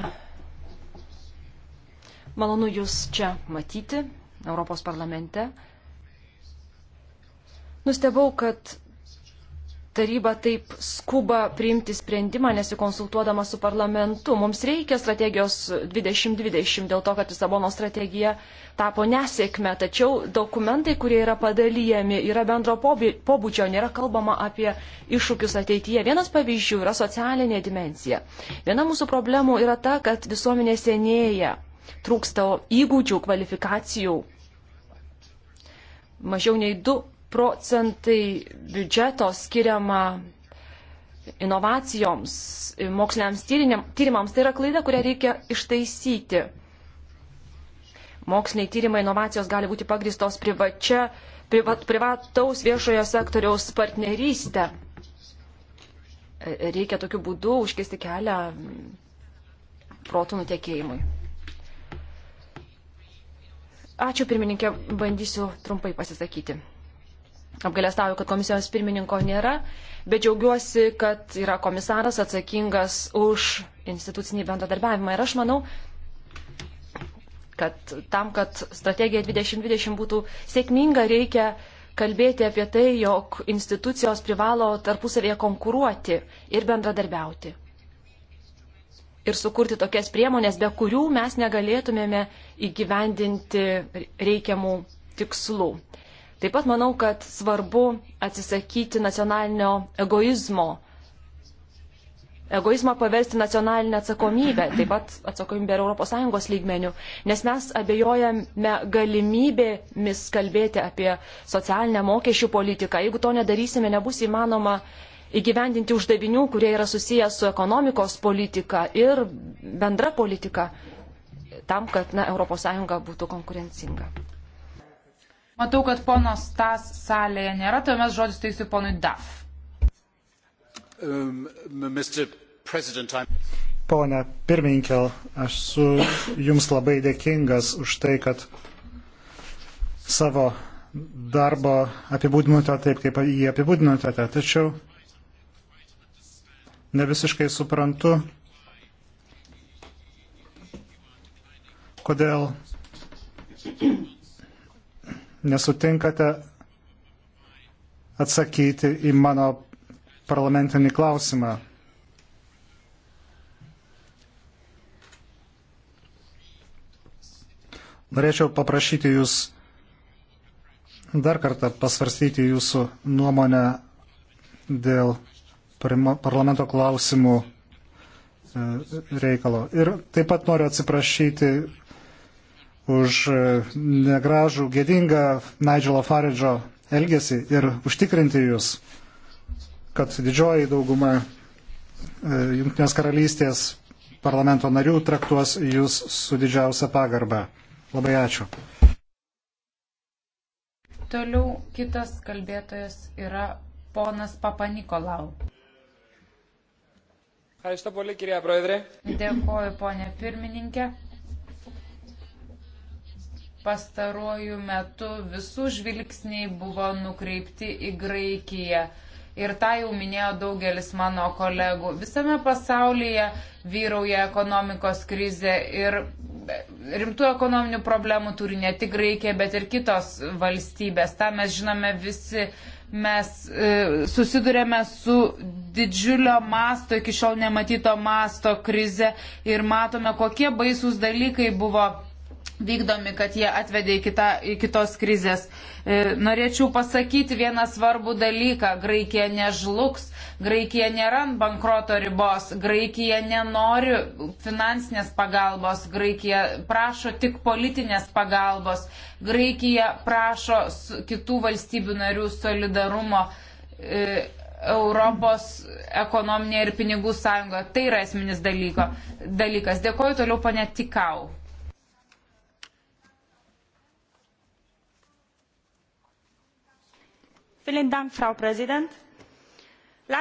malonu Jūs čia matyti, Europos parlamente. Nustebau, kad taryba taip skuba priimti sprendimą, nesikonsultuodama su parlamentu. Mums reikia strategijos 2020 dėl to, kad Lisabono strategija tapo nesėkme, tačiau dokumentai, kurie yra padalyjami, yra bendro pobūdžio, nėra kalbama apie iššūkius ateityje. Vienas pavyzdžių yra socialinė dimensija. Viena mūsų problemų yra ta, kad visuomenė senėja, trūksta įgūdžių, kvalifikacijų. Mažiau nei 2 procentai biudžeto skiriama inovacijoms, moksliniams tyrimams, tai yra klaida, kurią reikia ištaisyti. Moksliniai tyrimai, inovacijos gali būti pagristos privačia, privat, privataus viešojo sektoriaus partnerystė. Reikia tokiu būdu užkisti kelią protų nutekėjimui. Ačiū pirmininkė, bandysiu trumpai pasisakyti. Apgalėstauju, kad komisijos pirmininko nėra, bet džiaugiuosi, kad yra komisaras atsakingas už institucinį bendradarbiavimą. Ir aš manau, kad tam, kad strategija 2020 būtų sėkminga, reikia kalbėti apie tai, jog institucijos privalo tarpusavėje konkuruoti ir bendradarbiauti. Ir sukurti tokias priemonės, be kurių mes negalėtumėme įgyvendinti reikiamų tikslų. Taip pat manau, kad svarbu atsisakyti nacionalinio egoizmo. Egoizmą paversti nacionalinę atsakomybę, taip pat atsakomybę ir ES lygmenių, nes mes abejojame galimybėmis kalbėti apie socialinę mokesčių politiką. Jeigu to nedarysime, nebus įmanoma įgyvendinti uždavinių, kurie yra susiję su ekonomikos politika ir bendra politika, tam, kad na, ES būtų konkurencinga. Matau, kad ponos Tas salėje nėra, tuomet žodis teiksiu ponui Daf. Um, Pone pirmininkė, aš su Jums labai dėkingas už tai, kad savo darbo apibūdinote taip, kaip jį apibūdinote, tačiau ne visiškai suprantu, kodėl nesutinkate atsakyti į mano parlamentinį klausimą. Norėčiau paprašyti Jūs dar kartą pasvarstyti Jūsų nuomonę dėl parlamento klausimų e, reikalo. Ir taip pat noriu atsiprašyti už e, negražų, gėdingą Nigelo Faridžo elgesį ir užtikrinti jūs, kad didžioji dauguma e, Junktinės karalystės parlamento narių traktuos jūs su didžiausia pagarba. Labai ačiū. Toliau kitas kalbėtojas yra ponas Papanikolau. Dėkuoju, ponė pirmininkė pastaruoju metu visų žvilgsniai buvo nukreipti į Graikiją. Ir tą jau minėjo daugelis mano kolegų. Visame pasaulyje vyrauja ekonomikos krizė ir rimtų ekonominių problemų turi ne tik Graikija, bet ir kitos valstybės. Ta mes žinome visi mes e, susidurėme su didžiulio masto, iki šiol nematyto masto krize ir matome, kokie baisūs dalykai buvo vykdomi, kad jie atvedė į, kita, į kitos krizės. E, norėčiau pasakyti vieną svarbų dalyką. Graikija nežlugs, Graikija nėra ant bankroto ribos, Graikija nenori finansinės pagalbos, Graikija prašo tik politinės pagalbos, Graikija prašo kitų valstybių narių solidarumo. E, Europos ekonominė ir pinigų sąjunga. Tai yra esminis dalyko, dalykas. Dėkoju toliau, pane Tikau. La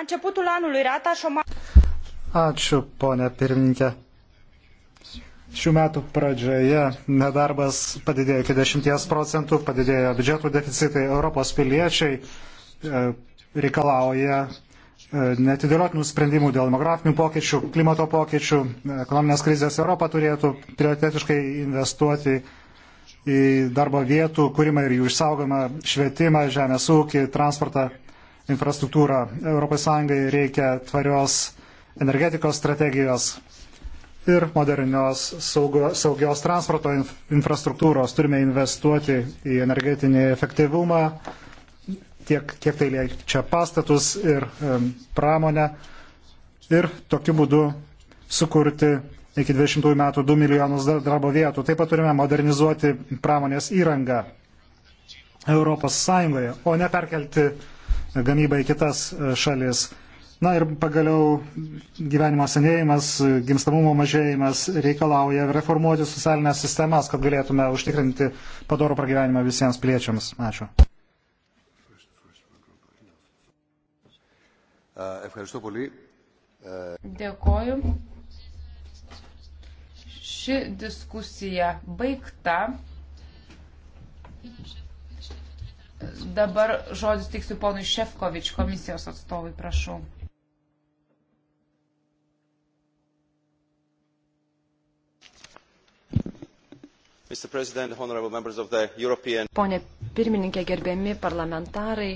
începutul anului rata șomajului. Ačiū, ponė pirmininkė. Šių metų pradžioje nedarbas padidėjo iki 10 procentų, padidėjo biudžetų deficitai. Europos piliečiai e, reikalauja e, netidėliotinų sprendimų dėl demografinių pokyčių, klimato pokyčių, e, ekonominės krizės Europą turėtų prioritetiškai investuoti į darbo vietų kūrimą ir jų išsaugomą, švietimą, žemės ūkį, transportą, infrastruktūrą. ES reikia tvarios energetikos strategijos ir modernios saugo, saugios transporto infrastruktūros. Turime investuoti į energetinį efektyvumą, tiek kiek tai liečia pastatus ir um, pramonę. Ir tokiu būdu sukurti iki 20 metų 2 milijonus darbo vietų. Taip pat turime modernizuoti pramonės įrangą Europos Sąjungoje, o ne perkelti gamybą į kitas e, šalis. Na ir pagaliau gyvenimo senėjimas, gimstamumo mažėjimas reikalauja reformuoti socialinės sistemas, kad galėtume užtikrinti padorų pragyvenimą visiems piliečiams. Ačiū. Dėkoju ši diskusija baigta. Dabar žodis tiksiu ponui Šefkovič, komisijos atstovui, prašau. European... Pone pirmininkė, gerbiami parlamentarai,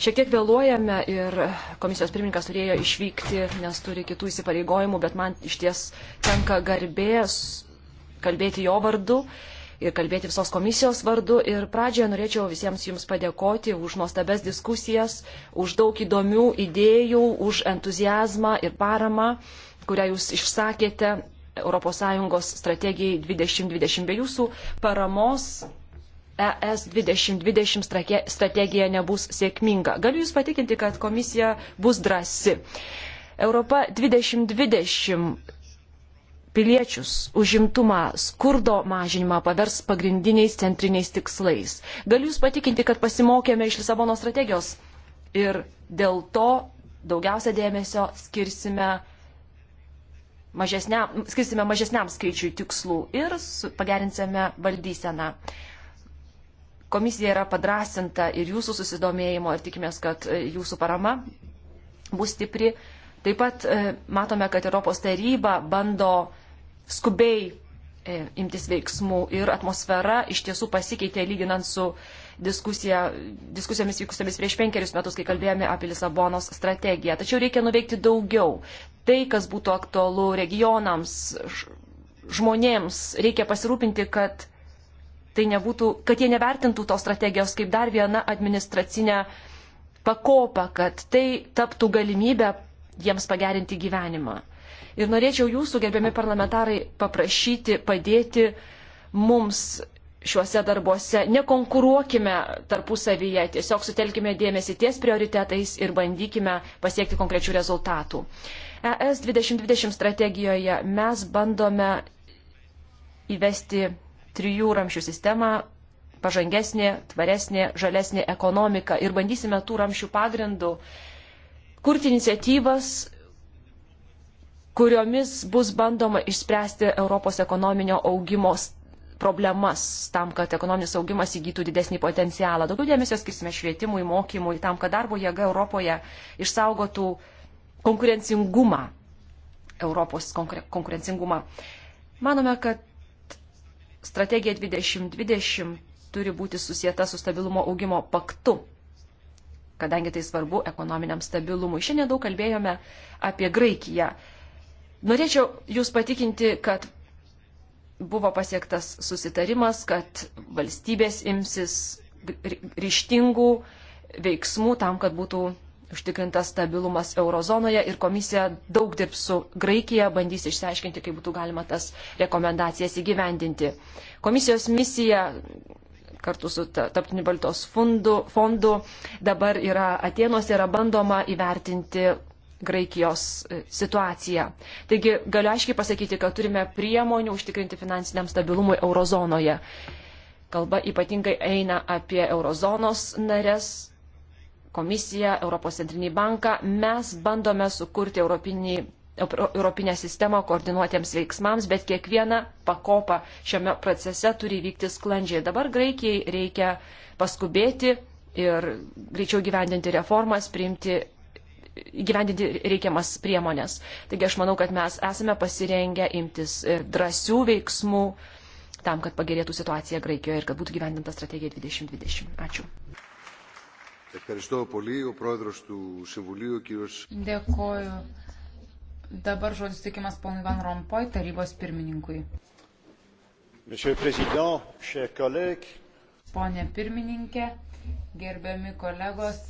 Šiek tiek vėluojame ir komisijos pirmininkas turėjo išvykti, nes turi kitų įsipareigojimų, bet man iš ties tenka garbės kalbėti jo vardu ir kalbėti visos komisijos vardu. Ir pradžioje norėčiau visiems Jums padėkoti už nuostabes diskusijas, už daug įdomių idėjų, už entuzijazmą ir paramą, kurią Jūs išsakėte ES strategijai 2020 be Jūsų paramos ES 2020 strategija nebus sėkminga. Galiu Jūs patikinti, kad komisija bus drasi. Europa 2020 piliečius, užimtumą, skurdo mažinimą pavers pagrindiniais centriniais tikslais. Galiu Jūs patikinti, kad pasimokėme iš Lisabono strategijos ir dėl to daugiausia dėmesio skirsime mažesniam, skirsime mažesniam skaičiui tikslų ir pagerinsime valdyseną. Komisija yra padrasinta ir jūsų susidomėjimo ir tikimės, kad e, jūsų parama bus stipri. Taip pat e, matome, kad Europos taryba bando skubiai e, imtis veiksmų ir atmosfera iš tiesų pasikeitė lyginant su diskusija, diskusijomis vykusiamis prieš penkerius metus, kai kalbėjome apie Lisabonos strategiją. Tačiau reikia nuveikti daugiau. Tai, kas būtų aktualu regionams, žmonėms, reikia pasirūpinti, kad tai nebūtų, kad jie nevertintų tos strategijos kaip dar vieną administracinę pakopą, kad tai taptų galimybę jiems pagerinti gyvenimą. Ir norėčiau jūsų, gerbiami parlamentarai, paprašyti, padėti mums šiuose darbuose. Nekonkuruokime tarpusavyje, tiesiog sutelkime dėmesį ties prioritetais ir bandykime pasiekti konkrečių rezultatų. ES 2020 strategijoje mes bandome įvesti trijų ramšių sistemą pažangesnė, tvaresnė, žalesnė ekonomika ir bandysime tų ramšių pagrindų kurti iniciatyvas, kuriomis bus bandoma išspręsti Europos ekonominio augimo problemas tam, kad ekonominis augimas įgytų didesnį potencialą. Daugiau dėmesio skirsime švietimui, mokymui, tam, kad darbo jėga Europoje išsaugotų konkurencingumą, Europos konkurencingumą. Manome, kad strategija 2020 turi būti susieta su stabilumo augimo paktu, kadangi tai svarbu ekonominiam stabilumui. Šiandien daug kalbėjome apie Graikiją. Norėčiau Jūs patikinti, kad buvo pasiektas susitarimas, kad valstybės imsis ryštingų veiksmų tam, kad būtų užtikrintas stabilumas eurozonoje ir komisija daug dirbs su Graikija, bandys išsiaiškinti, kaip būtų galima tas rekomendacijas įgyvendinti. Komisijos misija kartu su Taptiniu Baltos fundu, fondu dabar yra Atenuose, yra bandoma įvertinti Graikijos e, situaciją. Taigi galiu aiškiai pasakyti, kad turime priemonių užtikrinti finansiniam stabilumui eurozonoje. Kalba ypatingai eina apie eurozonos narės komisiją, Europos centrinį banką, mes bandome sukurti europinį, europinę sistemą koordinuotiems veiksmams, bet kiekviena pakopa šiame procese turi vykti sklandžiai. Dabar Graikijai reikia paskubėti ir greičiau gyvendinti reformas, priimti gyvendinti reikiamas priemonės. Taigi aš manau, kad mes esame pasirengę imtis e, drąsių veiksmų tam, kad pagerėtų situacija Graikijoje ir kad būtų gyvendinta strategija 2020. Ačiū. Ευχαριστώ πολύ. Ο πρόεδρος του Συμβουλίου, κύριος... Dėkoju. Dabar žodis tikimas ponui Van Rompoj, tarybos pirmininkui. Monsieur le Président, chers collègues. Pone pirmininkė, gerbiami kolegos,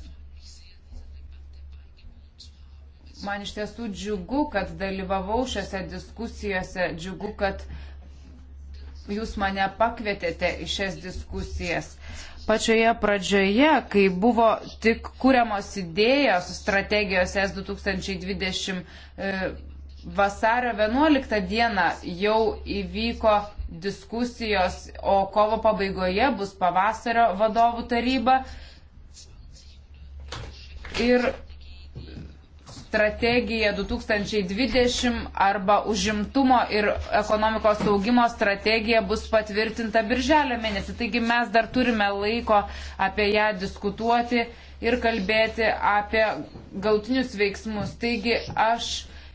man iš tiesų džiugu, kad dalyvavau šiose diskusijose, džiugu, kad jūs mane pakvietėte į šias diskusijas. Uh, pačioje pradžioje, kai buvo tik kūriamos idėjos strategijos S2020 e, vasario 11 dieną jau įvyko diskusijos, o kovo pabaigoje bus pavasario vadovų taryba. Ir strategija 2020 arba užimtumo ir ekonomikos saugimo strategija bus patvirtinta birželio mėnesį. Taigi mes dar turime laiko apie ją diskutuoti ir kalbėti apie gautinius veiksmus. Taigi aš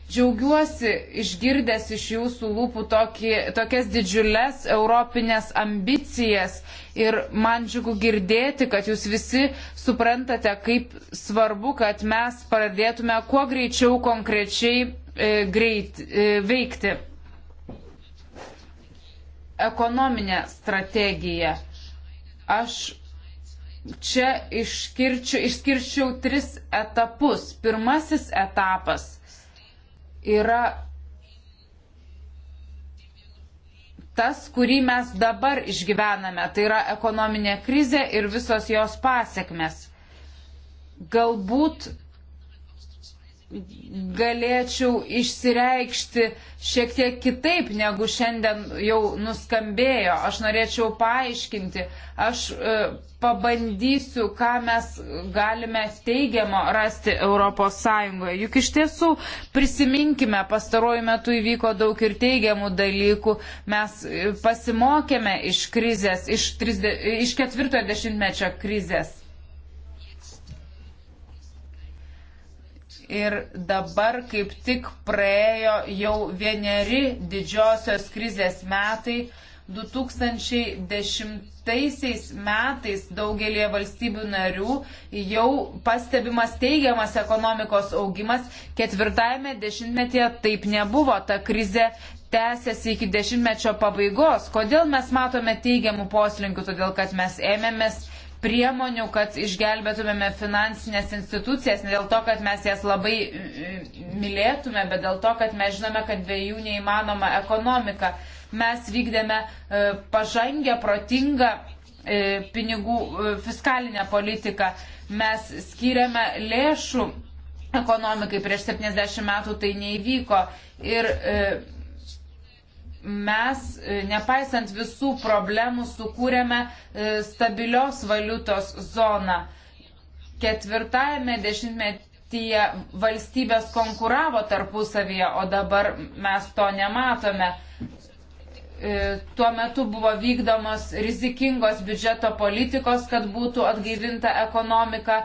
Džiaugiuosi išgirdęs iš jūsų lūpų tokį, tokias didžiulės europinės ambicijas ir man džiugu girdėti, kad jūs visi suprantate, kaip svarbu, kad mes pradėtume kuo greičiau konkrečiai e, greit, e, veikti. Ekonominė strategija. Aš čia išskirčiau tris etapus. Pirmasis etapas yra tas, kurį mes dabar išgyvename. Tai yra ekonominė krizė ir visos jos pasiekmes. Galbūt galėčiau išsireikšti šiek tiek kitaip, negu šiandien jau nuskambėjo. Aš norėčiau paaiškinti, aš e, pabandysiu, ką mes galime teigiamo rasti ES. Juk iš tiesų prisiminkime, pastaruoju metu įvyko daug ir teigiamų dalykų. Mes e, pasimokėme iš krizės, iš, 30, iš ketvirtojo dešimtmečio krizės Ir dabar kaip tik praėjo jau vieneri didžiosios krizės metai. 2010 metais daugelie valstybių narių jau pastebimas teigiamas ekonomikos augimas. Ketvirtajame dešimtmetyje taip nebuvo. Ta krize tęsiasi iki dešimtmečio pabaigos. Kodėl mes matome teigiamų poslinkių? Todėl, kad mes ėmėmės priemonių, kad išgelbėtumėme finansinės institucijas, ne dėl to, kad mes jas labai e, mylėtume, bet dėl to, kad mes žinome, kad be jų neįmanoma ekonomika. Mes vykdėme e, pažangę, protingą e, pinigų fiskalinę politiką. Mes skiriame lėšų ekonomikai, prieš 70 metų tai neįvyko. Ir mes, e, nepaisant visų problemų, sukūrėme e, stabilios valiutos zoną. Ketvirtajame dešimtmetyje valstybės konkuravo tarpusavyje, o dabar mes to nematome. E, tuo metu buvo vykdomos rizikingos biudžeto politikos, kad būtų atgaivinta ekonomika,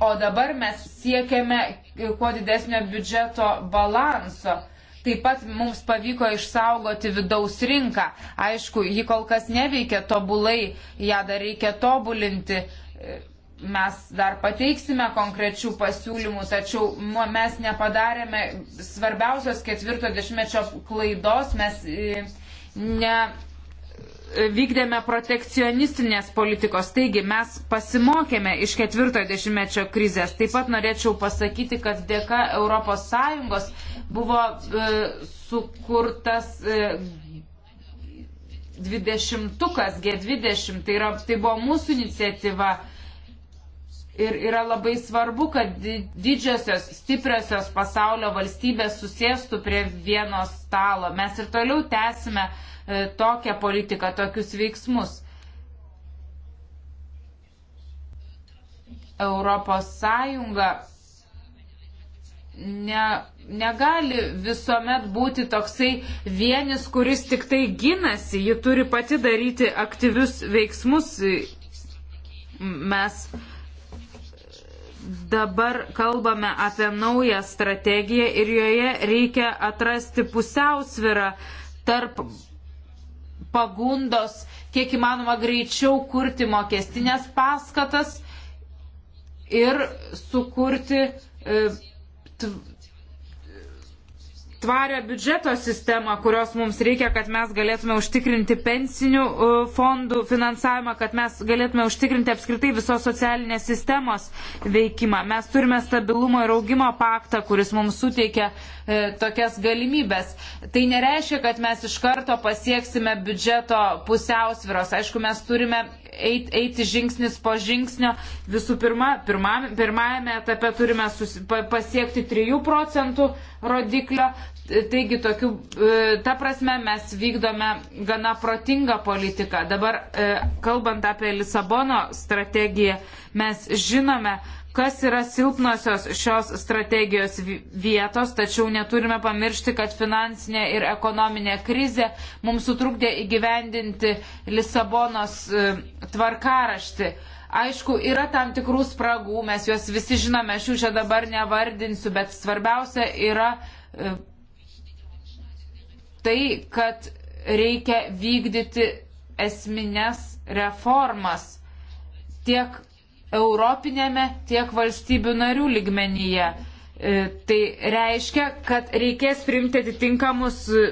o dabar mes siekiame kuo didesnio biudžeto balanso. Taip pat mums pavyko išsaugoti vidaus rinką. Aišku, ji kol kas neveikia tobulai, ją dar reikia tobulinti. Mes dar pateiksime konkrečių pasiūlymų, tačiau nu, mes nepadarėme svarbiausios ketvirto dešimtmečio klaidos, mes e, ne vykdėme protekcionistinės politikos, taigi mes pasimokėme iš ketvirtojo dešimtmečio krizės. Taip pat norėčiau pasakyti, kad dėka ES buvo e, sukurtas e, dvidešimtukas G20, tai, yra, tai buvo mūsų iniciatyva. Ir yra labai svarbu, kad didžiosios, stipriosios pasaulio valstybės susėstų prie vieno stalo. Mes ir toliau tęsime uh, E, tokią politiką, tokius veiksmus. Europos Sąjunga ne, negali visuomet būti toksai vienis, kuris tik tai ginasi, ji turi pati daryti aktyvius veiksmus. Mes dabar kalbame apie naują strategiją ir joje reikia atrasti pusiausvirą tarp pagundos kiek įmanoma greičiau kurti mokestinės paskatas ir sukurti e, tvarią biudžeto sistemą, kurios mums reikia, kad mes galėtume užtikrinti pensinių e, fondų finansavimą, kad mes galėtume užtikrinti apskritai visos socialinės sistemos veikimą. Mes turime stabilumo ir augimo paktą, kuris mums suteikia e, tokias galimybės. Tai nereiškia, kad mes iš karto pasieksime biudžeto pusiausviros. Aišku, mes turime eit, eiti žingsnis po žingsnio. Visų pirma, pirmam, pirmajame etape turime susi, pasiekti 3 procentų rodiklio, Taigi, tokiu, e, ta prasme mes vykdome gana protingą politiką. Dabar, e, kalbant apie Lisabono strategiją, mes žinome, kas yra silpnosios šios strategijos vietos, tačiau neturime pamiršti, kad finansinė ir ekonominė krizė mums sutrukdė įgyvendinti Lisabonos e, tvarkaraštį. Aišku, yra tam tikrų spragų, mes juos visi žinome, aš jų čia dabar nevardinsiu, bet svarbiausia yra tai, kad reikia vykdyti esminės reformas tiek europinėme, tiek valstybių narių ligmenyje. E, tai reiškia, kad reikės priimti atitinkamus e,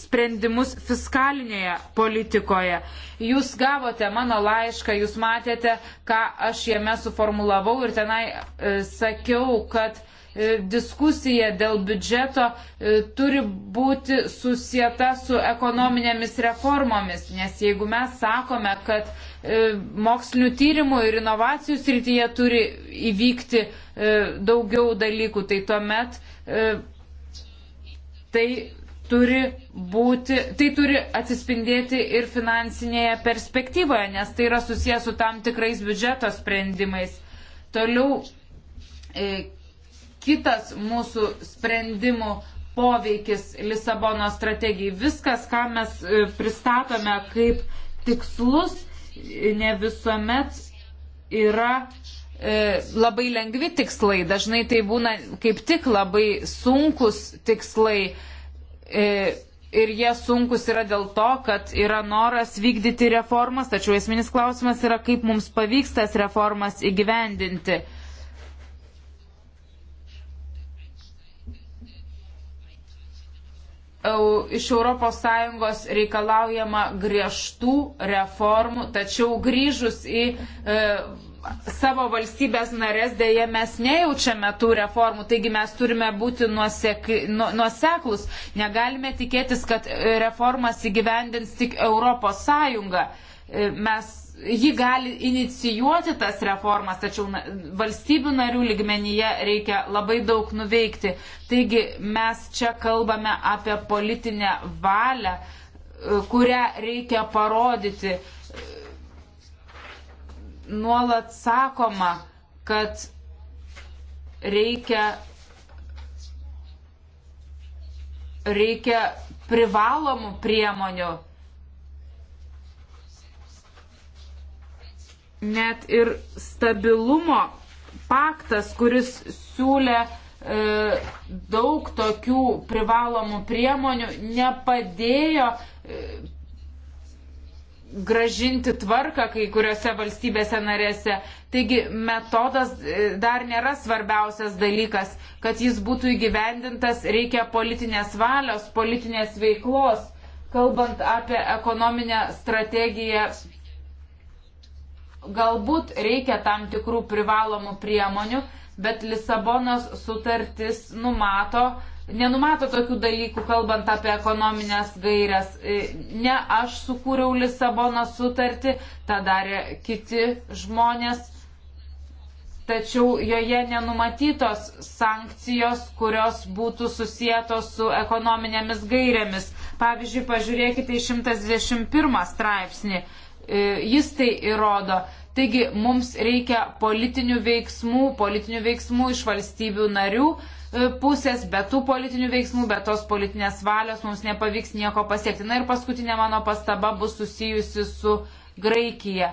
sprendimus fiskalinėje politikoje. Jūs gavote mano laišką, jūs matėte, ką aš jame suformulavau ir tenai e, sakiau, kad e, E, diskusija dėl biudžeto e, turi būti susieta su ekonominėmis reformomis, nes jeigu mes sakome, kad e, mokslinių tyrimų ir inovacijų srityje turi įvykti daugiau dalykų, tai tuomet tai turi būti, tai turi atsispindėti ir finansinėje perspektyvoje, nes tai yra susijęs su tam tikrais biudžeto sprendimais. Toliau e, kitas mūsų sprendimų poveikis Lisabono strategijai. Viskas, ką mes e, pristatome kaip tikslus, ne visuomet yra e, labai lengvi tikslai. Dažnai tai būna kaip tik labai sunkus tikslai. E, ir jie sunkus yra dėl to, kad yra noras vykdyti reformas, tačiau esminis klausimas yra, kaip mums pavyks tas reformas įgyvendinti. E, iš ES reikalaujama griežtų reformų, tačiau grįžus į e, savo valstybės narės dėje mes nejaučiame tų reformų, taigi mes turime būti nuosek, nu, nuoseklus. Negalime tikėtis, kad e, reformas įgyvendins tik ES. E, mes ji gali inicijuoti tas reformas, tačiau valstybių narių ligmenyje reikia labai daug nuveikti. Taigi mes čia kalbame apie politinę valią, e, kurią reikia parodyti. E, nuolat sakoma, kad reikia, reikia privalomų priemonių net ir stabilumo paktas, kuris siūlė e, daug tokių privalomų priemonių, nepadėjo e, gražinti tvarką kai kuriuose valstybėse narėse. Taigi metodas e, dar nėra svarbiausias dalykas. Kad jis būtų įgyvendintas, reikia politinės valios, politinės veiklos. Kalbant apie ekonominę strategiją galbūt reikia tam tikrų privalomų priemonių, bet Lisabonos sutartis numato, nenumato tokių dalykų, kalbant apie ekonominės gairias. E, ne aš sukūriau Lisabonos sutartį, tą darė kiti žmonės, tačiau joje nenumatytos sankcijos, kurios būtų susijėtos su ekonominėmis gairėmis. Pavyzdžiui, pažiūrėkite į 121 straipsnį. E, jis tai įrodo. Taigi mums reikia politinių veiksmų, politinių veiksmų iš valstybių narių e, pusės, bet tų politinių veiksmų, bet tos politinės valios mums nepavyks nieko pasiekti. Na ir paskutinė mano pastaba bus susijusi su Graikija.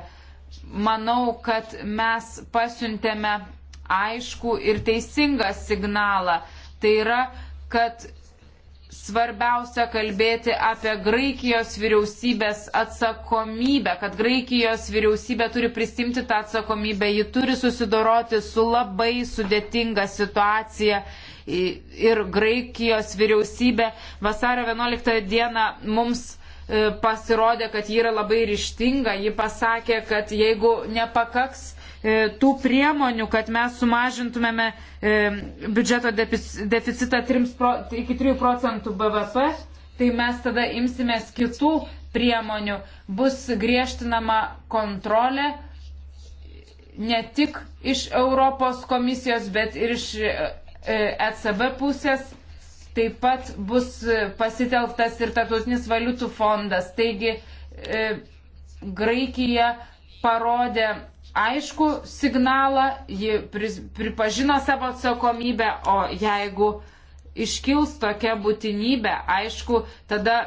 Manau, kad mes pasiuntėme aišku ir teisingą signalą. Tai yra, kad svarbiausia kalbėti apie Graikijos vyriausybės atsakomybę, kad Graikijos vyriausybė turi prisimti tą atsakomybę, ji turi susidoroti su labai sudėtinga situacija. Ir Graikijos vyriausybė vasario 11 dieną mums e, pasirodė, kad ji yra labai ryštinga, ji pasakė, kad jeigu nepakaks E, tų priemonių, kad mes sumažintumėme e, biudžeto deficitą 3 pro, iki 3 procentų BVP, tai mes tada imsimės kitų priemonių. Bus griežtinama kontrolė ne tik iš Europos komisijos, bet ir iš ECB e, pusės. Taip pat bus pasitelktas ir tarptautinis valiutų fondas. Taigi, Graikija parodė aišku signalą, ji pripažino savo atsakomybę, o jeigu iškils tokia būtinybė, aišku, tada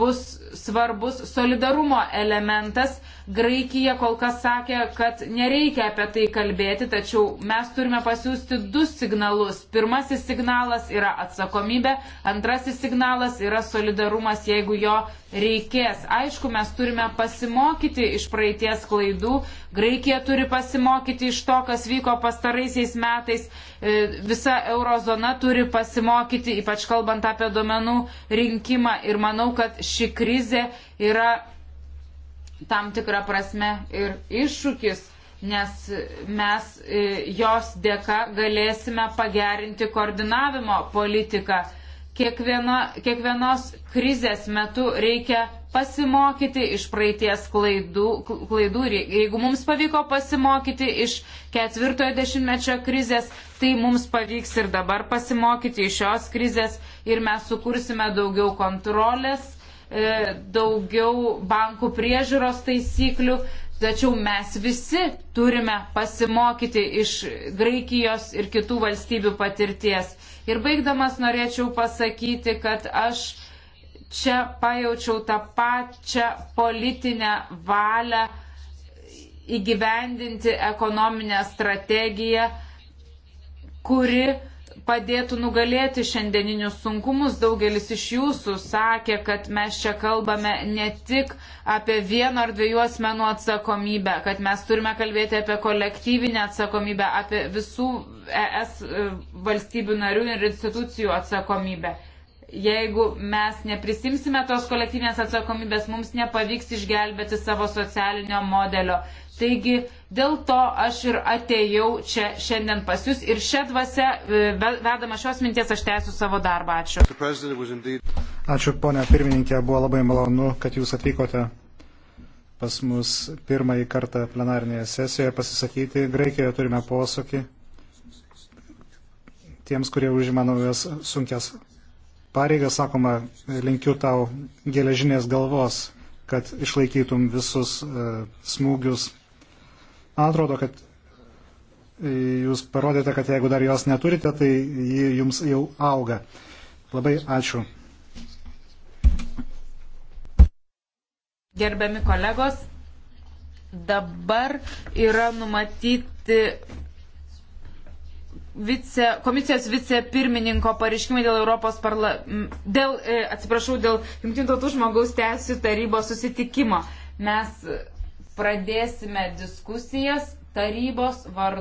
bus svarbus solidarumo elementas, Graikija kol kas sakė, kad nereikia apie tai kalbėti, tačiau mes turime pasiūsti du signalus. Pirmasis signalas yra atsakomybė, antrasis signalas yra solidarumas, jeigu jo reikės. Aišku, mes turime pasimokyti iš praeities klaidų. Graikija turi pasimokyti iš to, kas vyko pastaraisiais metais. E, visa eurozona turi pasimokyti, ypač kalbant apie duomenų rinkimą. Ir manau, kad ši krizė yra tam tikrą prasme ir iššūkis, nes mes e, jos dėka galėsime pagerinti koordinavimo politiką. Kiekvieno, kiekvienos krizės metu reikia pasimokyti iš praeities klaidų, klaidų. Jeigu mums pavyko pasimokyti iš ketvirtojo dešimtmečio krizės, tai mums pavyks ir dabar pasimokyti iš šios krizės ir mes sukursime daugiau kontrolės E, daugiau bankų priežiūros taisyklių, tačiau mes visi turime pasimokyti iš Graikijos ir kitų valstybių patirties. Ir baigdamas norėčiau pasakyti, kad aš čia pajaučiau tą pačią politinę valią įgyvendinti ekonominę strategiją, kuri padėtų nugalėti šiandieninius sunkumus. Daugelis iš jūsų sakė, kad mes čia kalbame ne tik apie vieno ar dviejų asmenų atsakomybę, kad mes turime kalbėti apie kolektyvinę atsakomybę, apie visų ES e, valstybių narių ir institucijų atsakomybę. Jeigu mes neprisimsime tos kolektyvinės atsakomybės, mums nepavyks išgelbėti savo socialinio modelio. Taigi dėl to aš ir atėjau čia šiandien pas Jūs ir šią dvasę, e, vedama šios minties, aš tęsiu savo darbą. Ačiū. Ačiū, ponia pirmininkė, buvo labai malonu, kad Jūs atvykote pas mus pirmąjį kartą plenarinėje sesijoje pasisakyti. Graikijoje turime posūkį tiems, kurie užima naujas sunkias pareigas, sakoma, linkiu tau geležinės galvos, kad išlaikytum visus uh, smūgius Man atrodo, kad e, jūs parodėte, kad jeigu dar jos neturite, tai ji jums jau auga. Labai ačiū. Gerbiami kolegos, dabar yra numatyti vice, komisijos vicepirmininko pareiškimai dėl Europos parla... dėl, e, atsiprašau, dėl Junktinių tautų žmogaus teisų tarybos susitikimo. Mes pradėsime diskusijas tarybos vardu.